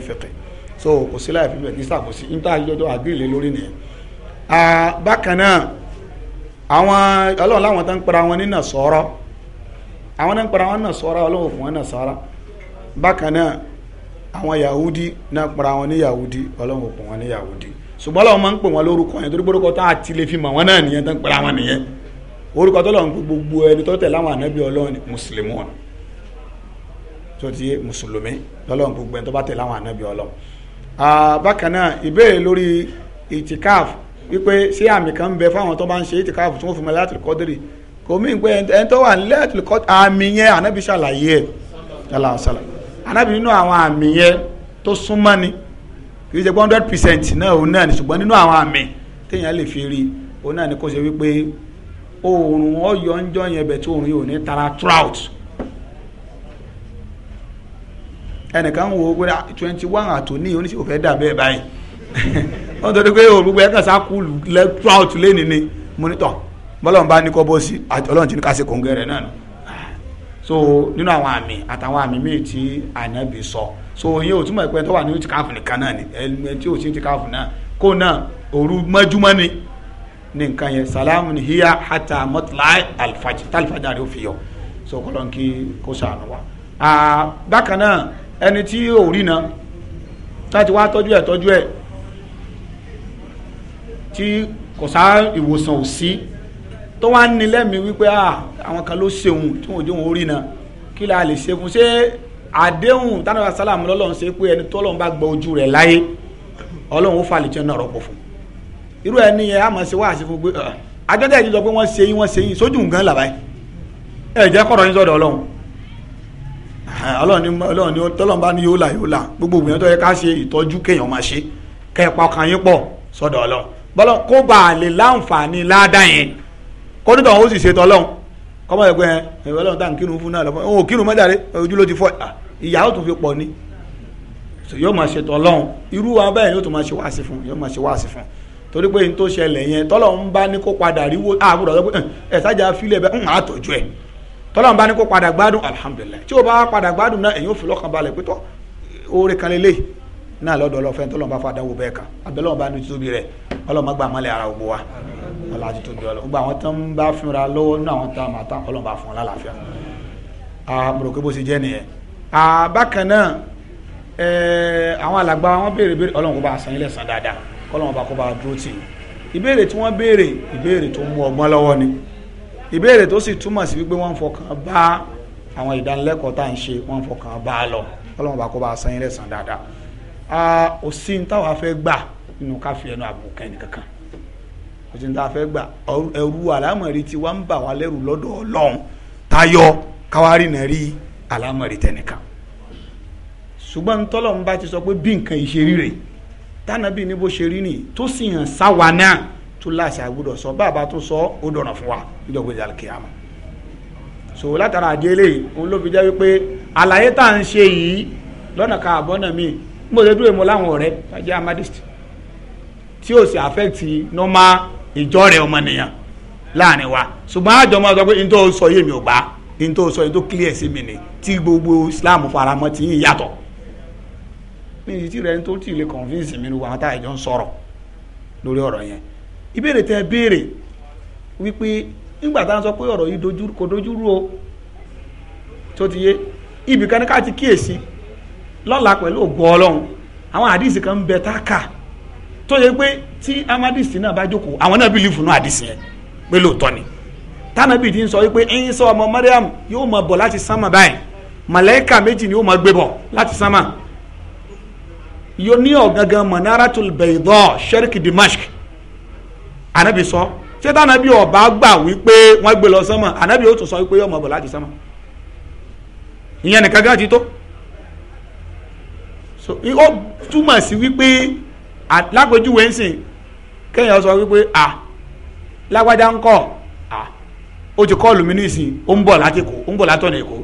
so kò sí láì fi bẹ̀ nísà kò sí níta ìjọjọ àgírí lórí nìyẹn. bákan náà àwọn ọlọ́run láwọn tó ń pera wọn ní Nasara àwọn tó ń pera wọn ní Nasara ọlọ́run fún wọn ní Nasara bákan náà àwọn yahudi náà pera wọn ní yahudi ọlọ́run kò pọ̀ wọn ní yahudi ṣùgbọ́n ọlọ́run máa ń pè wọn lórúkọ yẹn torí orúkọ tó àti lè fi mọ̀ wọn náà nìyẹn tó ń pera wọn nìyẹn orúkọ tó lọ́run gbogbo ẹni tó tẹ̀lé àwọn ànábì ọlọ́run ni mùsùlùmí wọn tó ti yé mùsùlùmí lọ́lọ́run gbogbo ẹni tó bá tẹ̀lé àwọn ànábì ọlọ́run. bákan náà ìbéèrè lórí itikaf wípé ṣé àmì kan ń bẹ fáwọn tó bá ń ṣe itikaf tí wọ́n fi mọ láìtìlú kọ́dírì kò mí pé ẹni tó wà ní láìtìlú kọ́dírì àmì yẹn ànábì ṣàlàyé ẹ̀ ṣàlàyé anábì nínú àwọn àmì yẹn tó súnmọ́ ni kì í ṣe hundred percent náà òun náà ni ṣùgbọ́n nínú fi rí òun náà ni kò ṣe wípé oòrùn ọyọ ń jọ yẹn bẹ̀ tí oòrùn ní tara trout ẹnìkan wo twenty one dà bẹ́ẹ̀ báyìí wọ́n tọ́ di pé gbogbo ẹ̀ka lẹ́ trout lẹ́nìí ni monitor bọ́lá ń bá ní kọ́ bọ́ sí ọlọ́run so nínú àwọn àmì àtàwọn àmì míì tí ànábì sọ so ìyẹn ò túmọ̀ pé tó wà ní ìtìkáàfù nìkan náà ni ẹni tí ò sí ìtìkáàfù náà kó náà òru mọ́júmọ́ ni ní nǹkan yẹn salamu ni hiya hata mọ́tìláì alifajì tálífàjà rẹ̀ ó fi yọ so kọ́lọ́ kí kó sàánú wa. bákan náà ẹni tí ò rí náà láti wá tọ́jú ẹ̀ tọ́jú ẹ̀ tí kò sá ìwòsàn ò sí. Si tó wá ní lẹ́mìí wípé àwọn kan ló ṣeun tí wọn ò jóun orí náà kí la lè ṣe fún ṣé àdéhùn tánàbà sálàmù lọ́lọ́run ṣe pé ẹni tọ́lọ́run bá gbọ́ ojú rẹ̀ láyé ọlọ́run ó falè jẹ́ náà rọ́pò fún irú ẹni yẹn a máa ṣe wáhà sí fún pé àjọ́dẹ̀ yìí sọ pé wọ́n ṣe yín wọ́n ṣe yín sójú nǹkan làbá yìí ẹ kọ̀rọ̀ yín sọ̀dọ̀ ọlọ́run ọlọ́run ni ọlọ́run ni tọ́lọ́run bá ní yóò là yóò là gbogbo ìgbìyànjú tó yẹ ká ṣe ìtọ́jú kéèyàn máa ṣe kẹ́ẹ̀pá ọkàn yín pọ̀ sọ̀dọ̀ ọlọ́run bọ́lọ́ kó bàa lè láǹfààní ládàá yẹn kó nítorí àwọn ó sì ṣètò ọlọ́run kọ́mọ ẹ̀gbẹ́ ẹ̀ ọlọ́run táà ń kírun fún náà lọ́fọ́ òun ò kírun mọ́jáde ojú ló ti fọ́ ah, ìyá ó tún fi pọ̀ ni yóò máa ṣètò ọlọ́run irú wa bẹ́ẹ̀ yóò tún máa ṣe wáàsí fún yóò máa ṣe wáàsí fún torí pé n tó ṣẹlẹ̀ yẹn tọ́lọ́run bá ní kó padà rí wo àbúrò ọ̀dọ́ pé ẹ̀ sájà fílẹ̀ bẹ́ẹ̀ ń àtọ̀jú ẹ̀ tọ́lọ́run bá ní kó padà gbádùn alhamdulilayi tí o bá padà gbádùn náà èyí ò fi lọ́kàn balẹ̀ pé tọ́ oore kan lélẹ́yìí náà lọ́dọ̀ ọlọ́fẹ́ tó lọ́n bá fa àdáwò bẹ́ẹ̀ kan abẹ́lẹ́ bá ní títóbi rẹ̀ ọlọ́mọ gbà mọ́lẹ̀ ara ògbó wa ọlá ti tóbi ọlọ́ gbogbo àwọn tó ń bá fúnra lọ́wọ́ nínú àwọn tá a máa tán ọlọ́mọ bá fún ọ lálàáfíà àmọ̀rò bó ṣe jẹ́ nìyẹn. bákan náà àwọn alàgbà wọn béèrè béèrè ọlọ́run bá a san ilẹ̀ san dáadáa a dúró tì í ìbéèrè tí wọ́n béèrè ìbéèrè tó mú ọgbọ́n lọ́wọ́ ni ìbéèrè tó sì túmọ̀ sí wípé wọ́n ń fọkàn bá àwọn ìdánilẹ́kọ̀ọ́ tá à ń ṣe wọ́n ń fọkàn bá a lọ ọlọ́run bá kó bá a san ilẹ̀ san dáadáa òsì ń táwọn afẹ́ gbà nínú ká fi ẹnu àbùkù ẹnì kankan òsì ń táwọn afẹ́ gbà ẹrú àlámọ̀rí tí wọ́n ń bà wá lẹ́rù lọ́dọ̀ ọlọ́run tayọ káwárì náà rí àlámọ̀rí tẹnìkan ṣùgbọ́n tọ́lọ́run bá ti sọ pé bí nǹkan ìṣerí rèé tánàbí ní bó ṣe rí ni tó sì hàn sáwa náà tó láṣẹ àgbọ́dọ̀ sọ bàbá tó sọ ó dọ̀nà fún wa níjọba ìjà kìámà so látara àdéhélé òun ló fi jẹ́ wípé àlàyé tá à ń ṣe yìí lọ́nà ká àbọ́nà míì mo ṣe dúró mo láwọn ọ̀rẹ́ ajé amadist tí ó sì affect normal ìjọ rẹ̀ ọmọnìyàn láàrin wa ṣùgbọ́n àjọ máa sọ pé n tó sọ yé mi ò gbà n tó sọ yé tó clear sí mi ni tí gbogbo Islam faramọ́ ti yín yàtọ̀ ní ìdí rẹ̀ tó ti lè convince mi ni wàhálà táyà jọ ń sọ̀rọ̀ lórí ọ̀rọ̀ yẹn ìbéèrè tẹ béèrè wípé nígbà tá à ń sọ pé ọ̀rọ̀ yìí kò dojú rú o tó ti yé ibìkan ní ká ti kíyèsí lọ́la pẹ̀lú ògùn ọlọ́run àwọn àdìsí kan ń bẹ tó yẹ pé tí amadisi náà bá jókòó àwọn náà bìlífù náà àdìsí yẹn pé ni ti ń sọ wípé ẹyin sọ ọmọ mariam yóò máa bọ̀ láti sánmà báyìí màláíkà méjì ni yóò máa gbé bọ̀ láti sánmà dimash anabi sọ ṣé ọba gbà wípé wọ́n gbé anabi tún sọ wípé yóò máa bọ̀ láti sánmà ìyẹn so ó túmọ̀ sí wípé lágbójúwe ń sìn kéèyàn sọ wípé à lágbájá ń kọ́ à ó ti kọ́ọ̀lù mi ní ìsìn ó ń bọ̀ láti kó ó ń bọ̀ látọ̀nà èkó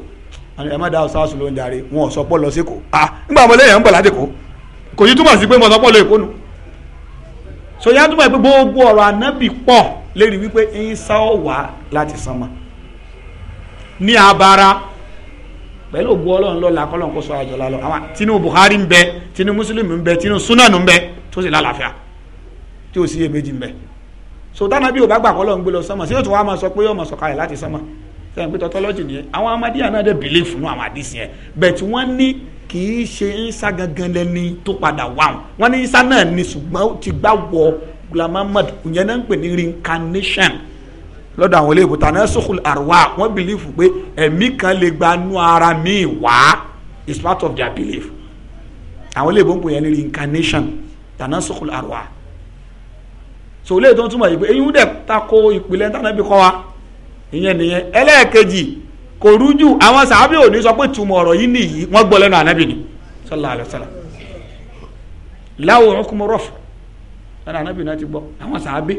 ẹ má da ọ̀sán àṣù ló ń darí wọn ò sọ pọ́ lọ sí kó à nígbà mo léèyàn ń bọ̀ láti kó kò yí túmọ̀ sí pé mo sọ pọ́ lọ èkó nu so yá túmọ̀ pé gbogbo ọ̀rọ̀ ànábì pọ̀ lérí wípé ń sá ọ̀ wá láti sánmà ní abara pẹ̀lú ògbó ọlọ́run lọ́la kọ́lọ́n kó sọ àjọlá lọ àwọn tinú Buhari ń bẹ tinú Muslim ń bẹ tinú sunanu ń bẹ tó sì lálàáfíà tí ò sí iyèméjì ń bẹ so bí o bá gbà kọ́lọ́n gbé lọ sọmọ sí yóò tún wá máa sọ pé yóò máa sọ kalẹ̀ láti sọmọ sẹ́yìn pé tọ́tọ́lọ́jì nìyẹn àwọn amadíyà náà dẹ̀ bìlíf nù àwọn àdìsí yẹn bẹ̀tì wọ́n ní kì í ṣe Ìsá gangan lẹni tó padà wà wọ́n ní Ìsá náà ni ṣùgbọ́n ti gbà wọ Ghulam reincarnation lọ́dọ̀ àwọn eléyìí bùtà náà sọ́kùl àrùwá wọ́n bìlífù pé ẹ̀mí kan lè gba nú ara míì wá is part of their belief àwọn eléyìí bó ń pè yẹn ní reincarnation tànà sọ́kùl àrùwá so eléyìí tó ń túmọ̀ yìí pé eyín dẹ̀ tako ìpìlẹ̀ tánà bí kọ́ wa ìyẹn nìyẹn ẹlẹ́ẹ̀kejì kò rújú àwọn sàábì òní sọ pé túmọ̀ ọ̀rọ̀ yìí nìyí wọ́n gbọ́ lẹ́nu ànábì ni sallallahu alaihi wasallam láwùrán kúmọ̀rọ̀fù lẹ́nu ànábì náà ti gbọ́ àwọn sàábì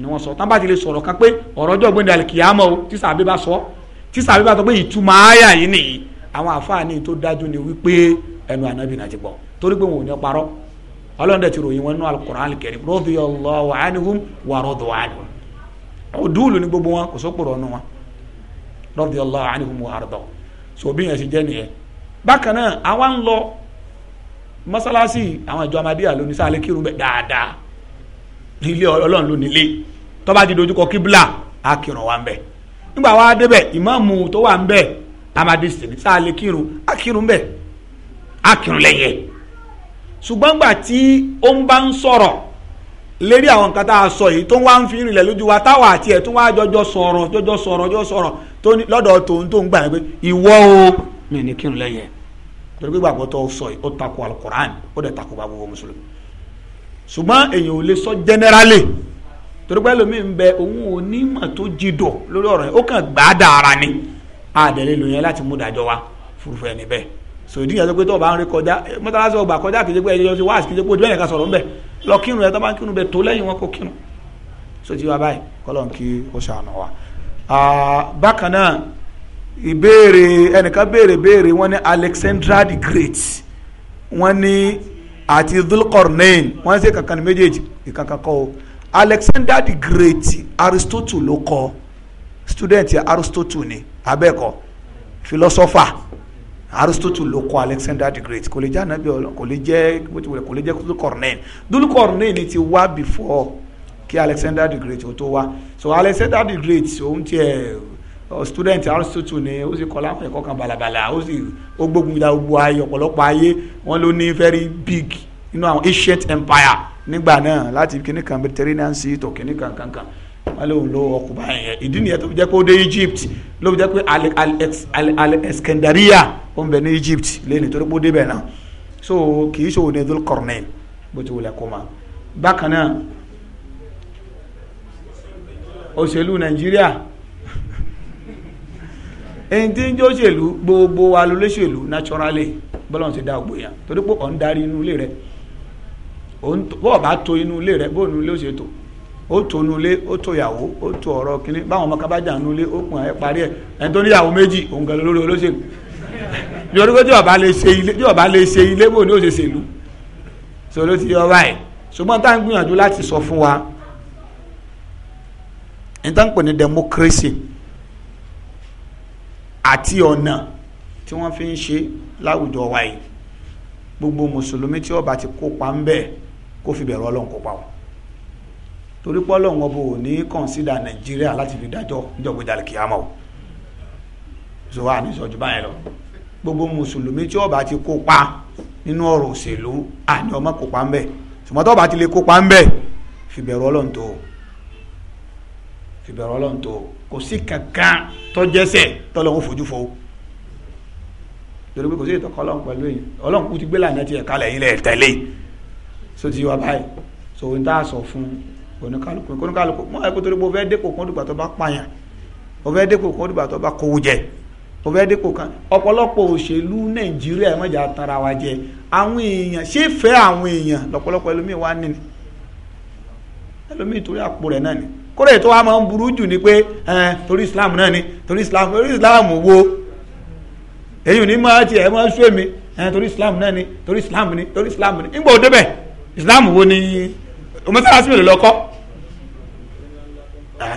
ni wọ́n sọ tán bá ti lè sọ̀rọ̀ kan pé ọ̀rọ̀ ọjọ́ gbẹ̀ndẹ̀ alikiyama o tí sàbí bá sọ tí sàbí sọ pé ìtumọ̀ àyà yìí nìyí àwọn àfáàní tó dájú ni wípé ẹnu ànábì náà ti gbọ́ torí pé wọn ò ní parọ́ ọlọ́run dẹ̀ ti ròyìn wọn nínú alukur'an karim radiyallahu anhum wa radu anhu ọdúnlù ni gbogbo wọn kò sókòrò ọ̀nù wọn radiyallahu anhum wa radu so bí yẹn ti jẹ́ nìyẹn bákan náà àwa ń lọ mọ́sálásì àwọn ìjọ amadíyà lónìí kírun bẹ́ẹ̀ dáadáa ilé ọlọ́run ló tó bá ti dojúkọ kíbla á kírun wa ń bẹ̀ nígbà wa amadi lè kírun á kírun bẹ á kírun ṣùgbọ́n gbà tí ó ń bá ń sọ̀rọ̀ lérí àwọn nǹkan wa táwa àti ẹ̀ tó ń wá jọjọ sọ̀rọ̀ jọjọ sọ̀rọ̀ jọjọ sọ̀rọ̀ tó ní lọ́dọ̀ tòun tó ń gbà pé ìwọ o mi ní kírun lẹ́yìn ẹ̀ torí pé tó sọ yìí ó takò ó dẹ̀ takò ṣùgbọ́n èyàn ò lè sọ generally torí pé ẹlòmíì ń bẹ òun ò ní mọ̀ tó jìdọ̀ lórí ọ̀rọ̀ yẹn ó kàn gbà á dára ni àdẹ̀lẹ̀ lò yẹn láti mú ìdájọ́ wa fúrufú ẹni bẹ́ẹ̀ sòdí yẹn tó pé tó o bá ń rí kọjá mọ́tàlásì ọgbà kọjá kìí ṣe pé ẹjọ́ ṣe wá àti kìí ṣe pé ojú ẹ̀ nìkan sọ̀rọ̀ ńbẹ lọ kírun ẹ tó bá ń kírun bẹ tó lẹ́yìn wọn kó kírun sòtí wa báyìí kọ́lọ́n kí ó ṣàánú wa. bákan náà ìbéèrè ẹnìkan béèrè béèrè wọn ní Alexandra the Great wọn ní àti Dhulqarnain wọ́n ṣe kankan ní méjèèjì ìkankan kọ́ o Alexander the Great Aristotle ló kọ́ student Aristotle ni abẹ́ẹ̀kọ́ philosopher Aristotle ló kọ́ Alexander the Great kò lè jẹ́ anabi ọlọ kò lè jẹ́ kò lè jẹ́ Dhulqarnain Dhulqarnain ti wá before kí Alexander the Great ó tó wá so Alexander the Great òun tiẹ̀ student aristotle ni ó sì kọ́ láwọn ẹ̀kọ́ kan balabala ó sì ó gbógun da gbogbo ayé ọ̀pọ̀lọpọ̀ ayé wọn ló ní very big you know àwọn ancient empire nígbà náà láti kíní kan mediterranean sea tó kíní kan kankan wọn lóun ló ọkùnrin báyẹn ìdí nìyẹn tó fi jẹ́ pé ó dé egypt ló fi jẹ́ pé alexandria ó ń bẹ ní egypt lẹ́nu torí pé ó débẹ̀ náà so kì í ṣòwò ní edul cornell bó ti wulẹ̀ kó ma bákan náà òṣèlú nàìjíríà ẹni tí ń jó ṣèlú gbogbo wa ló lè ṣèlú naturally bọ́lá ti da ògbó yàn torí pé ọ̀ ń darí inú ilé rẹ bọ́ọ̀ bá to inú ilé rẹ bóònù ilé ó ṣe tó ó tó inú ilé ó tó ìyàwó ó tó ọ̀rọ̀ kínní báwọn ọmọ kábàjà inú ilé ó pọn ẹ parí ẹ ẹni tó níyàwó méjì òun gẹ̀lẹ́ lórí olóṣèlú yọrí pé tí ọba lè ṣe ilé tí ọba lè ṣe ilé bóònù ó ṣe ṣèlú sọlọ ti yọ ọba ṣùgbọ́n tá à ń gbìyànjú láti sọ fún wa ní tá à ń pè ní democracy àti ọ̀nà tí wọ́n fi ń ṣe láwùjọ wa yìí gbogbo mùsùlùmí tí ó bá ti kópa ń bẹ́ẹ̀ kó fi bẹ̀rù ọlọ́run kópa o torí pé ọlọ́run ọba ò ní kọ̀ǹsídà nàìjíríà láti fi dájọ́ níjọba ìdàlẹ̀ kìámọ̀ so wà ní ìsọ̀jú báyẹn lọ gbogbo mùsùlùmí tí ó ti kópa nínú ọ̀rọ̀ òṣèlú àní ọmọ kópa ń bẹ́ẹ̀ ṣùgbọ́n tó ti lè kópa ń bẹ́ẹ̀ fi bẹ̀rù ọlọ́run tó o ìbẹ̀rù ọlọ́run tó kò sí kankan tó jẹ́sẹ̀ tọ́lọ́run fojú fo torí pé kò sí ìtọ́kọ ọlọ́run pẹ̀lú èyí ọlọ́run kú ti gbé lànà tiẹ̀ kalẹ̀ yín lẹ̀ tẹ̀lé so ti wá báyìí so n tá a sọ fún oníkálukú oníkálukú mọ ẹ kó torí pé o fẹ́ dépò kó dùgbà tó bá pààyàn o fẹ́ dépò kó dùgbà tó bá kówó jẹ o fẹ́ dépò kan ọ̀pọ̀lọpọ̀ òṣèlú nàìjíríà ẹ̀ mọ̀jà tanra wa jẹ àwọn èèyàn ṣé fẹ́ àwọn èèyàn lọ́pọ̀lọpọ̀ ẹlòmíì wá nínú ẹlòmíì torí àpò rẹ̀ náà ni kódà ètò wa máa ń burú jù ni pé torí islam náà ni torí islam torí islam wo èyí ò ní máa tiẹ̀ máa sún èmi torí islam náà ni torí islam ni torí islam ni nígbà òde bẹ̀ islam wo ni mọ́sálásí mélòó lọ́kọ́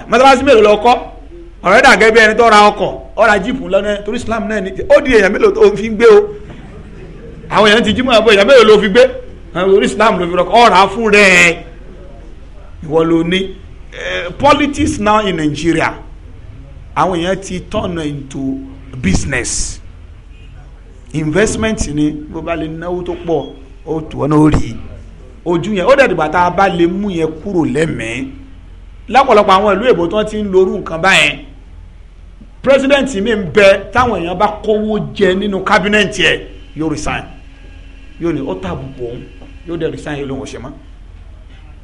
mọ́sálásí mélòó lọ́kọ́ ọ̀rẹ́ dàgẹ́ bí ẹni tó ra ọkọ̀ ọ̀ra jíìpù lọ́nà torí islam náà ni ó di èèyàn mélòó tó fi ń gbé o àwọn èèyàn ti jí mọ́ àbọ̀ èèyàn mélòó ló fi gbé torí islam ló fi rọkọ̀ ọ̀ra fún rẹ̀ ìwọ ló ní Eh, politics now in Nigeria àwọn èèyàn ti turn into business investment ni bó bá lè náwó tó pọ̀ ó tó ọ̀nà ó rí ojú yẹn ó dẹ̀ dìgbà tá a bá lè mú yẹn kúrò lẹ́mẹ̀ẹ́ lápọ̀lọpọ̀ àwọn ìlú èbó tí wọ́n ti ń lorú nǹkan báyẹn president mi ń bẹ táwọn èèyàn bá kówó jẹ nínú cabinet yẹ yóò resign yóò ní ó tàbùkù òun yóò dẹ̀ resign yóò lóun ò ṣe mọ́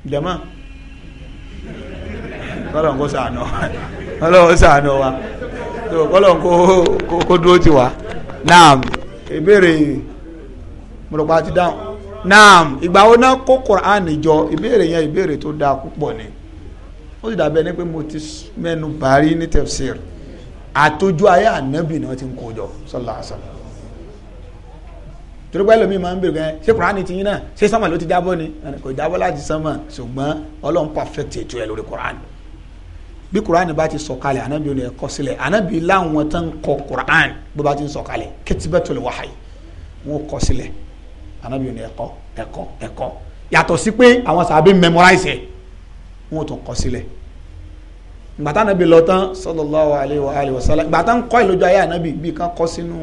dẹ̀ kọ́lọ́n kó sànù kọ́lọ́n kó sànù wa tó kọ́lọ́n kó kó dúró ti wa naam ìbéèrè mọ̀lọ́pàá ti dáhùn naam ìgbà wo náà kó Quran jọ ìbéèrè yẹn ìbéèrè tó dáa púpọ̀ ni ó sì dàbẹ́ ni pé mo ti mẹ́nu bàárí ní tafsir àtọ́jú ayé ànábì ni wọ́n ti ń kó jọ sallallahu alaihi torí pé ẹlòmíì máa ń bèrè gan ṣé kùránì ti yín náà ṣé sánmà ló ti jábọ́ ni kò jábọ́ láti sánmà ṣùgbọ́n ọlọ́run perfect ètò ẹ̀ lórí kùránì bí kùránì bá ti sọ̀kalẹ̀ ànábì olè kọ sílẹ̀ ànábì láwọn tó ń kọ kùránì bó bá ti ń sọ̀kalẹ̀ kẹtìbẹ́tòlè wáhàyè wọn kọ sílẹ̀ ànábì olè ẹ̀kọ́ ẹ̀kọ́ ẹ̀kọ́ yàtọ̀ sí pé àwọn sàbẹ̀ memorize ẹ̀ wọn ò tún kọ sílẹ̀ gbàtà nàbì lọ tán sallallahu alaihi wa alihi wa sallam gbàtà ń kọ́ ìlójú ayé ànábì bíi kán kọ́ sínú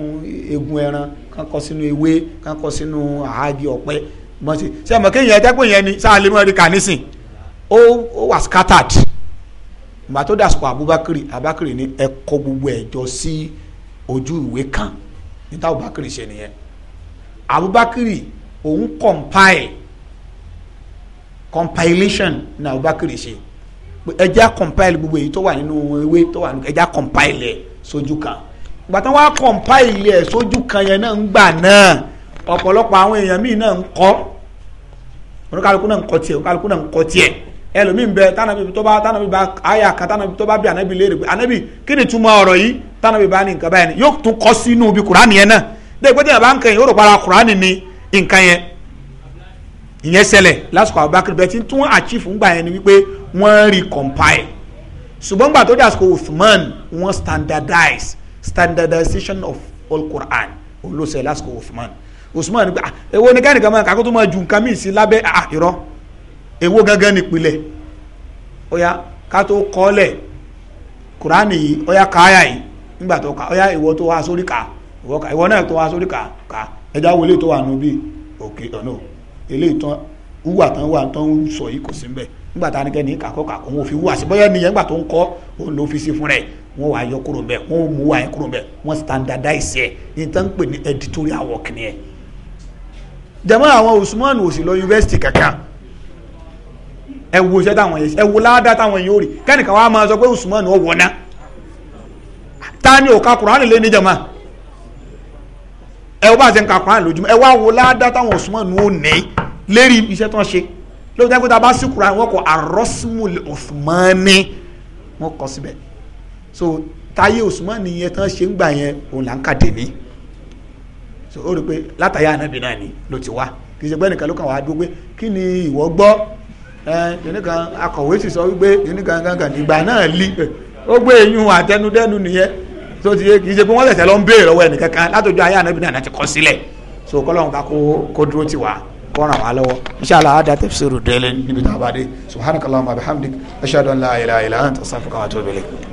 egun ẹran kán kọ́ sínú ewé kán kọ́ sínú àági ọ̀pẹ bọ́n ṣe ṣe kéèyàn ẹjẹ́ pé ìyẹn ni sáà lè mú ẹ̀rí kà nísìn ó ó wà scattered gbà tó dàsùpọ̀ Abubakar Abubakar ní ẹ kó gbogbo ẹ̀ jọ sí ojú ìwé kan níta Abubakar ṣe nìyẹn Abubakar òun compile compilation ní Abubakar ṣe ẹja compile gbogbo èyí tó wà nínú ewé tó wà nínú ẹja compile ẹ sójú kan ìgbà tí wọ́n compile ẹ sójú kan yẹn náà ń gbà náà ọ̀pọ̀lọpọ̀ àwọn èèyàn míì náà ń kọ́ oníkàlùkù náà ń kọ́ tiẹ̀ oníkàlùkù náà ń kọ́ tiẹ̀ ẹlòmíì ń bẹ tánàbí tó bá tánàbí bá àyà kan tánàbí tó bá bí ànábì léèrè pé ànábì kí ni túmọ̀ ọ̀rọ̀ yìí tánàbí bá ní nǹkan báyìí ni yóò tún kọ́ sínú bí kùránì para kùránì ni nǹkan yẹn ìyẹn ṣẹlẹ̀ lásìkò Abubakar bẹ́ẹ̀ tí tún àchífù wọ́n recompile ṣùgbọ́n gbà tó dàsìkò Uthman wọ́n standardize standardization of all Quran olóṣè lásìkò Uthman Uthman gbà ah, èwo ni kánìkan máa tó máa ju nǹkan míì sí lábẹ́ àìrọ́ ah, ah, èwo gángan nípìnlẹ̀ ó yá ká tó kọ́lẹ̀ Quran yìí ó káyà yìí nígbà tó ká ó ìwọ tó wá sórí ká ìwọ ká ìwọ náà tó wá sórí ká ká ẹja tó wà nù òkè ọ̀nà eléyìí tán wúwà tán wà tán ń sọ yìí kò sí mbẹ́ẹ̀ nígbà tá a nìkẹ́ ní kàkọ́ kàkọ́ wọn ò fi wúwa sí bóyá nìyẹn nígbà tó ń kọ́ ó fi sí fún rẹ̀ wọ́n wà á yọ kúrò bẹ́ẹ̀ wọ́n mú wà á yẹ kúrò standardize ẹ̀ ní tán pè ní editorial work ni ẹ̀. jama àwọn Usman ò sì lọ yunifásitì kankan ẹ wo iṣẹ́ táwọn yẹn ẹ wo ládàá táwọn yẹn ó rí kẹ́nìkan wa máa sọ pé Usman ò wọ̀ná ta ni ò ka Kùránì lé ní jama ẹ wọ́n bá ṣe ń ka Kùránì lójúmọ́ ẹ wá wo ládàá táwọn Usman ò ní lérí iṣẹ́ tó ń ló jẹ́ pé tá a bá sí Kùránì wọ́n kọ arọ́símùlì Usmani wọ́n kọ síbẹ̀ so táyé Usmani yẹn tán ṣe ń gbà yẹn òun là ń kà dé so ó rí i pé látàyà ànábì náà ni ló ti wá kì í ṣe pé ẹnìkan ló kàn wá dúró pé kí ni ìwọ gbọ́ ẹ yìnyínkan akọ̀wé sì sọ wípé yìnyínkan gangan ìgbà náà lí ó gbé eyín àtẹnudẹ́nu nìyẹn tó ti yé kì í ṣe pé wọ́n ṣẹ̀ṣẹ̀ lọ ń béèrè lọ́wọ́ ẹnìkankan látòjú ayé ànábì náà ti kọ sílẹ̀ so kọ́lọ́run ká kó dúró tì wá kó ràn wá lọ́wọ́ inshallah ada tafsiru délé níbi tá a bá dé subhanakallahumma bihamdik ashhadu an la ilaha illa anta astaghfiruka wa atubu ilayk.